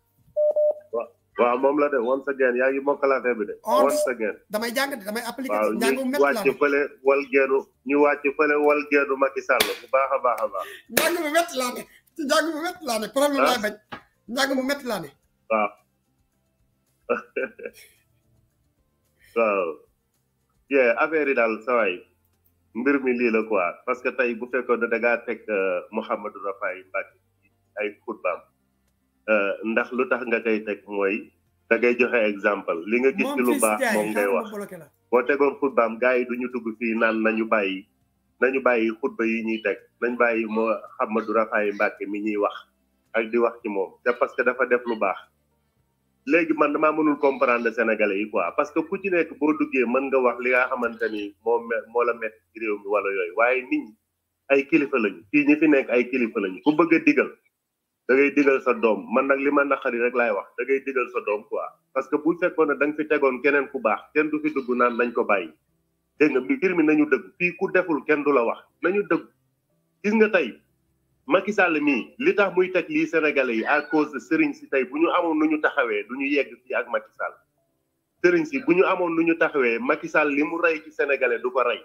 waaw moom la de once again yaa ngi mokkal affaire bi de. once again damay jàng damay appliqué. njàngu métti la ñu wàcc fële wal geenu ñu wàcc fële wal geenu Macky Sall bu baax a baax a baax. njàng mu métti laa ne ci mu métti laa ne problème ah. mu métti laa ne. waaw yee affaire yi daal saway mbir mi lii la quoi parce que tey bu fekkoon ne da ngaa teg euh, Mouhamadou Rafahi Mbacke ay xutbaam. Euh, ndax lu tax nga koy teg mooy da joxe exemple li nga gis ci lu baax moom ngay wax boo tegoon xutbaam gars yi ñu tugg fii naan nañu bàyyi nañu bàyyi xutba yi ñuy teg nañ bàyyi moo xam ma Ahmadou Rafahi Mbacké mi ñuy wax ak di wax ci moom te parce que dafa def lu baax léegi man damaa mënul comprendre sénégalais yi quoi parce que ku ci nekk boo duggee mën nga wax li nga xamante ni moo moo la métti ci réew mi wala yooyu waaye nit ay kilifa lañu fii ñu fi nekk ay kilifa lañu ku bëgg a digal da ngay digal sa doom man nag li ma naqari rek laay wax da ngay digal sa doom quoi parce que bu fekkoon ne da fi tegoon keneen ku baax kenn du fi dugg naan nañ ko bàyyi dégg nga mbir mi nañu dëgg fii ku deful kenn du la wax nañu dëgg gis nga tey Macky Sall mii li tax muy teg lii Sénégalais yi à cause de sëriñ si tey bu ñu amoon nu ñu taxawee du ñu yegg fii ak Macky Sall sëriñ si bu ñu amoon nu ñu taxawee Macky Sall li mu rey ci sénégalais du ko rey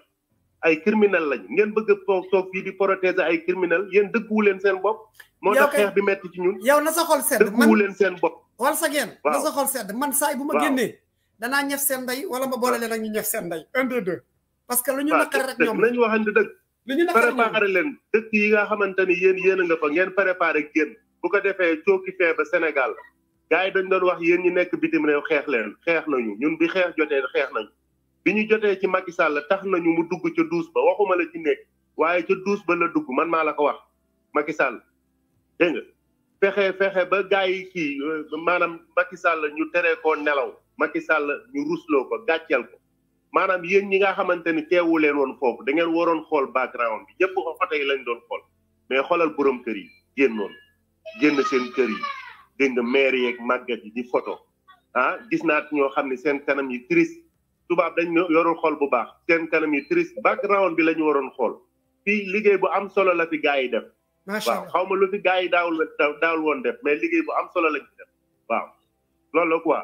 ay criminel lañu ngeen bëgg a toog fii di protéger ay criminel yéen dëgguwu leen seen bopp. moo tax xeex bi metti ci ñun. yow na sa xol sedd man leen seen bopp. xool sa geen na sa xol sedd man saay bu ma génnee. danaa ñef seen ndey wala ma boole leen a ñu ñef seen ndey. un deux parce que lu ñu naqar rek ñoom nañu waxante dëgg. lu ñu naqar préparé leen dëkk yi nga xamante ni yéen yéen a nga fa ngeen préparé génn bu ko defee cooki fee ba Sénégal gars yi dañ doon wax yéen ñu nekk bitim réew xeex leen xeex nañu ñun bi xeex jotee xeex nañu bi ñu jotee ci Macky Sall tax nañu mu dugg ca duus ba waxuma la ci nekk waaye ca duus ba la dugg man maa la ko wax Macky Sall dégg nga fexe fexe ba gars yi kii euh, maanaam Macky Sall ñu teree ko nelaw Macky Sall ñu rusloo ko gàcceel ko maanaam yéen ñi nga xamante ni teewu leen woon foofu da ngeen waroon xool background bi ñëpp oto yi lañ doon xool mais xoolal borom kër yi génnoon génn seen kër yi dégg nga maire yeeg màggat yi di photo ah gis naa ñoo xam ne seen kanam yi tubaab dañu yorul xool bu baax seen kanam yi triste background bi la ñu waroon xool fii liggéey bu am solo la fi gars yi def. macha allah xaw ma lu fi gars yi daawul daawul woon def mais liggéey bu am solo lañ fi def waaw. loolu la quoi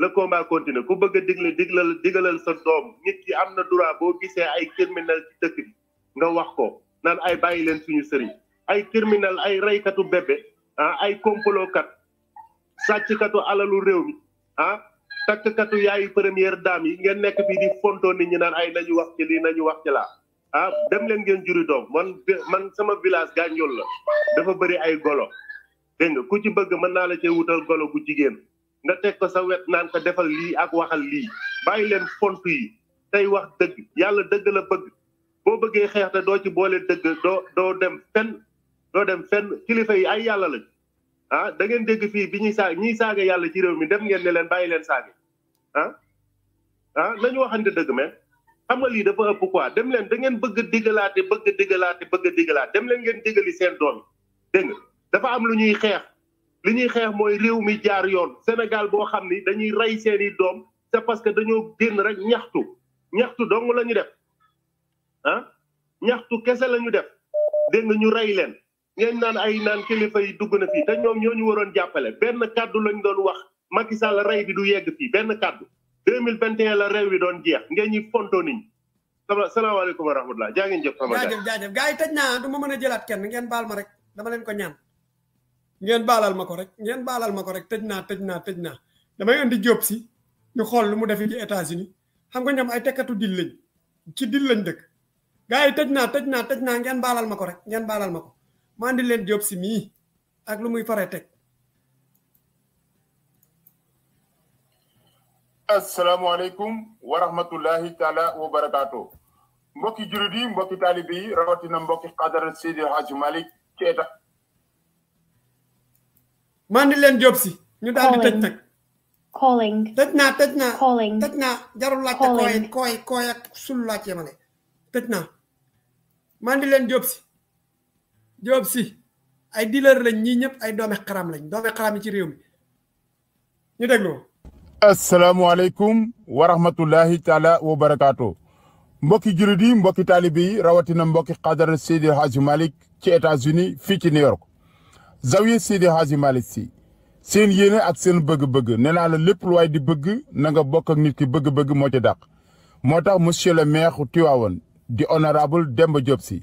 le combat ku bëgg a digle diglal digalal sa doom nit ki am na droit boo gisee ay criminel ci dëkk bi nga wax ko naan ay bàyyi leen suñu sëriñ ay criminel ay reykatu bébé ah ay komplokat sàcckatu alalu réew mi ah. takkkatu yaayu première dame yi ngeen nekk fii di fonto nit ñi naan ay nañu wax ci lii nañu wax ci laa ah dem leen ngeen juri doom man man sama village Gànjool la dafa bëri ay golo dégg nga ku ci bëgg mën naa la cee wutal golo bu jigéen nga teg ko sa wet naan ko defal lii ak waxal lii bàyyi leen font yi tey wax dëgg yàlla dëgg la bëgg boo bëggee xeex te doo ci boole dëgg doo doo dem fenn doo dem fenn kilifa yi ay yàlla la ah da ngeen dégg fii bi ñuy saa ñiy saaga yàlla ci réew mi dem ngeen ne leen bàyyi leen saaga ah ah nañu waxante dëgg mais xam nga lii dafa ëpp quoi dem leen da ngeen bëgg a digalaate bëgg a digalaate bëgg a digalaate dem leen ngeen digali seen doom dégg dafa am lu ñuy xeex li ñuy xeex mooy réew mi jaar yoon Sénégal boo xam ni dañuy rey seeni doom c'est parce que dañoo génn rek ñaxtu ñaxtu dong la def ah ñaxtu kese lañu def dégg ñu rey leen ngeen naan ay naan kilifa yi dugg na fii te ñoom ñoo ñu waroon jàppale benn kàddu lañ doon wax Macky Sall rey bi du yegg fii benn kàddu 2021 la rew yi doon jeex ngeen ñi fonto niñ salaamaaleykum wa rahmatulah jaa ngeen jëf sama jaa jëf gars yi tëj naa du ma mën a jëlaat kenn ngeen baal ma rek dama leen ko ñaan ngeen baalal ma ko rek ngeen baalal ma ko rek tëj naa tëj naa tëj naa damay andi jóob si ñu xool lu mu defi ci états-unis xam nga ñoom ay tekkatu dil lañ ci dil lañ dëkk gars yi tëj naa tëj naa tëj naa ngeen baalal ma ko rek ngeen baalal ma ko ma andi leen Diop si mii ak lu muy tek assalamu alaykum wa rahmatullahi taala wa barakatuh mbokki juridi mbokki talibi rawati na mbokki xadara sidi haji malik ci mandi len Diop si ñu dal di tëj nag calling tëj naa calling tetna, jarul la laajte koy koy koy ak sul laajte ma ne tëj mandi len Diop si Diop si ay dealer lañ ñii ñëpp ay doome xaram lañ doome xaram yi ci réew mi ñu déglu. asalaamualeykum wa rahmatullahi taala wa barakaatu. mbokki jurit yi mbokki taalibe yi rawatina mbokki xadara Seydi Hadji Malick ci États-Unis fii ci New York zawiya Seydi Hadji Malick si seen yéene ak seen bëgg-bëgg nee naa la lépp lu waay di bëgg nanga bokk ak nit ki bëgg-bëgg moo ci dàq moo tax monsieur le maire Tivaouane di honorable Demba Diop si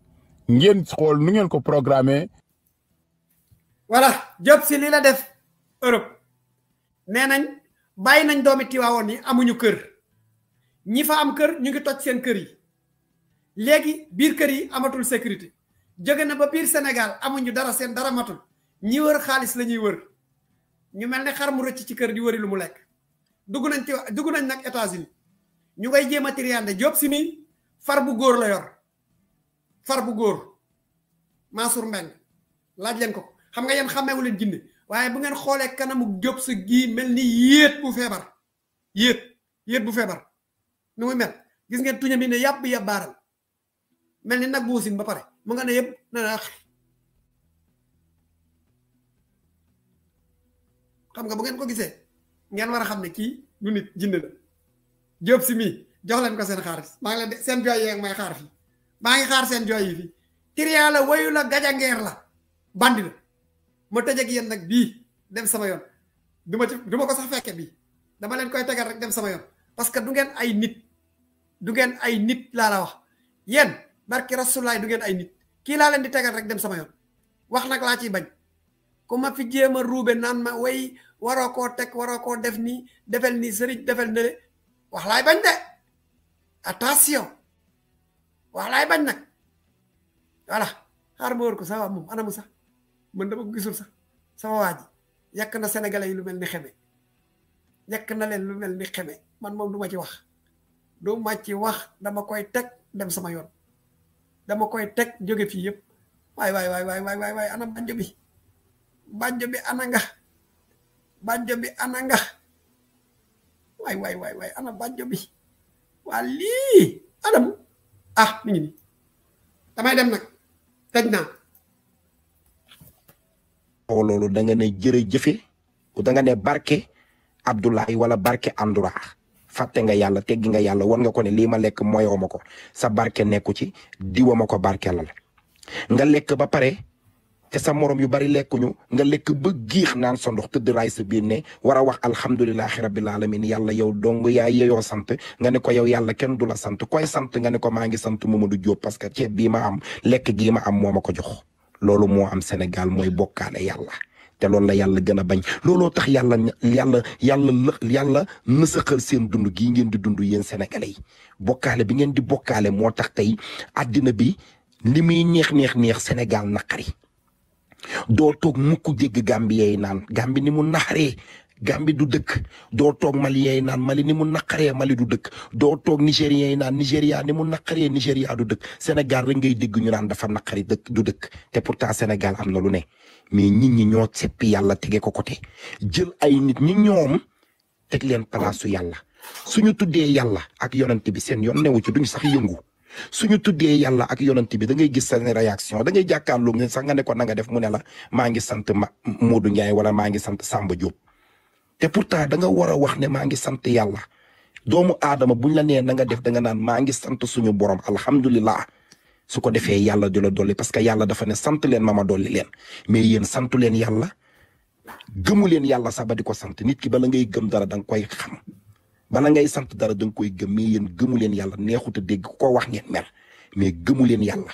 ngeen xool nu ngeen ko programmer voilà Diop si la def Europe nee nañ bàyyi nañ doomi Tiwaawoon yi amuñu kër ñi fa am kër ñu ngi toj seen kër yi léegi biir kër yi amatul sécurité jóge na ba biir Sénégal amuñu dara seen dara matul ñi wër xaalis lañuy wër ñu mel ni xar mu rëcc ci kër di wëri lu mu lekk dugg nañ ci dugg nañ nag États-Unis ñu koy jéem a triande Diop si nii far bu góor la yor far bu góor Mansour Mbengue laaj leen ko xam nga yéen xàmmeewu leen jinne waaye bu ngeen xoolee kanamu Diop sa gii mel ni yéet bu feebar yéet yéet bu feebar nu muy mel gis ngeen tuñam yi ne yàpp yàpp baaral mel ni nag buusin ba pare mu nga ne yëpp na na xam nga bu ngeen ko gisee ngeen war a xam ne kii du nit jinne la Diop si mii jox leen ko seen xaalis maa ngi leen seen jooy yeeg may xaar fii maa ngi xaar seen jooy yi fi tiriyaa la wayu la gajangeer la bandi la ma tëj ak yéen nag bii dem sama yoon du ma ci du ma ko sax fekke bii dama leen koy tegal rek dem sama yoon parce que du ngeen ay nit du ngeen ay nit laa la wax yéen barki rasulaay du ngeen ay nit kii laa leen di tegal rek dem sama yoon wax nag laa ciy bañ ku ma fi jéem a ruube naan ma way waroo koo teg waroo koo def nii defel nii sëriñ defel ne wax laay bañ de attention wax laay bañ nag voilà xaar ma wër ko sawa moom anamu sax man dama ko gisul sax sama waa ji yàq na sénégalais yi lu mel ni xeme yàq na leen lu mel ni xeme man moom du ma ci wax du ma wax dama koy teg dem sama yoon dama koy teg jóge fii yëpp waay waay waay waaye waay waay ana banjo bi banjo bi ana nga banjo bi ana nga waay waay waay waay ana bi waa ah mi ngi nii damay dem nag tëj naa. waaw ne jërëjëfe da nga ne barke Abdoulaye wala barke Andoura fàtte nga yàlla teggi nga yàlla won nga ko ne lii ma lekk moyoo ma ko sa barke nekku ci diwa ma ko barke la nga lekk ba pare. te sa moroom yu bari lekkuñu nga lekk ba giix naan so ndox tëdd raay sa biir ne war a wax alhamdulilahi rabbil alamin yàlla yow dong yaa yeyoo sant nga ne ko yow yàlla kenn du la sant koy sant nga ne ko maa ngi sant Mamadou Diop parce que ceeb bii ma am lekk gii ma am moo ma ko jox loolu moo am Sénégal mooy bokkaale yàlla te loolu la yàlla gën a bañ looloo tax yàlla yàlla yàlla yàlla nësaxal seen dund gii ngeen di dund yéen sénégalais yi bokkaale bi ngeen di bokkaale moo tax tey àddina bi li muy neex neex neex Sénégal naqari doo toog mukk jégg Gàmbi yey naan Gàmbi ni mu naxaree Gàmbi du dëkk doo toog Mali yey naan Mali ni mu naqaree Mali du dëkk doo toog Nigéria yi naan Nigéria ni mu naqaree Nigéria du dëkk Sénégal rek ngay dégg ñu naan dafa naqari dëkk du dëkk te pourtant Sénégal am na lu ne mais nit ñi ñoo seppi yàlla tege ko côté jël ay nit ñi ñoom teg leen palaasu yàlla suñu tuddee yàlla ak yonent bi seen yoon newu ci duñ sax yëngu. suñu tuddee yàlla ak yonent bi da ngay gis sa ne réaction da ngay jàkkaarloo ne sax nga ne ko na def mu ne la maa ngi sant ma Modou Ndiaye wala maa ngi sant Samba Diop te pourtant da nga war a wax ne maa ngi sant yàlla doomu aadama buñ la nee na nga def da nga naan maa ngi sant suñu borom alhamdulilah su ko defee yàlla di la dolli parce que yàlla dafa ne sant leen ma ma dolli leen mais yéen santu leen yàlla gëmu leen yàlla sax ba di ko sant nit ki bala ngay gëm dara danga koy xam bala ngay sant dara da nga koy gëm mais yéen gëmu leen yàlla neexut a dégg ku ko wax ngeen mer mais gëmu leen yàlla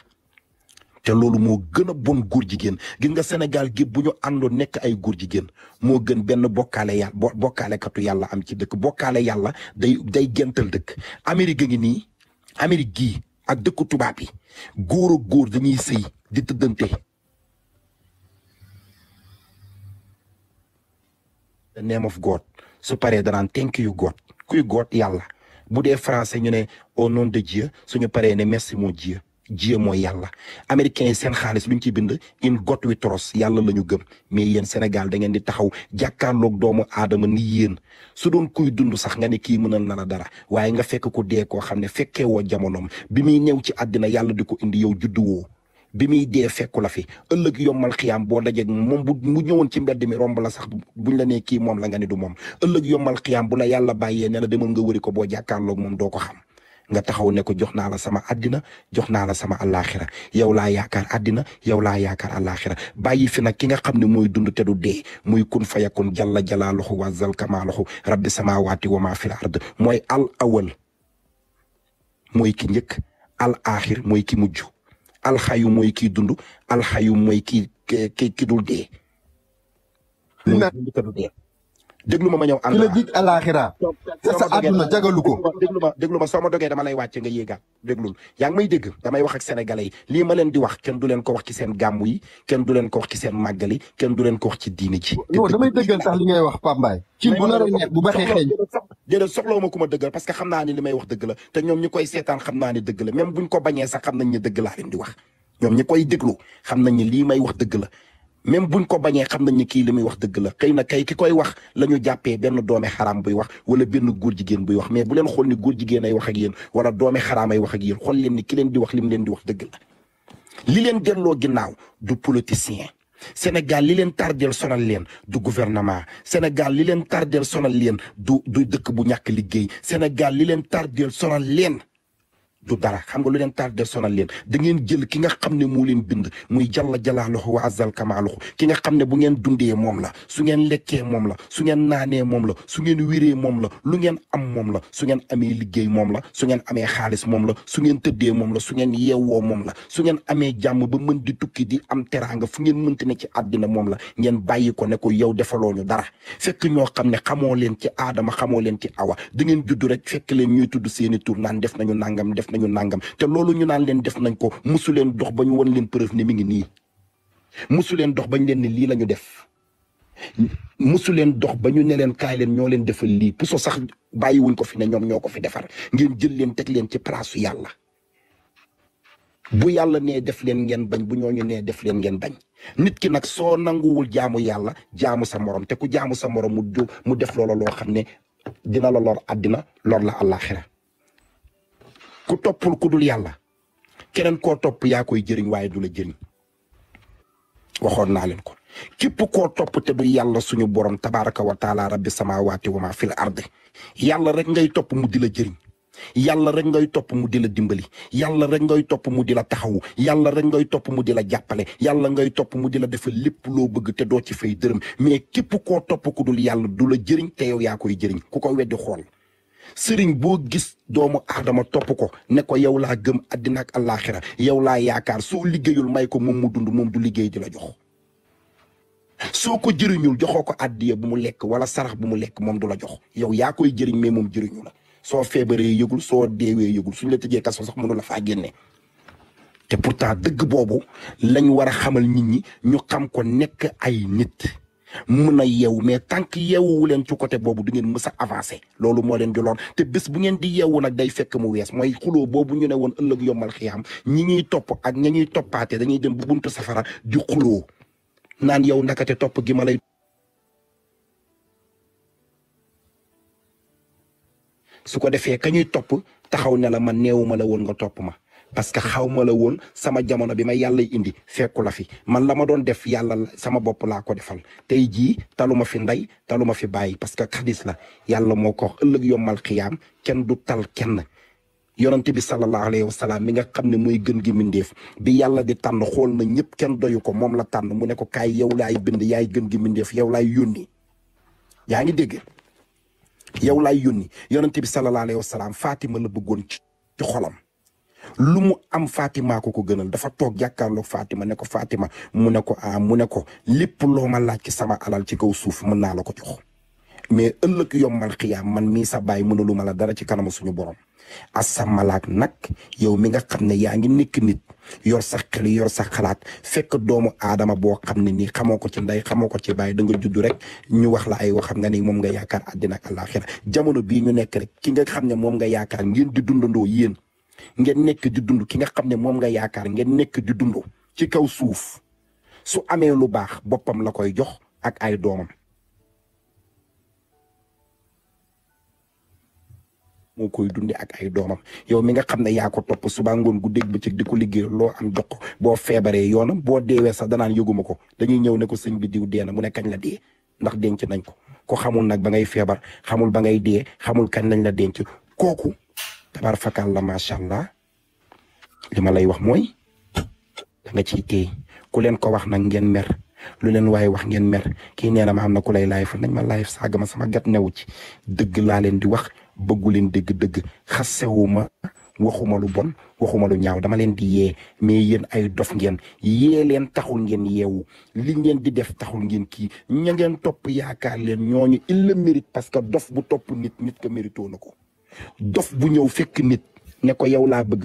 te loolu moo gën a bon góor jigéen gi nga senegal gi bu ñu àndoo nekk ay góor jigéen moo gën benn bokkaale yàlla bokkaalekatu yàlla am ci dëkk bokkaale yàlla day day gental dëkk a ngi nii amerig gi ak dëkku tubaab yi góor ak góor dañuy sëy di tëddante. the name of God su paree danaan thank you God. kuy goot yàlla bu dee français ñu ne au non de Dieu suñu paree ne merci moo Dieu Dieu mooy yàlla américains yi seen xaalis lu ñu ciy bind in God wi trust yàlla la ñu gëm mais yéen Sénégal da ngeen di taxaw jàkkaarloog doomu aadama ni yéen su doon kuy dund sax nga ne kii mënal na la dara waaye nga fekk ko dee koo xam ne fekkee woo jamonoom bi muy ñëw ci àddina yàlla di ko indi yow juddu bi muy dee fekku la fi ëllëg yombal xiyaam boo dajeeg moom bu mu ñëwoon ci mbedd mi romb la sax buñ la nee kii moom la nga du moom ëllëg yombal xiyaam bu la yàlla bàyyee ne la demal nga wëri ko boo jàkkaarloog moom doo xam nga taxaw ne ko jox naa la sama àddina jox naa la sama àllaaxira yow laa yaakaar àddina yow laa yaakaar àllaaxira bàyyi fi nag ki nga xam ne mooy dund te du dee muy kun fayakun jalla jalaaluhu wa zal kamaaluhu rabbi samaawaati wa maa fil ard mooy al awal ki njëkk al aaxir mooy ki mujj alxayu mooy kii dund alxayu mooy kii ki ki dul dee. déglu ma ma ñëw àll. ki la sa àdduna jagalu ko. déglu ma déglu ma soo ma dogee dama lay wàcce nga yéegaat déglul yaa ngi may dégg damay wax ak sénégalais yi lii ma leen di wax kenn du leen ko wax ci seen gàmmu yi kenn du leen ko wax ci seen màggal yi kenn du leen ko wax ci diini ji. non damay déggal sax li ngay wax Pambaay. ci bu naree nekk bu baxee xeeñ. déedéet soxlawu ma ku ma dëggal parce que xam naa ni li may wax dëgg la te ñoom ñi koy seetaan xam naa ni dëgg la même buñ ko bañee sax xam nañ ne dëgg laa leen di wax ñoom ñi koy xam nañ ne lii may wax dëgg la même buñ ko bañee xam nañ ne kii li muy wax dëgg la xëy na kay ki koy wax la ñu jàppee benn doomi xaraam buy wax wala benn góor jigéen buy wax mais bu leen xool ni góor jigéen ay wax ak yéen wala doome xaraam ay wax ak yéen xool leen ni ki leen di wax li mu leen di wax dëgg la li leen delloo ginnaaw du politicien senegal li leen tardeel sonal leen du gouvernement Sénégal li leen tardeel sonal leen du du dëkk bu ñàkk liggéey Sénégal li leen tardeel sonal leen du dara xam nga lu leen taal de sonal leen da ngeen jël ki nga xam ne moo leen bind muy jalla jalaaluhu wa azal kamaaluhu ki nga xam ne bu ngeen dundee moom la su ngeen lekkee moom la su ngeen naanee moom la su ngeen wiree moom la lu ngeen am moom la su ngeen amee liggéey moom la su ngeen amee xaalis moom la su ngeen tëddee moom la su ngeen yeewoo moom la su ngeen amee jàmm ba mën di tukki di am teraanga fu ngeen mënti ne ci àddina moom la ngeen bàyyi ko ne ko yow defaloo ñu dara fekk ñoo xam ne xamoo leen ci aadama xamoo leen ci awa da ngeen judd rek fekk leen ñuy tudd seeni tur naan def nañu nangam def nañu nangam te lolu ñu naan leen def nañ ko musu leen dox bañu won leen preuve ni mi ngi ni musu leen dox bañ leen ni li lañu def musu leen dox bañu ne leen kay leen ñoo leen defal lii puso sax bayyi wuñ ko fi ne ñom ñoko fi defar ngeen jël leen tek leen ci palaasu yalla bu yalla ne def leen ngeen bañ bu ñu ne def leen ngeen bañ nit ki nanguwul jaamu yalla jaamu sa morom te ku jaamu sa morom mu def lo xamne dina la lor adina lor la alakhirah ku toppul ku dul yàlla keneen koo topp yaa koy jëriñ waaye du la jëriñ waxoon naa leen ko képp koo topp te du yàlla suñu borom tabaraka wa taala rabbi samawaati wa ma fil arde yàlla rek ngay topp mu di la jëriñ yàlla rek ngay topp mu di la dimbali yàlla rek ngay topp mu di la taxawu yàlla rek ngay topp mu di la jàppale yàlla ngay topp mu di la defal lépp loo bëgg te doo ci fay dërëm mais képp koo topp ku dul yàlla du la jëriñ te yow yaa koy jëriñ ku ko weddi xool sëriñ boo gis doomu adama topp ko ne ko yow laa gëm àddina ak àllaaxira yow laa yaakaar soo liggéeyul may ko moom mu dund moom du liggéey di la jox soo ko jëriñul joxoo ko àddiya bu mu lekk wala sarax bu mu lekk moom du la jox yow yaa koy jëriñ mais moom jëriñu la soo feebaree yëgul soo deewee yëgul suñ la tëjee kaso sax mënu la faa génne te pourtant dëgg boobu lañ war a xamal nit ñi ñu xam ko nekk ay nit Muna yew mais tank yew yeewuwu leen ci côté bobu du ngeen mës avancer avancé mo moo leen te bés bu ngeen di yew nak day fekk mu wess moy xulo bobu ñu ne ëlëk yomal xiyam ñi ñi top ak ñi ñi topaté dañuy dem bu buntu safara di xulo nan yow ndakate top gi malay suko defé kañuy top, taxaw ne la man neewuma la won nga top ma parce que xaw la woon sama jamono bi ma yàlla indi fekku la fi man la ma doon def yàlla sama bopp laa ko defal tey jii taluma fi ndey taluma fi bàyyi parce que xadis la yàlla moo ko ëllëg yombal xiyaam kenn du tal kenn yonent bi sallallahu alayhi wa mi nga xam ne mooy gën gi mindeef bi yàlla di tànn xool na ñëpp kenn doyu ko moom la tànn mu ne ko kaay yow laay bind yaay gën gi mindeef yow laay yónni yaa ngi dégg yow laay yónni yonent bi sallallahu alayhi wa salaam Fatima la bëggoon ci xolam. lu mu am Fatima ko ko gënal dafa toog jàkkaarloog Fatima ne ko Fatima mu ne ko ah mu ne lépp loo ma laaj ci sama alal ci kaw suuf mën naa la ko jox mais ëllëg yombal xiyaam man mii sa baay mënalu ma la dara ci kanamu suñu borom. laak nag yow mi nga xam ne yaa ngi nekk nit yor sa xel yor sax xalaat fekk doomu aadama boo xam ne nii xamoo ko ci ndey xamoo ko ci baay da nga judd rek ñu wax la ay wax xam nga ni moom nga yaakaar àddina ak àllaaxira jamono bii ñu nekk rek ki nga xam ne moom nga yaakaar ngeen di dundandoo yéen. ngeen nekk di dund ki nga xam ne moom nga yaakaar ngeen nekk di dund ci kaw suuf su amee lu baax boppam la koy jox ak ay doomam. moo koy dunde ak ay doomam yow mi nga xam ne yaa ko topp suba ngoon guddeeg bëccëg ci ko liggéey loo am jox boo feebaree yoonam boo deewee sax danaan yëguma ko dañuy ñëw ne ko sëñ bi diw dee na mu ne kañ la dee ndax denc nañ ko ko xamul nag ba ngay feebar xamul ba ngay dee xamul kañ lañ la denc kooku. Barfakal, fakal la allah li ma lay wax moy da nga ku mer lu len waaye wax ngeen mer kini nee maham ma life, na ku lay laay nañ ma laay sama gat newu ci dëgg di wax bëggu leen dëgg-dëgg waxuma lu bon waxuma lu ñaaw dama len di ye mais yeen ay dof ngeen ye len taxul ngeen yeewu li ngeen di def taxul ngeen ki ña ngeen il le mérite parce que dof bu top nit nit ko mérite wonako dof bu ñëw fekk nit ne ko yow laa bëgg